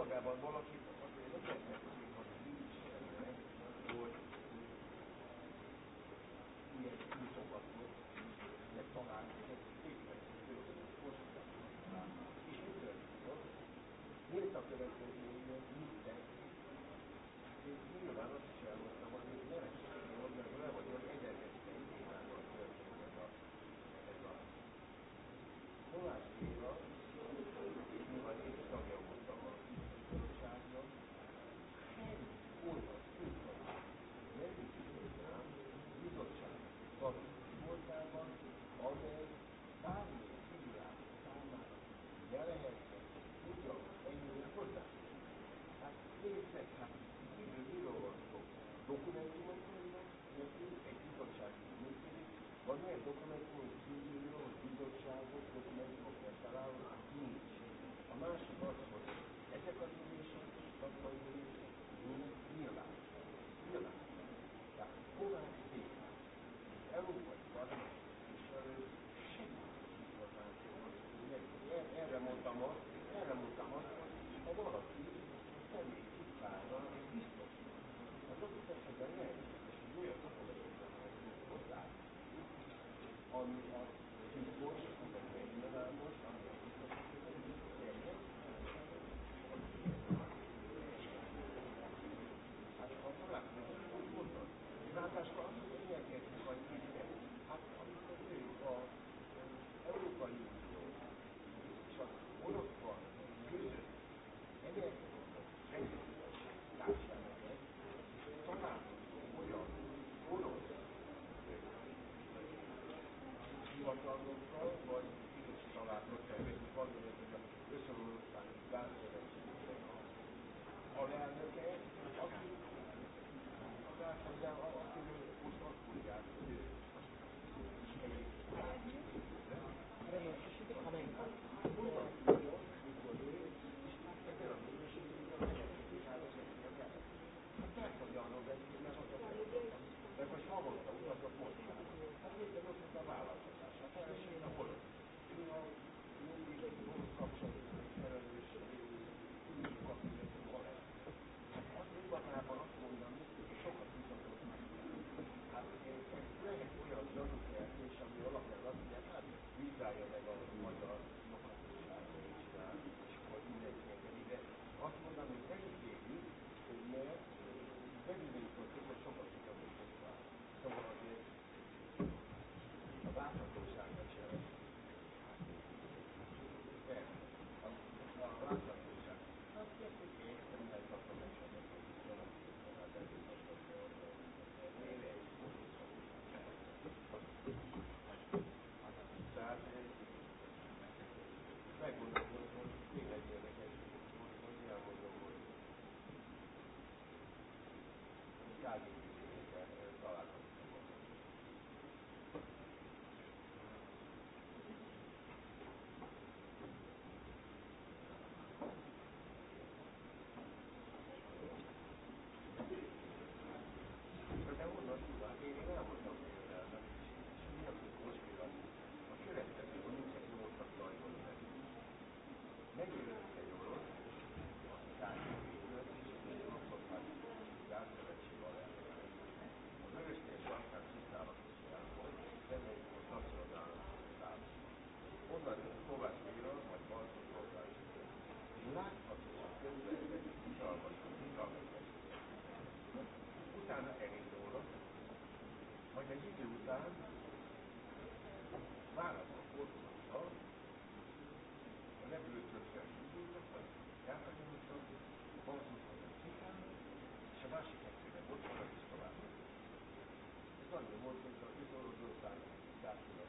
magában valaki azért nem Valamelyik dokumentum kívülről a bizottságot dokumentumok megtalálnak nincs. A másik az, hogy ezek az ülések, szakmai ülések, Medida usada para o corpo social, não é burocracia, é a resolução do ponto de chamaste que é a outra para a escola. Então, eu vou tentar isso, eu vou tentar isso,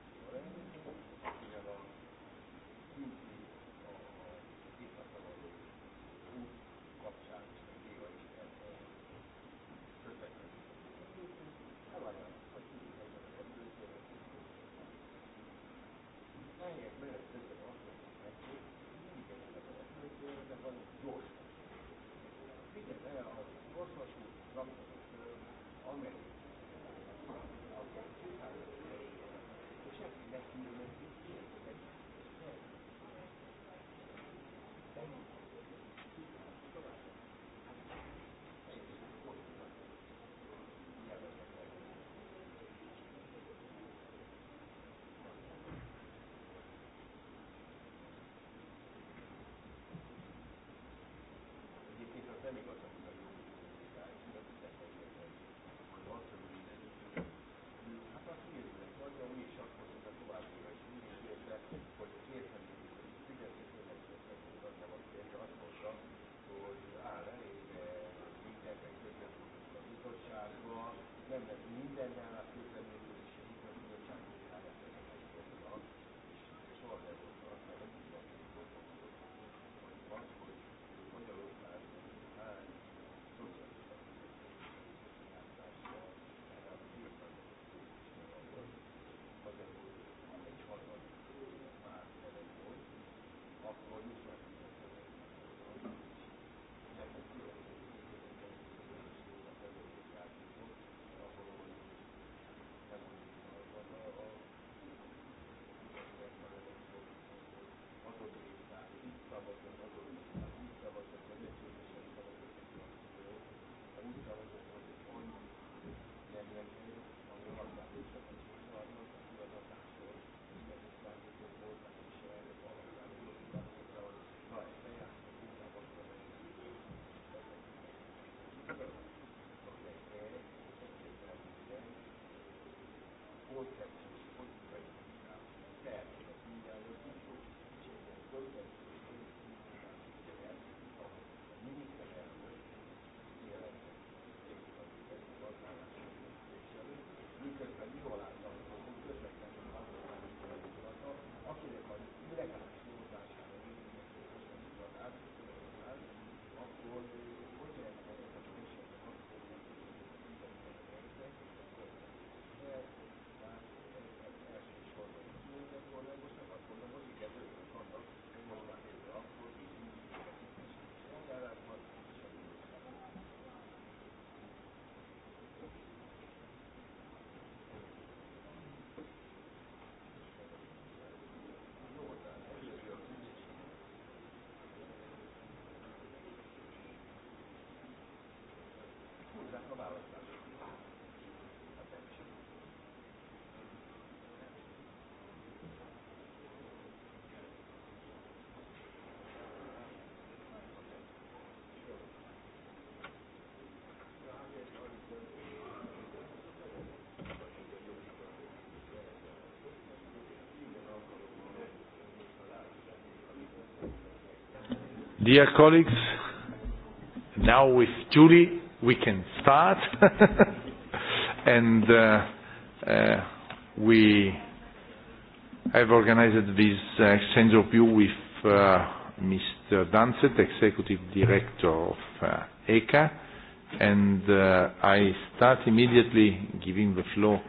Dear colleagues, now with Julie we can start and uh, uh, we have organized this uh, exchange of view with uh, Mr. Danset, Executive Director of uh, ECA and uh, I start immediately giving the floor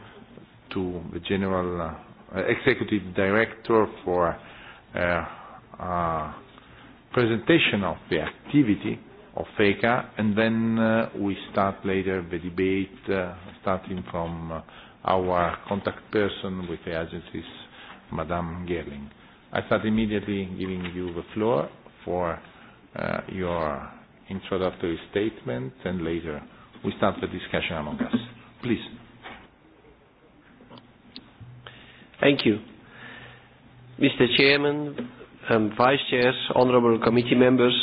to the General uh, Executive Director for uh, uh, presentation of the activity of FECA, and then uh, we start later the debate, uh, starting from uh, our contact person with the agencies, Madame Gerling. I start immediately giving you the floor for uh, your introductory statement, and later we start the discussion among us. Please. Thank you. Mr. Chairman, um, Vice Chairs, honourable committee members,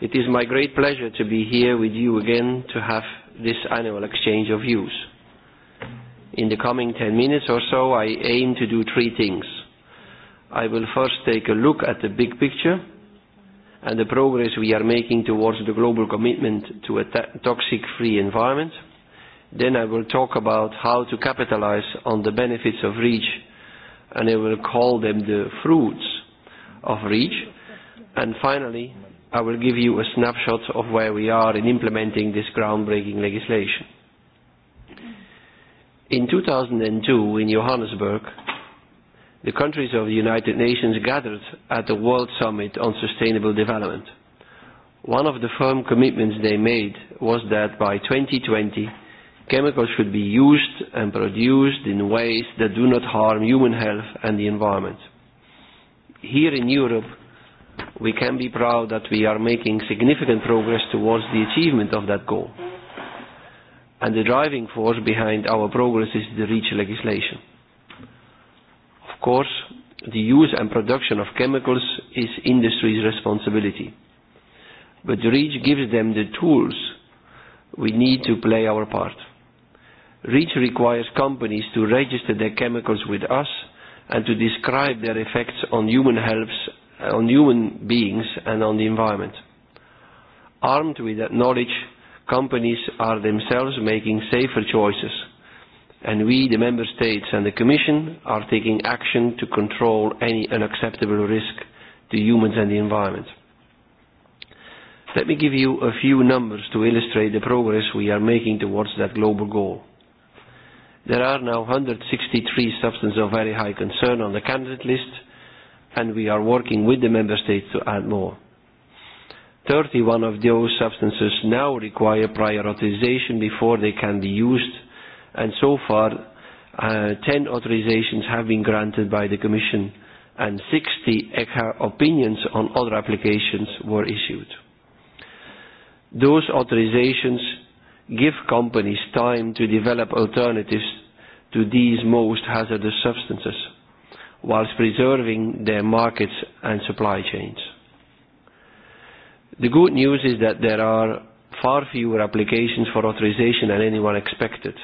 it is my great pleasure to be here with you again to have this annual exchange of views. In the coming 10 minutes or so, I aim to do three things. I will first take a look at the big picture and the progress we are making towards the global commitment to a toxic-free environment. Then I will talk about how to capitalize on the benefits of REACH, and I will call them the fruits of REACH. And finally, I will give you a snapshot of where we are in implementing this groundbreaking legislation. In 2002, in Johannesburg, the countries of the United Nations gathered at the World Summit on Sustainable Development. One of the firm commitments they made was that by 2020, chemicals should be used and produced in ways that do not harm human health and the environment here in Europe, we can be proud that we are making significant progress towards the achievement of that goal. And the driving force behind our progress is the REACH legislation. Of course, the use and production of chemicals is industry's responsibility. But REACH gives them the tools we need to play our part. REACH requires companies to register their chemicals with us and to describe their effects on human health, on human beings and on the environment. Armed with that knowledge, companies are themselves making safer choices, and we, the Member States and the Commission, are taking action to control any unacceptable risk to humans and the environment. Let me give you a few numbers to illustrate the progress we are making towards that global goal. There are now 163 substances of very high concern on the candidate list, and we are working with the member states to add more. 31 of those substances now require prior authorization before they can be used, and so far, uh, 10 authorizations have been granted by the Commission, and 60 ECHA opinions on other applications were issued. Those authorizations give companies time to develop alternatives to these most hazardous substances, whilst preserving their markets and supply chains. The good news is that there are far fewer applications for authorization than anyone expected.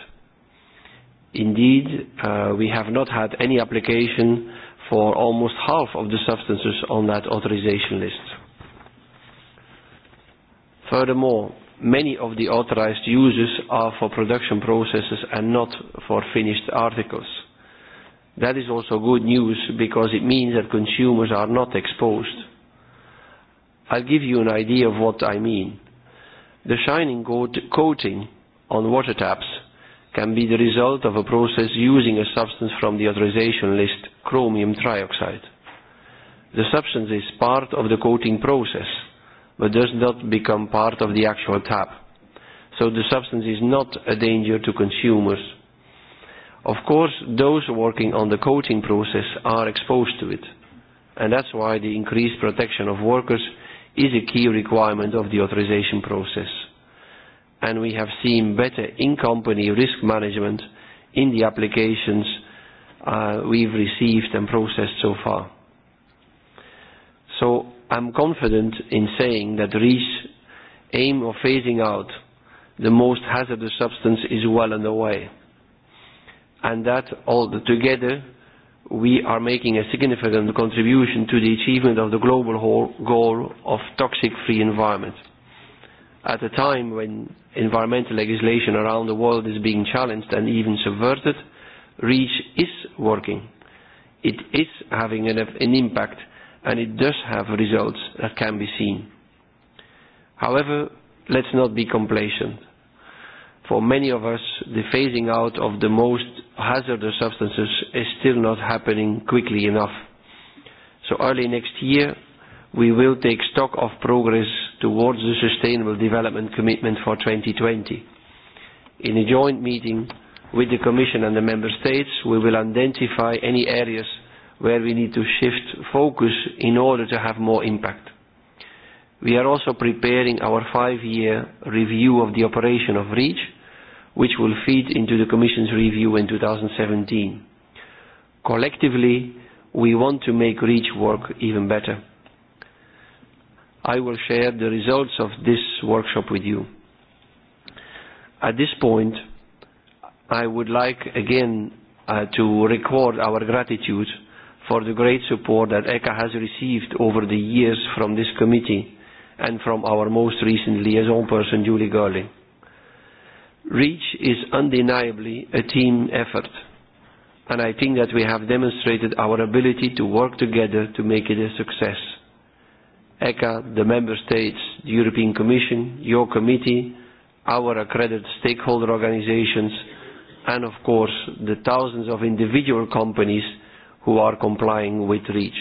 Indeed, uh, we have not had any application for almost half of the substances on that authorization list. Furthermore, many of the authorized uses are for production processes and not for finished articles. That is also good news because it means that consumers are not exposed. I'll give you an idea of what I mean. The shining coating on water taps can be the result of a process using a substance from the authorization list, chromium trioxide. The substance is part of the coating process but does not become part of the actual tap. So the substance is not a danger to consumers. Of course, those working on the coating process are exposed to it, and that's why the increased protection of workers is a key requirement of the authorization process. And we have seen better in-company risk management in the applications uh, we've received and processed so far. So I'm confident in saying that REACH aim of phasing out the most hazardous substance is well underway. And that all together we are making a significant contribution to the achievement of the global goal of toxic-free environment. At a time when environmental legislation around the world is being challenged and even subverted, REACH is working. It is having an, an impact and it does have results that can be seen. However, let's not be complacent. For many of us, the phasing out of the most hazardous substances is still not happening quickly enough. So early next year, we will take stock of progress towards the Sustainable Development Commitment for 2020. In a joint meeting with the Commission and the Member States, we will identify any areas where we need to shift focus in order to have more impact. We are also preparing our five-year review of the operation of REACH, which will feed into the Commission's review in 2017. Collectively, we want to make REACH work even better. I will share the results of this workshop with you. At this point, I would like again uh, to record our gratitude for the great support that ECA has received over the years from this committee and from our most recent liaison person, Julie Gurley. REACH is undeniably a team effort, and I think that we have demonstrated our ability to work together to make it a success. ECA, the Member States, the European Commission, your committee, our accredited stakeholder organizations, and of course the thousands of individual companies who are complying with REACH.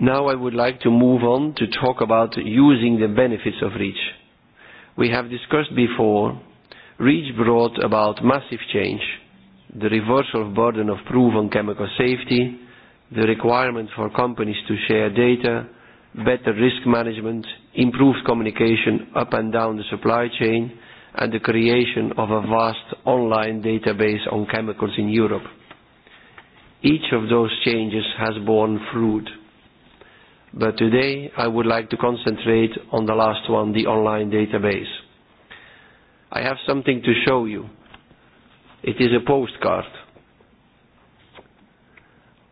Now I would like to move on to talk about using the benefits of REACH. We have discussed before, REACH brought about massive change, the reversal of burden of proof on chemical safety, the requirement for companies to share data, better risk management, improved communication up and down the supply chain, and the creation of a vast online database on chemicals in Europe. Each of those changes has borne fruit. But today I would like to concentrate on the last one, the online database. I have something to show you. It is a postcard.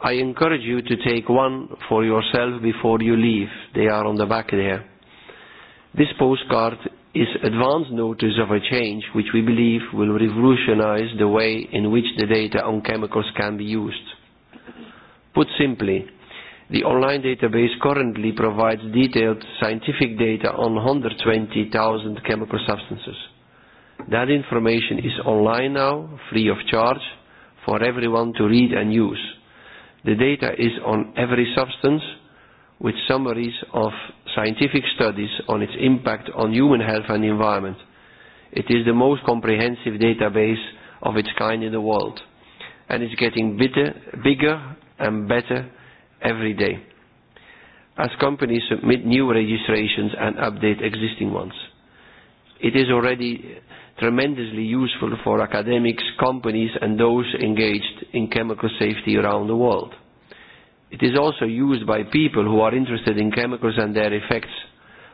I encourage you to take one for yourself before you leave. They are on the back there. This postcard is advance notice of a change which we believe will revolutionize the way in which the data on chemicals can be used. Put simply, the online database currently provides detailed scientific data on 120,000 chemical substances. That information is online now, free of charge, for everyone to read and use. The data is on every substance with summaries of scientific studies on its impact on human health and the environment. It is the most comprehensive database of its kind in the world, and it's getting bitter, bigger and better every day as companies submit new registrations and update existing ones. It is already tremendously useful for academics, companies and those engaged in chemical safety around the world. It is also used by people who are interested in chemicals and their effects,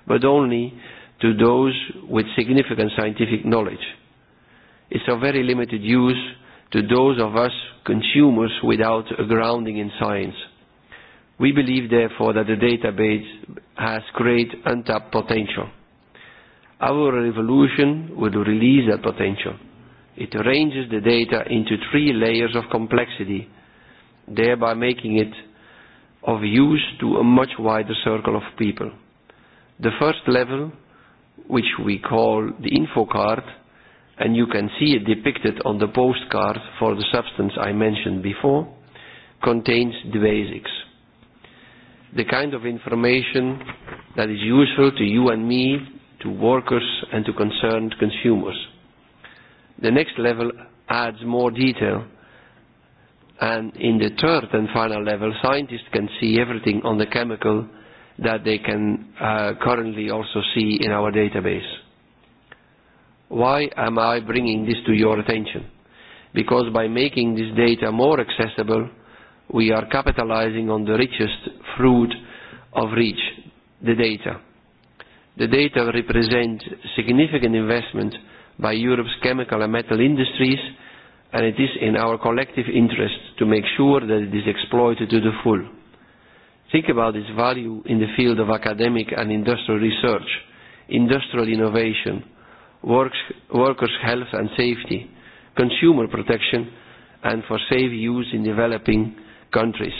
but only to those with significant scientific knowledge. It's of very limited use to those of us consumers without a grounding in science. We believe therefore that the database has great untapped potential. Our revolution would release that potential. It arranges the data into three layers of complexity, thereby making it of use to a much wider circle of people. The first level, which we call the info card, and you can see it depicted on the postcard for the substance I mentioned before, contains the basics. The kind of information that is useful to you and me, to workers and to concerned consumers. The next level adds more detail And in the third and final level, scientists can see everything on the chemical that they can uh, currently also see in our database. Why am I bringing this to your attention? Because by making this data more accessible, we are capitalizing on the richest fruit of reach, the data. The data represent significant investment by Europe's chemical and metal industries and it is in our collective interest to make sure that it is exploited to the full. Think about its value in the field of academic and industrial research, industrial innovation, works, workers' health and safety, consumer protection, and for safe use in developing countries.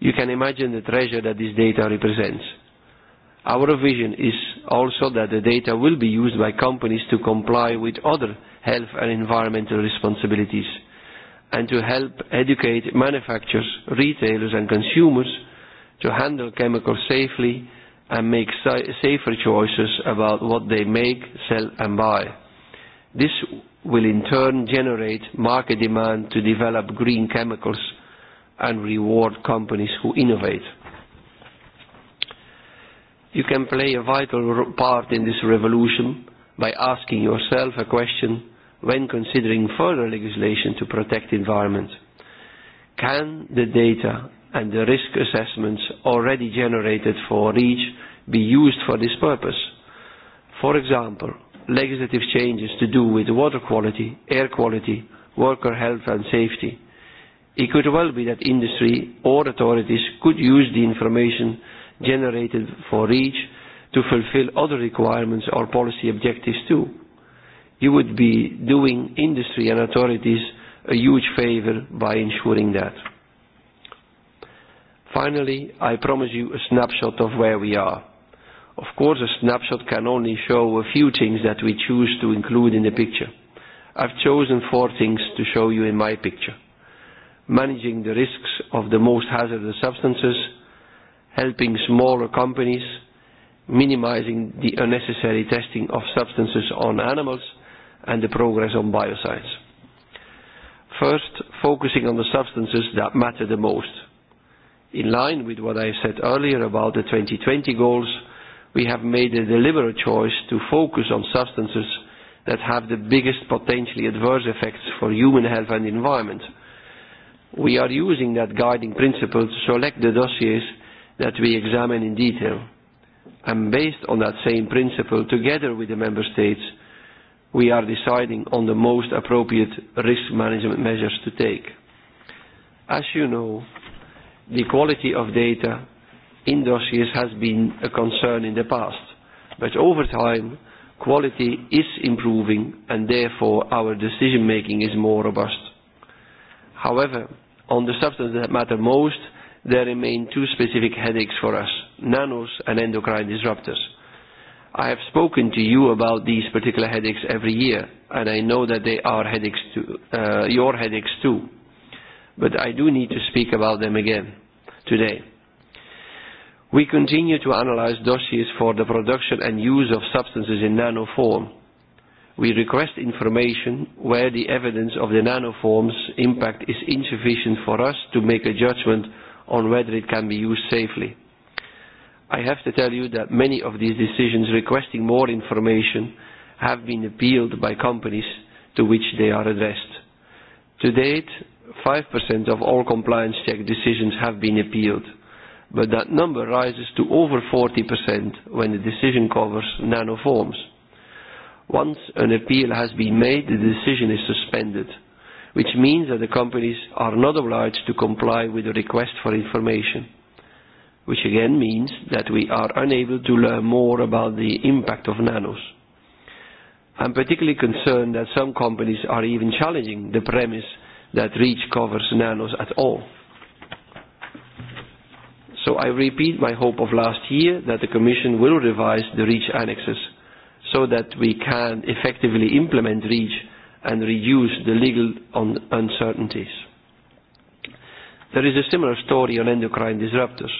You can imagine the treasure that this data represents. Our vision is also that the data will be used by companies to comply with other health and environmental responsibilities, and to help educate manufacturers, retailers and consumers to handle chemicals safely and make safer choices about what they make, sell and buy. This will in turn generate market demand to develop green chemicals and reward companies who innovate. You can play a vital part in this revolution by asking yourself a question when considering further legislation to protect the environment? Can the data and the risk assessments already generated for REACH be used for this purpose? For example, legislative changes to do with water quality, air quality, worker health and safety. It could well be that industry or authorities could use the information generated for REACH to fulfill other requirements or policy objectives too you would be doing industry and authorities a huge favor by ensuring that. Finally, I promise you a snapshot of where we are. Of course, a snapshot can only show a few things that we choose to include in the picture. I've chosen four things to show you in my picture. Managing the risks of the most hazardous substances, helping smaller companies, minimizing the unnecessary testing of substances on animals, and the progress on bioscience. First, focusing on the substances that matter the most. In line with what I said earlier about the 2020 goals, we have made a deliberate choice to focus on substances that have the biggest potentially adverse effects for human health and environment. We are using that guiding principle to select the dossiers that we examine in detail. And based on that same principle, together with the Member States, we are deciding on the most appropriate risk management measures to take. As you know, the quality of data in dossiers has been a concern in the past, but over time, quality is improving and therefore our decision making is more robust. However, on the substances that matter most, there remain two specific headaches for us, nanos and endocrine disruptors I have spoken to you about these particular headaches every year, and I know that they are headaches too, uh, your headaches too. But I do need to speak about them again today. We continue to analyze dossiers for the production and use of substances in nanoform. We request information where the evidence of the nanoform's impact is insufficient for us to make a judgment on whether it can be used safely. I have to tell you that many of these decisions requesting more information have been appealed by companies to which they are addressed. To date, 5% of all compliance check decisions have been appealed, but that number rises to over 40% when the decision covers nanoforms. Once an appeal has been made, the decision is suspended, which means that the companies are not obliged to comply with the request for information which again means that we are unable to learn more about the impact of nanos. I'm particularly concerned that some companies are even challenging the premise that REACH covers nanos at all. So I repeat my hope of last year that the Commission will revise the REACH annexes so that we can effectively implement REACH and reduce the legal un uncertainties. There is a similar story on endocrine disruptors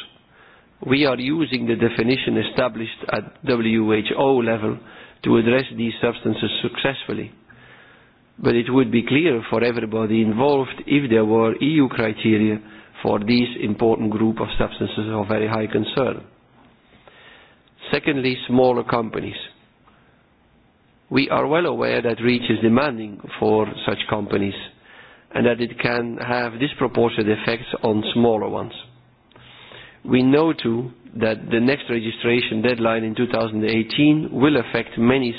we are using the definition established at WHO level to address these substances successfully. But it would be clear for everybody involved if there were EU criteria for this important group of substances of very high concern. Secondly, smaller companies. We are well aware that REACH is demanding for such companies and that it can have disproportionate effects on smaller ones We know too that the next registration deadline in 2018 will affect many,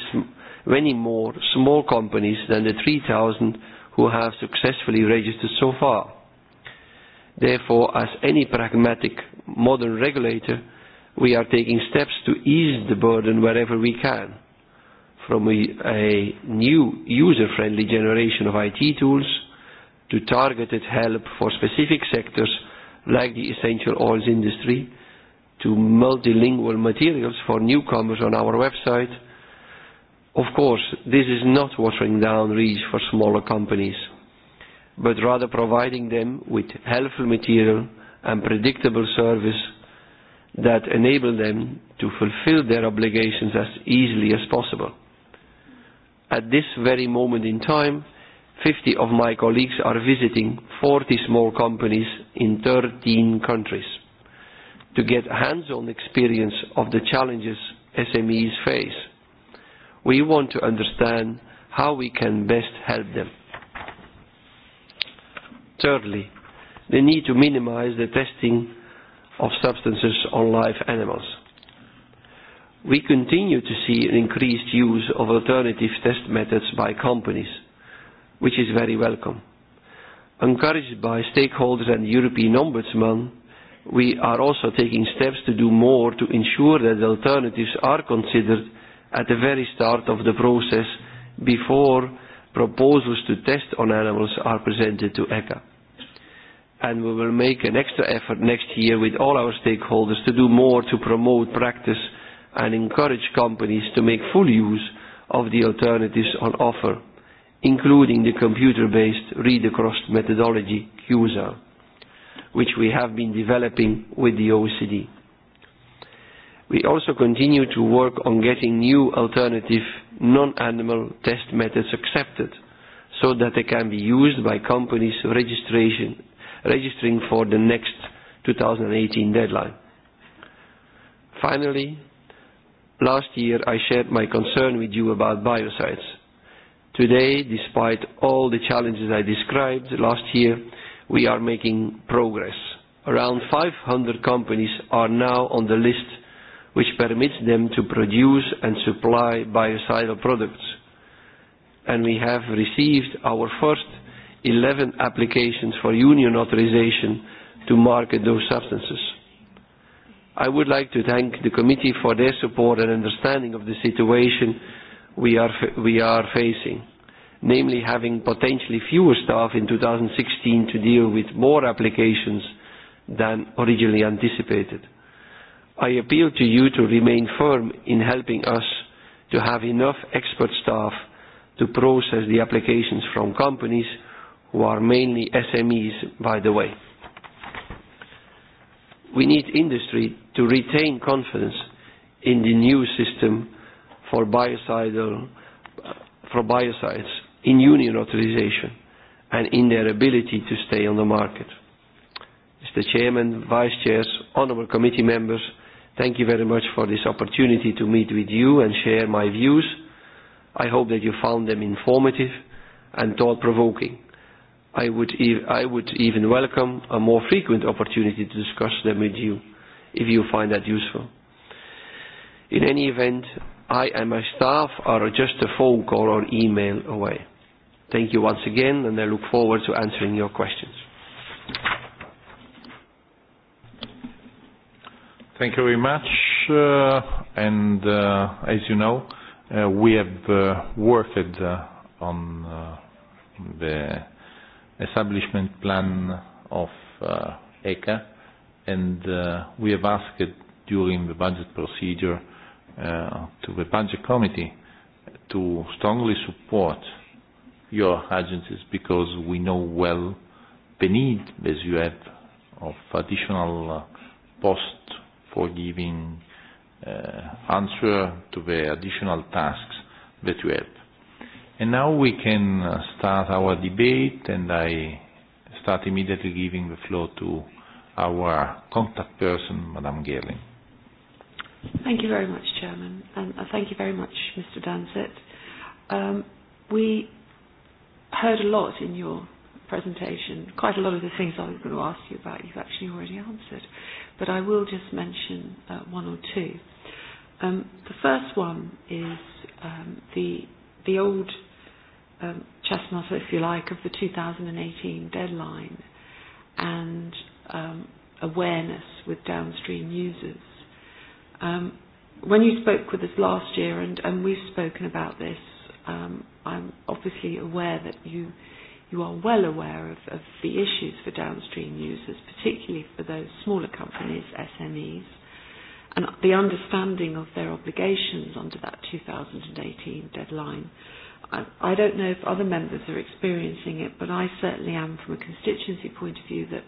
many more small companies than the 3,000 who have successfully registered so far. Therefore, as any pragmatic modern regulator, we are taking steps to ease the burden wherever we can, from a, a new user-friendly generation of IT tools to targeted help for specific sectors like the essential oils industry, to multilingual materials for newcomers on our website. Of course, this is not watering down reach for smaller companies, but rather providing them with helpful material and predictable service that enable them to fulfill their obligations as easily as possible. At this very moment in time, 50 of my colleagues are visiting 40 small companies in 13 countries to get hands-on experience of the challenges SMEs face. We want to understand how we can best help them. Thirdly, the need to minimize the testing of substances on live animals. We continue to see an increased use of alternative test methods by companies, which is very welcome. Encouraged by stakeholders and the European Ombudsman, we are also taking steps to do more to ensure that alternatives are considered at the very start of the process before proposals to test on animals are presented to ECHA. And we will make an extra effort next year with all our stakeholders to do more to promote practice and encourage companies to make full use of the alternatives on offer including the computer-based read-across methodology, CUSA, which we have been developing with the OECD. We also continue to work on getting new alternative non-animal test methods accepted so that they can be used by companies registration, registering for the next 2018 deadline. Finally, last year I shared my concern with you about biocides Today, despite all the challenges I described last year, we are making progress. Around 500 companies are now on the list, which permits them to produce and supply biocidal products. And we have received our first 11 applications for union authorization to market those substances. I would like to thank the committee for their support and understanding of the situation we are, we are facing. Namely, having potentially fewer staff in 2016 to deal with more applications than originally anticipated. I appeal to you to remain firm in helping us to have enough expert staff to process the applications from companies who are mainly SMEs, by the way. We need industry to retain confidence in the new system for biocidal for biocides in union authorization and in their ability to stay on the market. Mr. Chairman, Vice Chairs, Honourable Committee Members, thank you very much for this opportunity to meet with you and share my views. I hope that you found them informative and thought-provoking. I would, e- I would even welcome a more frequent opportunity to discuss them with you if you find that useful. In any event, I and my staff are just a phone call or email away. Thank you once again, and I look forward to answering your questions. Thank you very much. And uh As you know, uh we have uh worked uh on uh the establishment plan of uh ECA, and uh we have asked during the budget procedure uh, to the budget committee to strongly support your agencies because we know well the need that you have of additional uh, post for giving uh, answer to the additional tasks that you have. And now we can uh, start our debate and I start immediately giving the floor to our contact person, Madame Gerling. Thank you very much, Chairman, and thank you very much, Mr. Danzit. Um, we heard a lot in your presentation. Quite a lot of the things I was going to ask you about you've actually already answered, but I will just mention uh, one or two. Um, the first one is um, the the old um, chestnut, if you like, of the 2018 deadline and um, awareness with downstream users Um, when you spoke with us last year, and, and we've spoken about this, um, I'm obviously aware that you you are well aware of, of the issues for downstream users, particularly for those smaller companies, SMEs, and the understanding of their obligations under that 2018 deadline. I, I don't know if other members are experiencing it, but I certainly am from a constituency point of view that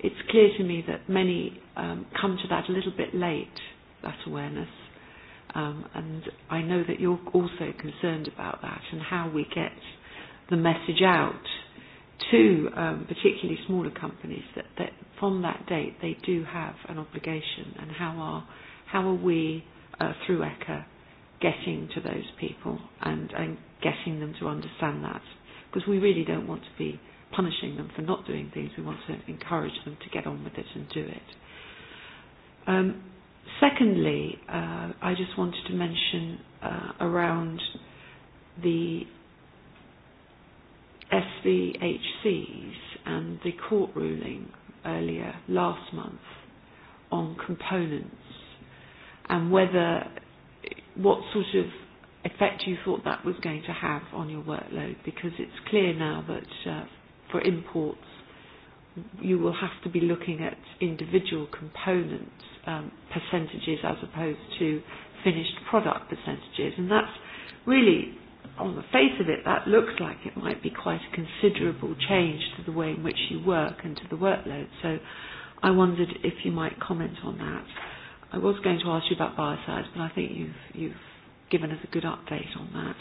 it's clear to me that many um, come to that a little bit late that awareness. Um, and I know that you're also concerned about that and how we get the message out to um, particularly smaller companies that, that from that date they do have an obligation and how are, how are we uh, through ECHA getting to those people and, and getting them to understand that because we really don't want to be punishing them for not doing things. We want to encourage them to get on with it and do it. Um, Secondly, uh, I just wanted to mention uh, around the SVHCs and the court ruling earlier last month on components and whether what sort of effect you thought that was going to have on your workload because it's clear now that uh, for imports you will have to be looking at individual components um, percentages as opposed to finished product percentages. And that's really, on the face of it, that looks like it might be quite a considerable change to the way in which you work and to the workload. So I wondered if you might comment on that. I was going to ask you about biocides, but I think you've, you've given us a good update on that.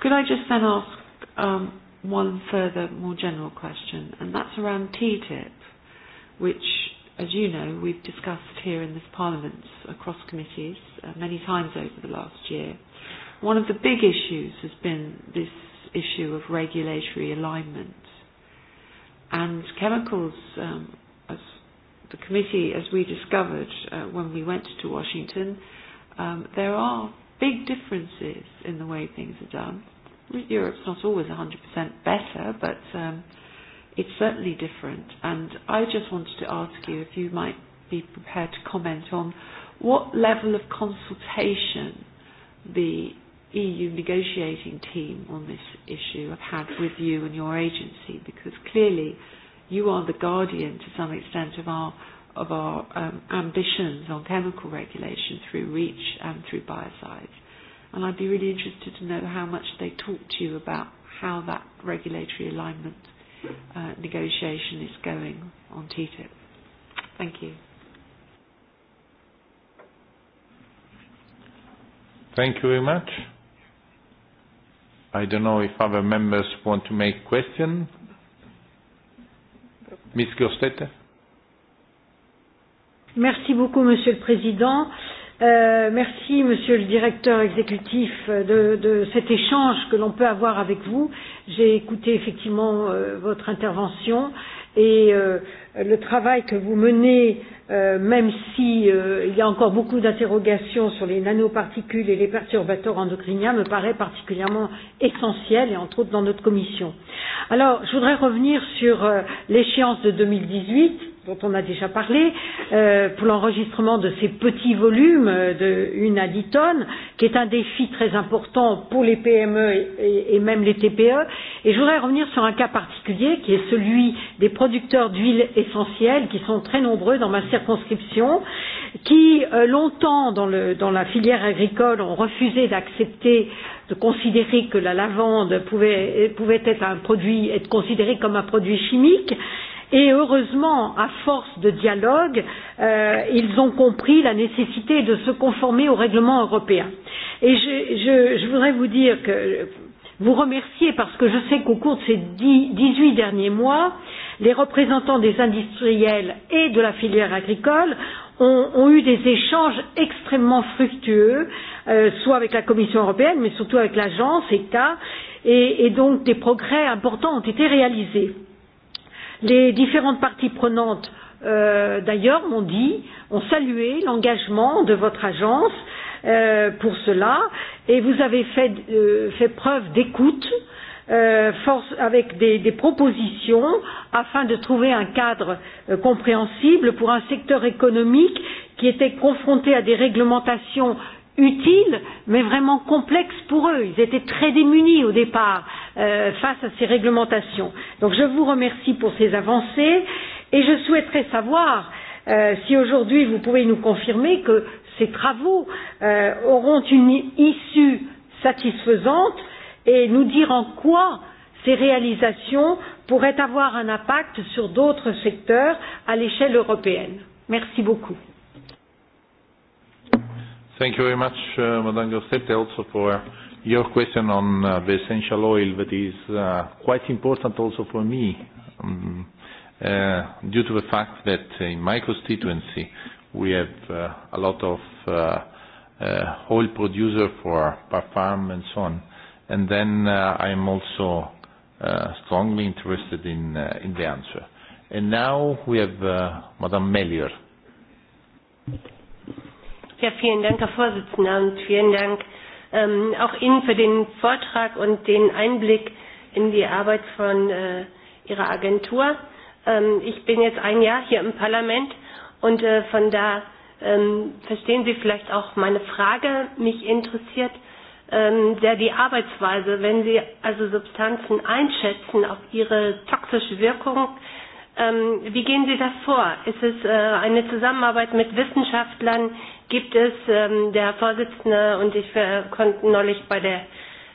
Could I just then ask um, one further, more general question, and that's around TTIP, which as you know, we've discussed here in this Parliament across committees uh, many times over the last year. One of the big issues has been this issue of regulatory alignment. And chemicals, um, as the committee, as we discovered uh, when we went to Washington, um, there are big differences in the way things are done. Europe's not always 100% better, but um, it's certainly different. And I just wanted to ask you if you might be prepared to comment on what level of consultation the EU negotiating team on this issue have had with you and your agency, because clearly you are the guardian to some extent of our of our um, ambitions on chemical regulation through REACH and through biocides. And I'd be really interested to know how much they talk to you about how that regulatory alignment uh, negotiation is going on TTIP. Thank you. Thank you very much. I don't know if other members want to make question. Ms. Gostetter. Merci beaucoup, Monsieur le Président. Euh, merci, Monsieur le Directeur exécutif, de, de cet échange que l'on peut avoir avec vous. Euh, J'ai écouté effectivement euh, votre intervention et euh, le travail que vous menez, euh, même si euh, il y a encore beaucoup d'interrogations sur les nanoparticules et les perturbateurs endocriniens, me paraît particulièrement essentiel et entre autres dans notre commission. Alors, je voudrais revenir sur euh, l'échéance de 2018 dont on a déjà parlé, euh, pour l'enregistrement de ces petits volumes de 1 à 10 tonnes, qui est un défi très important pour les PME et, et même les TPE. Et je voudrais revenir sur un cas particulier qui est celui des producteurs d'huile essentielle, qui sont très nombreux dans ma circonscription, qui euh, longtemps dans, le, dans la filière agricole ont refusé d'accepter de considérer que la lavande pouvait, pouvait être un produit, être considérée comme un produit chimique Et heureusement, à force de dialogue, euh, ils ont compris la nécessité de se conformer au règlement européen. Et je, je, je voudrais vous dire que vous remercier parce que je sais qu'au cours de ces dix huit derniers mois, les représentants des industriels et de la filière agricole ont, ont eu des échanges extrêmement fructueux, euh, soit avec la Commission européenne, mais surtout avec l'agence ECTA, et, et donc des progrès importants ont été réalisés. Les différentes parties prenantes, euh, d'ailleurs, m'ont dit, ont salué l'engagement de votre agence euh, pour cela, et vous avez fait, euh, fait preuve d'écoute euh, force, avec des, des propositions afin de trouver un cadre euh, compréhensible pour un secteur économique qui était confronté à des réglementations utile, mais vraiment complexe pour eux. Ils étaient très démunis au départ euh, face à ces réglementations. Donc je vous remercie pour ces avancées et je souhaiterais savoir euh, si aujourd'hui vous pouvez nous confirmer que ces travaux euh, auront une issue satisfaisante et nous dire en quoi ces réalisations pourraient avoir un impact sur d'autres secteurs à l'échelle européenne. Merci beaucoup. Thank you very much, uh, Madam Gossetti, also for your question on uh, the essential oil that is uh, quite important also for me um, uh, due to the fact that in my constituency we have uh, a lot of uh, uh, oil producer for farm and so on. And then uh, I'm also uh, strongly interested in, uh, in the answer. And now we have uh, Madame Melior. Ja, vielen Dank, Herr Vorsitzender, und vielen Dank ähm, auch Ihnen für den Vortrag und den Einblick in die Arbeit von äh, Ihrer Agentur. Ähm, ich bin jetzt ein Jahr hier im Parlament und äh, von da ähm, verstehen Sie vielleicht auch meine Frage. Mich interessiert ähm, sehr die Arbeitsweise, wenn Sie also Substanzen einschätzen auf ihre toxische Wirkung. Ähm, wie gehen Sie das vor? Ist es äh, eine Zusammenarbeit mit Wissenschaftlern, gibt es, ähm, der Herr Vorsitzende und ich wir konnten neulich bei der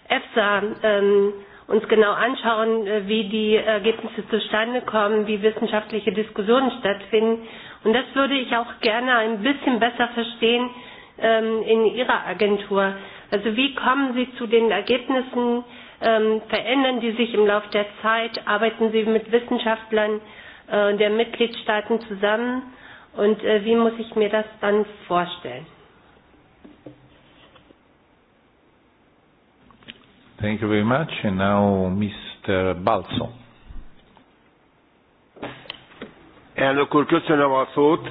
EFSA ähm, uns genau anschauen, äh, wie die Ergebnisse zustande kommen, wie wissenschaftliche Diskussionen stattfinden. Und das würde ich auch gerne ein bisschen besser verstehen ähm, in Ihrer Agentur. Also wie kommen Sie zu den Ergebnissen? Ähm, verändern die sich im Laufe der Zeit? Arbeiten Sie mit Wissenschaftlern äh, der Mitgliedstaaten zusammen? Und äh, wie muss ich mir das dann vorstellen? Thank you very much. And now Mr. Balzo. Elnök úr, köszönöm a szót.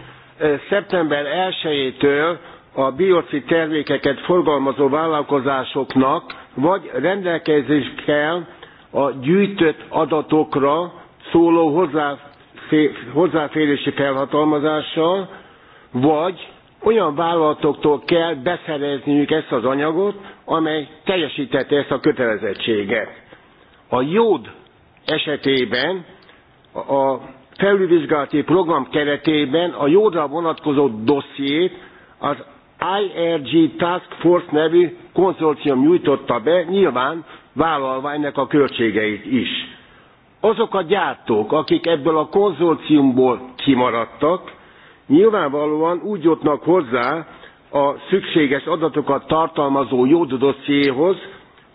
Szeptember 1-től a biocid termékeket forgalmazó vállalkozásoknak vagy rendelkezés kell a gyűjtött adatokra szóló hozzá hozzáférési felhatalmazással, vagy olyan vállalatoktól kell beszerezniük ezt az anyagot, amely teljesítette ezt a kötelezettséget. A jód esetében a felülvizsgálati program keretében a jódra vonatkozó dossziét az IRG Task Force nevű konzorcium nyújtotta be, nyilván vállalva ennek a költségeit is. Azok a gyártók, akik ebből a konzorciumból kimaradtak, nyilvánvalóan úgy jutnak hozzá a szükséges adatokat tartalmazó jód dossziéhoz,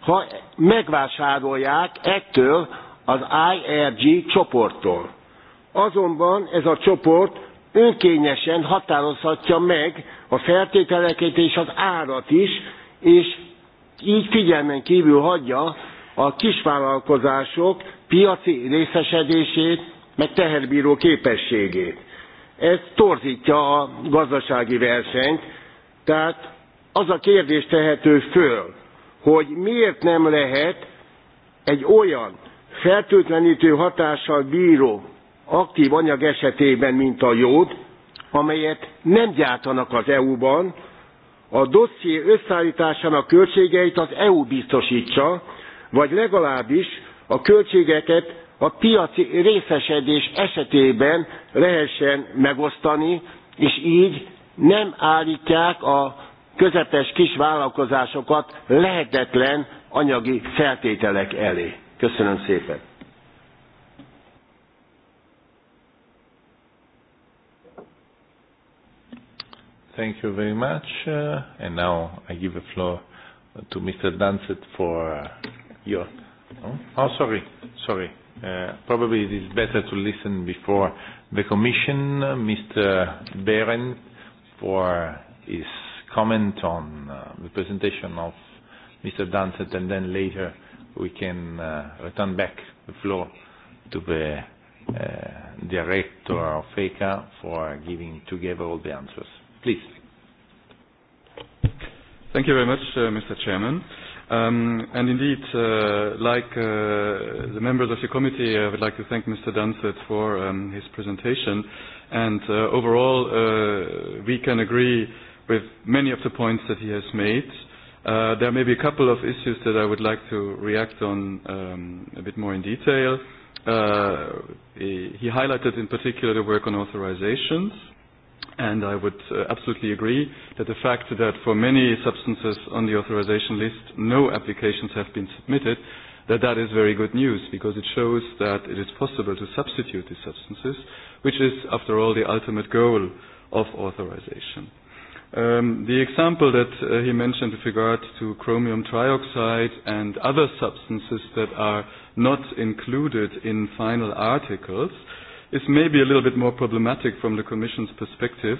ha megvásárolják ettől az IRG csoporttól. Azonban ez a csoport önkényesen határozhatja meg a feltételeket és az árat is, és így figyelmen kívül hagyja a kisvállalkozások piaci részesedését, meg teherbíró képességét. Ez torzítja a gazdasági versenyt, tehát az a kérdés tehető föl, hogy miért nem lehet egy olyan fertőtlenítő hatással bíró aktív anyag esetében, mint a jód, amelyet nem gyártanak az EU-ban, a dosszié összeállításának költségeit az EU biztosítsa, vagy legalábbis a költségeket a piaci részesedés esetében lehessen megosztani, és így nem állítják a közepes kis vállalkozásokat lehetetlen anyagi feltételek elé. Köszönöm szépen! Thank you very much. Uh, and now I give the floor to Mr. Danset for uh, your Oh, sorry. Sorry. Uh, probably it is better to listen before the Commission, Mr. Behrendt, for his comment on uh, the presentation of Mr. Dunset, and then later we can uh, return back the floor to the uh, director of ECA for giving together all the answers. Please. Thank you very much, uh, Mr. Chairman. Um, and indeed, uh, like uh, the members of the committee, I would like to thank Mr. Dunsett for um, his presentation. And uh, overall, uh, we can agree with many of the points that he has made. Uh, there may be a couple of issues that I would like to react on um, a bit more in detail. Uh, he highlighted in particular the work on authorizations. And I would uh, absolutely agree that the fact that for many substances on the authorization list, no applications have been submitted, that that is very good news because it shows that it is possible to substitute these substances, which is, after all, the ultimate goal of authorization. Um, the example that uh, he mentioned with regard to chromium trioxide and other substances that are not included in final articles – is maybe a little bit more problematic from the Commission's perspective,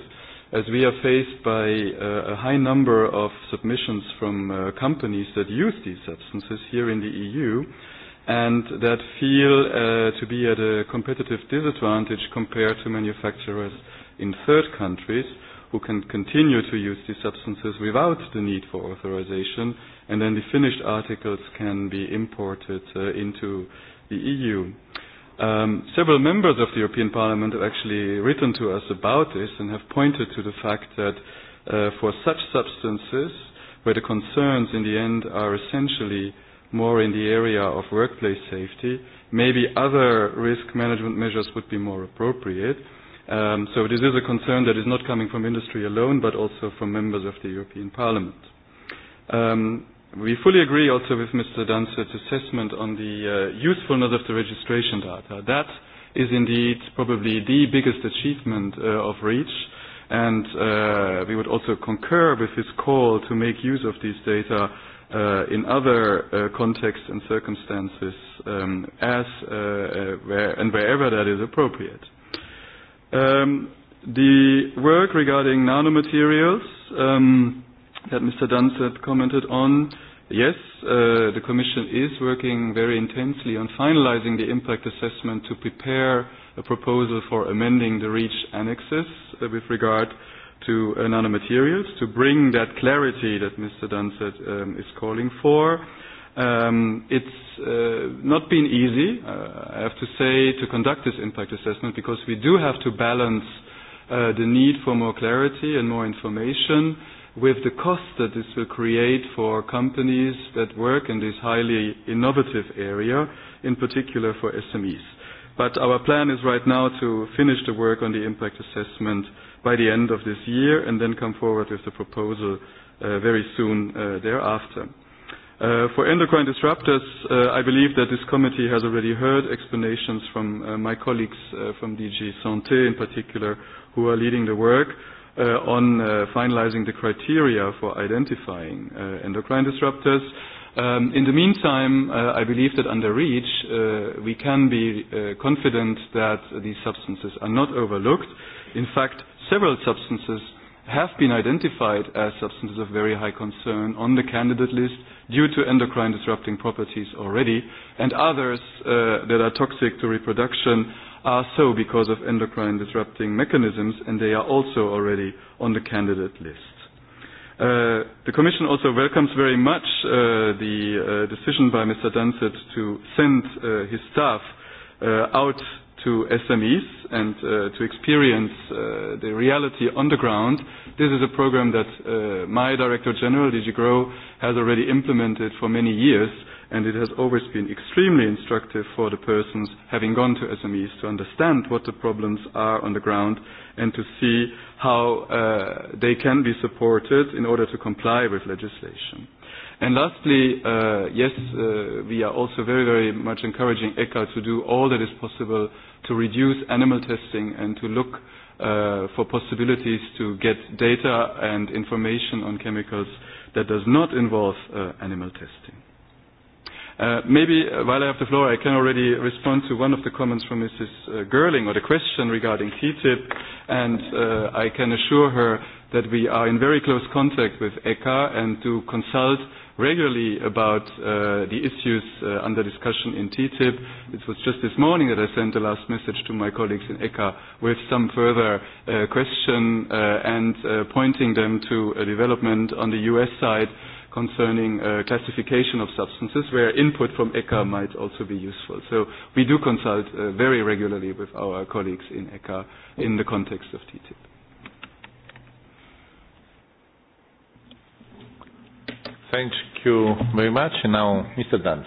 as we are faced by uh, a high number of submissions from uh, companies that use these substances here in the EU and that feel uh, to be at a competitive disadvantage compared to manufacturers in third countries who can continue to use these substances without the need for authorization, and then the finished articles can be imported uh, into the EU. Um, several members of the European Parliament have actually written to us about this and have pointed to the fact that uh, for such substances, where the concerns in the end are essentially more in the area of workplace safety, maybe other risk management measures would be more appropriate. Um, so this is a concern that is not coming from industry alone, but also from members of the European Parliament. Um, We fully agree also with Mr. Dunsett's assessment on the uh, usefulness of the registration data. That is indeed probably the biggest achievement uh, of REACH, and uh, we would also concur with his call to make use of these data uh, in other uh, contexts and circumstances um, as uh, uh, where, and wherever that is appropriate. Um, the work regarding nanomaterials um, that Mr. Dunsett commented on. Yes, uh, the Commission is working very intensely on finalizing the impact assessment to prepare a proposal for amending the REACH annexes uh, with regard to uh, nanomaterials to bring that clarity that Mr. Dunsett um, is calling for. Um, it's uh, not been easy, uh, I have to say, to conduct this impact assessment because we do have to balance uh, the need for more clarity and more information with the cost that this will create for companies that work in this highly innovative area, in particular for SMEs. But Our plan is right now to finish the work on the impact assessment by the end of this year and then come forward with the proposal uh very soon uh thereafter. Uh For endocrine disruptors, uh I believe that this committee has already heard explanations from uh my colleagues uh from DG Santé in particular, who are leading the work uh, on uh, finalizing the criteria for identifying uh, endocrine disruptors. Um, in the meantime, uh, I believe that under REACH, uh, we can be uh, confident that these substances are not overlooked. In fact, several substances have been identified as substances of very high concern on the candidate list due to endocrine disrupting properties already, and others uh, that are toxic to reproduction are so because of endocrine disrupting mechanisms, and they are also already on the candidate list. Uh, the Commission also welcomes very much uh, the uh, decision by Mr. Dunsett to send uh, his staff uh, out to SMEs and uh, to experience uh, the reality on the ground. This is a program that uh, my Director General, DG Grow, has already implemented for many years and it has always been extremely instructive for the persons having gone to SMEs to understand what the problems are on the ground and to see how uh, they can be supported in order to comply with legislation. And lastly, uh, yes, uh, we are also very, very much encouraging ECHA to do all that is possible to reduce animal testing and to look uh, for possibilities to get data and information on chemicals that does not involve uh, animal testing. Uh, maybe while I have the floor, I can already respond to one of the comments from Mrs. Gerling or the question regarding TTIP, and uh, I can assure her that we are in very close contact with ECA and to consult regularly about uh, the issues uh, under discussion in TTIP. It was just this morning that I sent the last message to my colleagues in ECA with some further uh, question uh, and uh, pointing them to a development on the US side concerning uh, classification of substances where input from ECHA might also be useful. So we do consult uh, very regularly with our colleagues in ECHA in the context of TTIP. Thank you very much. And now, Mr. Dunst,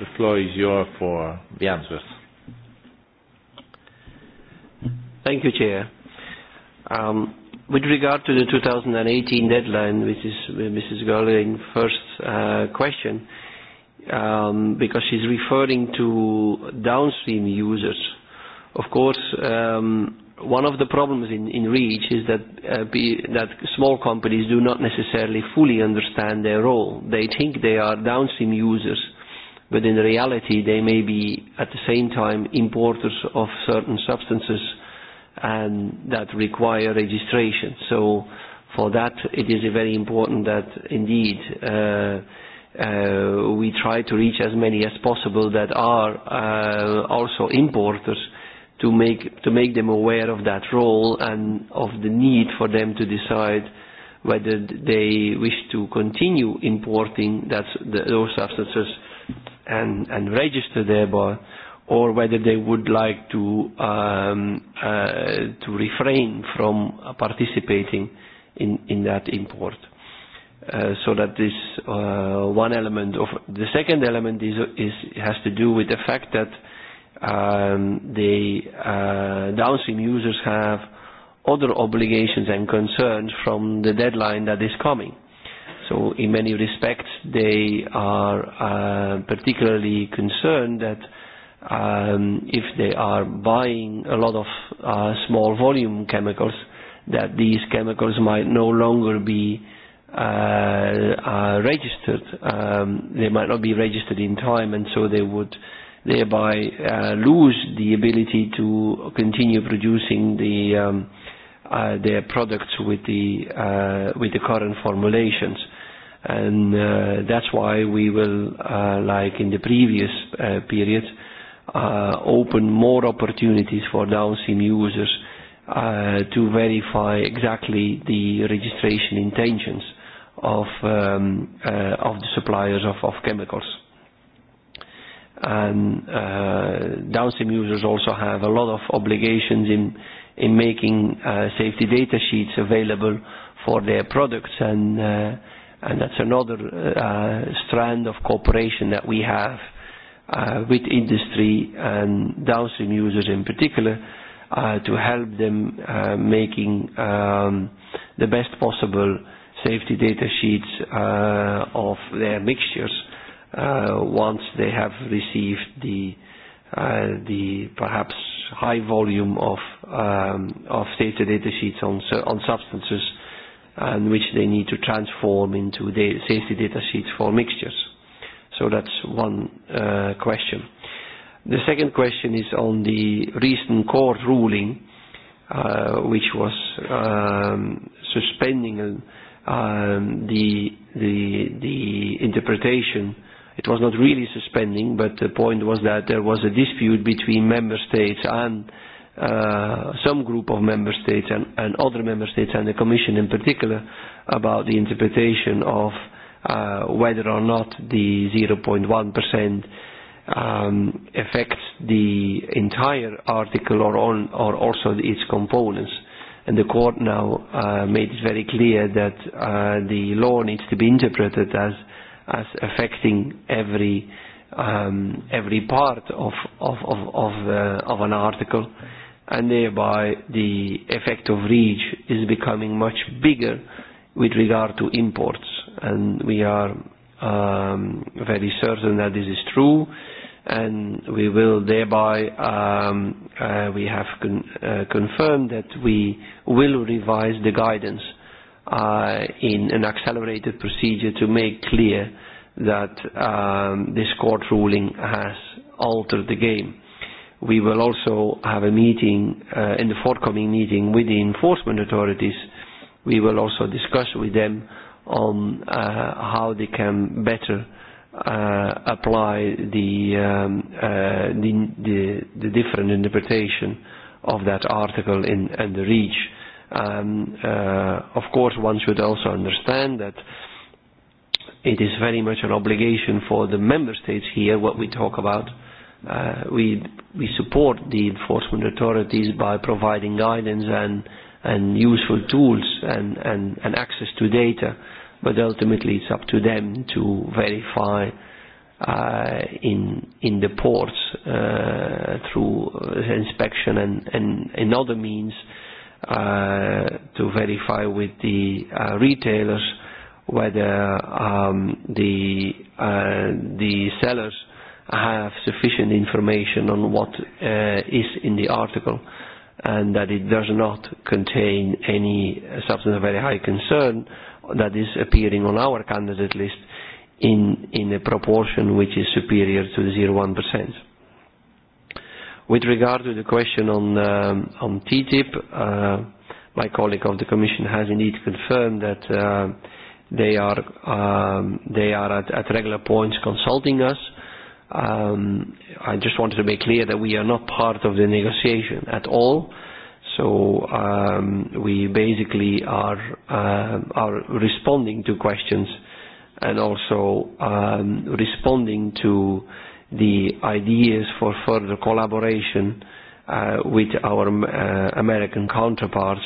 the floor is yours for the answers. Thank you, Chair. Um, With regard to the 2018 deadline, which is Mrs. Gurling's first uh, question, um, because she's referring to downstream users. Of course, um, one of the problems in, in REACH is that, uh, that small companies do not necessarily fully understand their role. They think they are downstream users, but in reality they may be at the same time importers of certain substances and that require registration. So for that, it is very important that indeed uh, uh, we try to reach as many as possible that are uh, also importers to make, to make them aware of that role and of the need for them to decide whether they wish to continue importing that, those substances and, and register thereby or whether they would like to um, uh, to refrain from participating in, in that import. Uh, so that is uh, one element. Of the second element is, is has to do with the fact that um, the uh, downstream users have other obligations and concerns from the deadline that is coming. So in many respects, they are uh, particularly concerned that um, if they are buying a lot of uh, small volume chemicals, that these chemicals might no longer be uh, uh, registered. Um, they might not be registered in time, and so they would thereby uh, lose the ability to continue producing the um, uh, their products with the uh, with the current formulations and uh, that's why we will, uh, like in the previous uh, period, uh, open more opportunities for downstream users uh, to verify exactly the registration intentions of, um, uh, of the suppliers of, of chemicals. And uh, downstream users also have a lot of obligations in, in making uh, safety data sheets available for their products and, uh, and that's another uh, strand of cooperation that we have uh, with industry and downstream users in particular uh, to help them uh, making um, the best possible safety data sheets uh, of their mixtures uh, once they have received the uh, the perhaps high volume of um, of safety data sheets on on substances and which they need to transform into the safety data sheets for mixtures that's one uh, question. The second question is on the recent court ruling, uh, which was um, suspending um, the, the, the interpretation. It was not really suspending, but the point was that there was a dispute between member states and uh, some group of member states and, and other member states and the Commission in particular about the interpretation of uh, whether or not the 0.1% um, affects the entire article or, on, or also its components. And the court now uh, made it very clear that uh, the law needs to be interpreted as, as affecting every um, every part of of of of, uh, of an article, and thereby the effect of reach is becoming much bigger with regard to imports and we are um, very certain that this is true, and we will thereby um, uh, we have con- uh, confirmed that we will revise the guidance uh, in an accelerated procedure to make clear that um, this court ruling has altered the game. We will also have a meeting uh, in the forthcoming meeting with the enforcement authorities. We will also discuss with them on uh, how they can better uh, apply the, um, uh, the, the, the different interpretation of that article in, and the reach. Um, uh, of course, one should also understand that it is very much an obligation for the member states here, what we talk about. Uh, we, we support the enforcement authorities by providing guidance and, and useful tools and, and, and access to data but ultimately it's up to them to verify uh, in in the ports uh, through inspection and, and, and other means uh, to verify with the uh, retailers whether um, the uh, the sellers have sufficient information on what uh, is in the article and that it does not contain any substance of very high concern uh, that is appearing on our candidate list in, in a proportion which is superior to the 0.1%. With regard to the question on, um, on TTIP, uh, my colleague of the Commission has indeed confirmed that uh, they are, um, they are at, at regular points consulting us. Um, I just wanted to make clear that we are not part of the negotiation at all So um, we basically are uh, are responding to questions and also um, responding to the ideas for further collaboration uh, with our uh, American counterparts,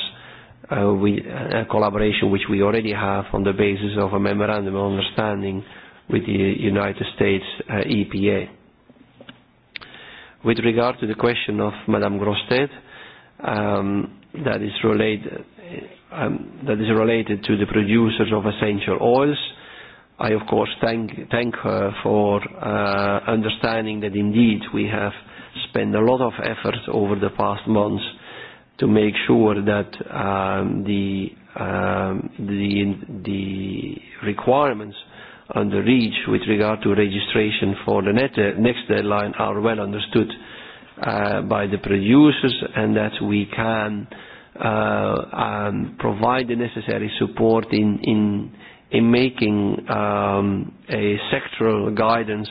uh, with a collaboration which we already have on the basis of a memorandum of understanding with the United States uh, EPA. With regard to the question of Madame Grosstedt, um, that is related um, that is related to the producers of essential oils. I of course thank thank her for uh, understanding that indeed we have spent a lot of effort over the past months to make sure that um, the um, the the requirements under REACH with regard to registration for the net, uh next deadline are well understood uh, by the producers and that we can uh, um, provide the necessary support in, in, in making um, a sectoral guidance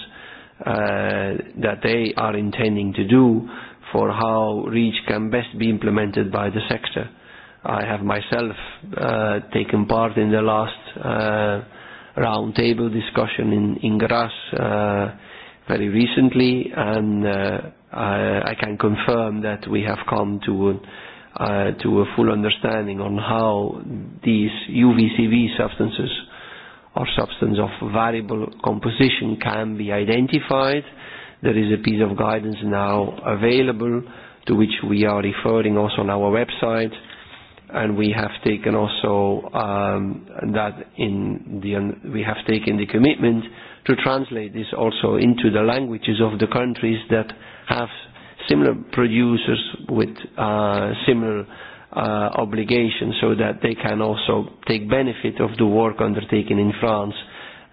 uh, that they are intending to do for how REACH can best be implemented by the sector. I have myself uh, taken part in the last uh, round table discussion in, in Graz uh, very recently and uh, uh, I can confirm that we have come to uh, to a full understanding on how these UVCV substances or substance of variable composition can be identified. There is a piece of guidance now available to which we are referring also on our website and we have taken also um, that in the we have taken the commitment to translate this also into the languages of the countries that have similar producers with uh, similar uh, obligations so that they can also take benefit of the work undertaken in France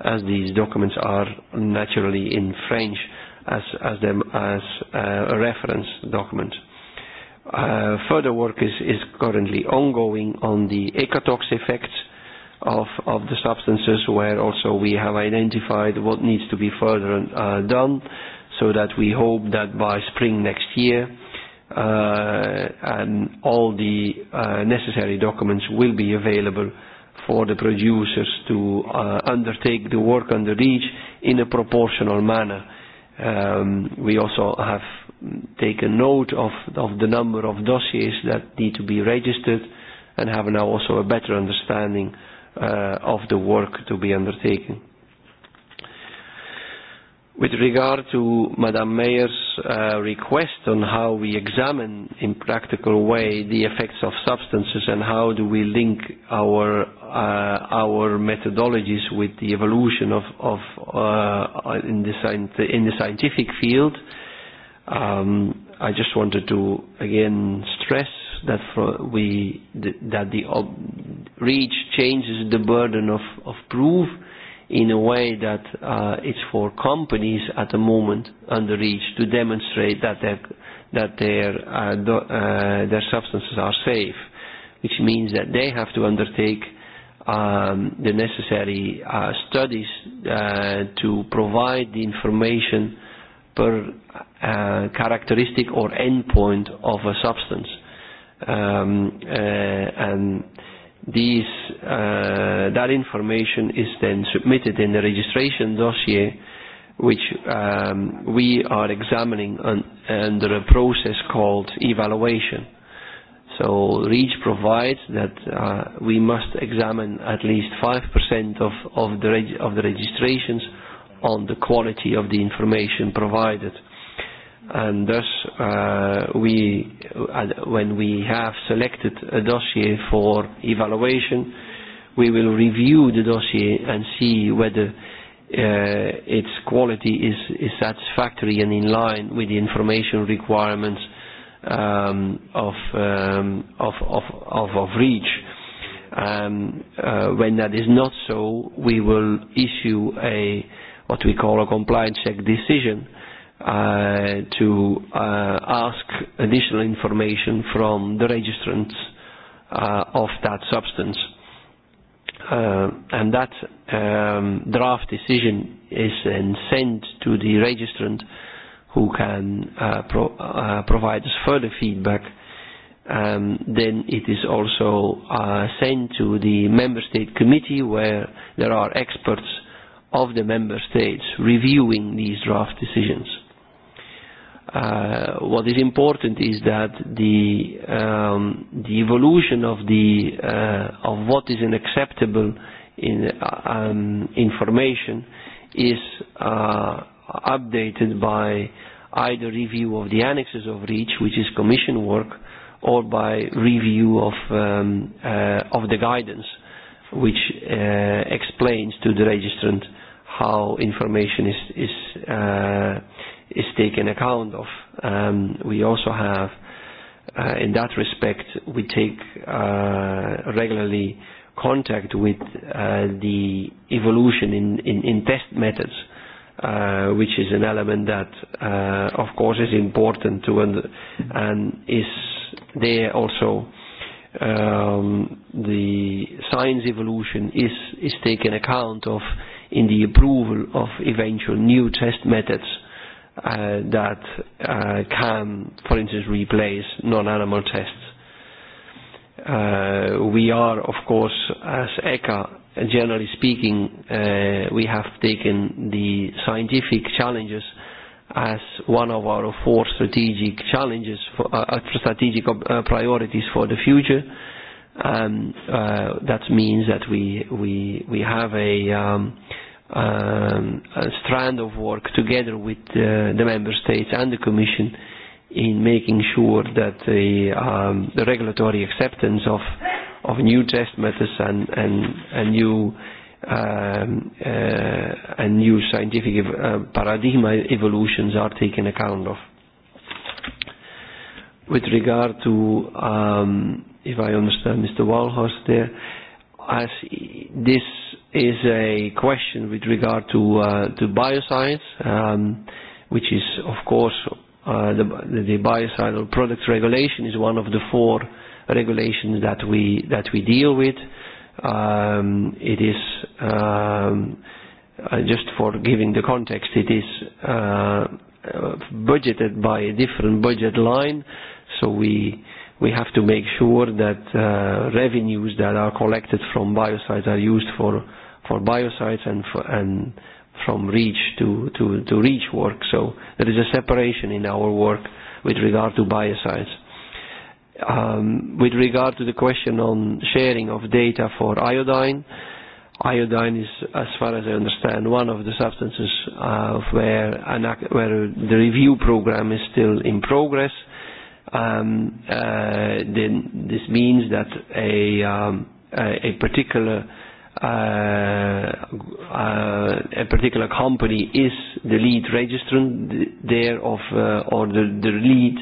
as these documents are naturally in French as, as, them, as uh, a reference document. Uh, further work is, is currently ongoing on the ecotox effects of, of the substances where also we have identified what needs to be further uh, done so that we hope that by spring next year, uh, and all the uh, necessary documents will be available for the producers to uh, undertake the work under each in a proportional manner. Um, we also have taken note of, of the number of dossiers that need to be registered and have now also a better understanding uh, of the work to be undertaken. With regard to Madame Mayer's uh, request on how we examine in practical way the effects of substances and how do we link our uh, our methodologies with the evolution of, of uh, in, the in the scientific field, um, I just wanted to again stress that for we that the reach changes the burden of, of proof in a way that uh, it's for companies at the moment under REACH to demonstrate that their that their uh, do, uh, their substances are safe, which means that they have to undertake um, the necessary uh, studies uh, to provide the information per uh, characteristic or endpoint of a substance. Um, uh, and these, uh, that information is then submitted in the registration dossier which um, we are examining un under a process called evaluation. So REACH provides that uh, we must examine at least 5% of, of, the reg of the registrations on the quality of the information provided and thus uh, we, when we have selected a dossier for evaluation, we will review the dossier and see whether uh, its quality is, is satisfactory and in line with the information requirements um, of, um, of, of, of, of REACH. Um, uh, when that is not so, we will issue a what we call a compliance check decision uh, to uh, ask additional information from the registrants uh, of that substance. Uh, and that um, draft decision is then sent to the registrant who can uh, pro uh, provide us further feedback. Um, then it is also uh, sent to the member state committee where there are experts of the member states reviewing these draft decisions uh, what is important is that the um, the evolution of the uh, of what is an acceptable in uh um, information is uh, updated by either review of the annexes of REACH, which is commission work, or by review of um, uh, of the guidance, which uh, explains to the registrant how information is is uh, is taken account of. Um, we also have, uh, in that respect, we take uh, regularly contact with uh, the evolution in, in, in test methods, uh, which is an element that, uh, of course, is important to and, and is there also. Um, the science evolution is, is taken account of in the approval of eventual new test methods uh, that uh, can, for instance, replace non-animal tests. Uh, we are, of course, as ECA generally speaking, uh, we have taken the scientific challenges as one of our four strategic challenges, for, uh, strategic uh, priorities for the future. Um, uh, that means that we we we have a um, um, a strand of work together with uh, the member states and the commission in making sure that the, um, the regulatory acceptance of, of new test methods and, and, and new um, uh, and new scientific uh, paradigm evolutions are taken account of. With regard to, um, if I understand Mr. Walhorst there, as this is a question with regard to uh, to biocides, um, which is of course uh, the, the biocidal products regulation is one of the four regulations that we that we deal with. Um, it is um, uh, just for giving the context. It is uh, uh, budgeted by a different budget line, so we we have to make sure that uh, revenues that are collected from biocides are used for for biocides and, for, and from REACH to, to, to REACH work. So there is a separation in our work with regard to biocides. Um, with regard to the question on sharing of data for iodine, iodine is, as far as I understand, one of the substances of where, an, where the review program is still in progress. Um, uh, then this means that a, um, a, a particular uh, uh, a particular company is the lead registrant there of, uh, or the, the lead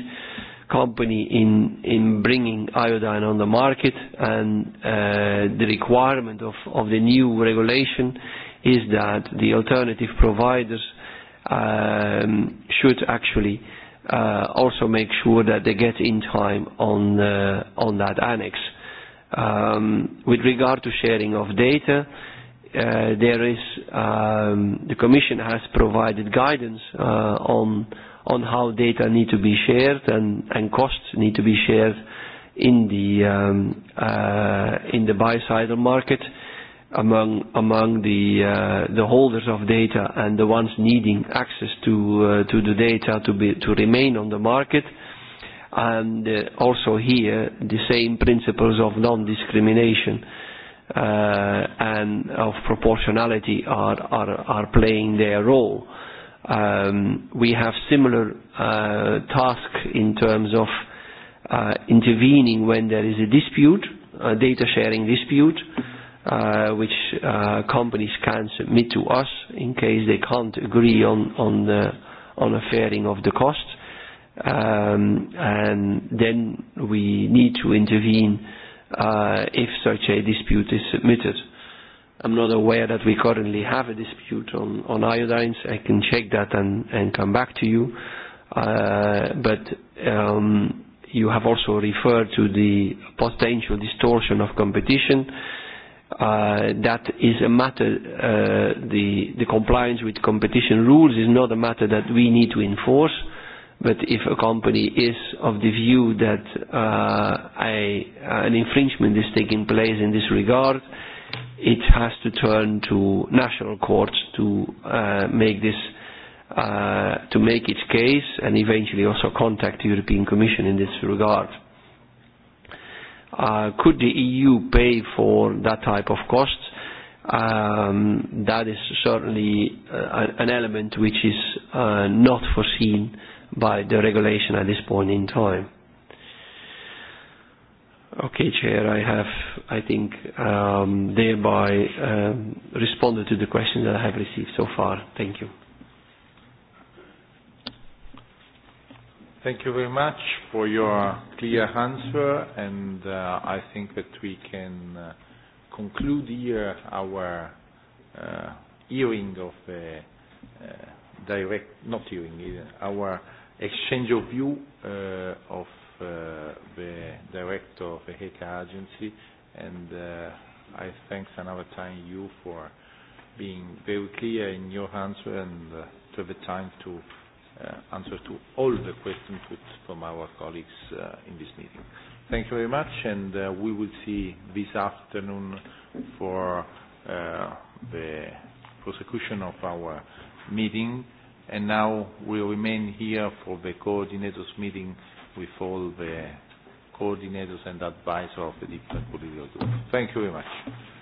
company in, in bringing iodine on the market and uh, the requirement of, of the new regulation is that the alternative providers um, should actually uh, also make sure that they get in time on, uh, on that annex. Uh, Um, with regard to sharing of data, uh, there is um, the Commission has provided guidance uh, on on how data need to be shared and, and costs need to be shared in the um, uh, in the biocidal market among among the uh, the holders of data and the ones needing access to uh, to the data to be to remain on the market. Uh, and uh, also here the same principles of non-discrimination uh, and of proportionality are, are, are playing their role. Um, we have similar uh, tasks in terms of uh, intervening when there is a dispute, a data sharing dispute, uh, which uh, companies can submit to us in case they can't agree on, on, the, on a fairing of the cost um, and then we need to intervene uh, if such a dispute is submitted. I'm not aware that we currently have a dispute on, on iodines. I can check that and, and come back to you. Uh, but um, you have also referred to the potential distortion of competition. Uh, that is a matter, uh, the, the compliance with competition rules is not a matter that we need to enforce. Uh, But if a company is of the view that uh, a, an infringement is taking place in this regard, it has to turn to national courts to uh, make this uh, to make its case and eventually also contact the European Commission in this regard. Uh, could the EU pay for that type of costs? Um, that is certainly uh, an element which is uh, not foreseen by the regulation at this point in time. Okay, Chair, I have, I think, um, thereby um, responded to the questions that I have received so far. Thank you. Thank you very much for your clear answer, and uh, I think that we can uh, conclude here our uh, hearing of the uh, direct, not hearing, our exchange of view uh, of uh, the director of the HECA agency, and uh, I thanks another time you for being very clear in your answer and uh, to the time to uh, answer to all the questions put from our colleagues uh, in this meeting. Thank you very much, and uh, we will see this afternoon for uh, the prosecution of our meeting and now we remain here for the coordinators meeting with all the coordinators and advisors of the different political groups. Thank you very much.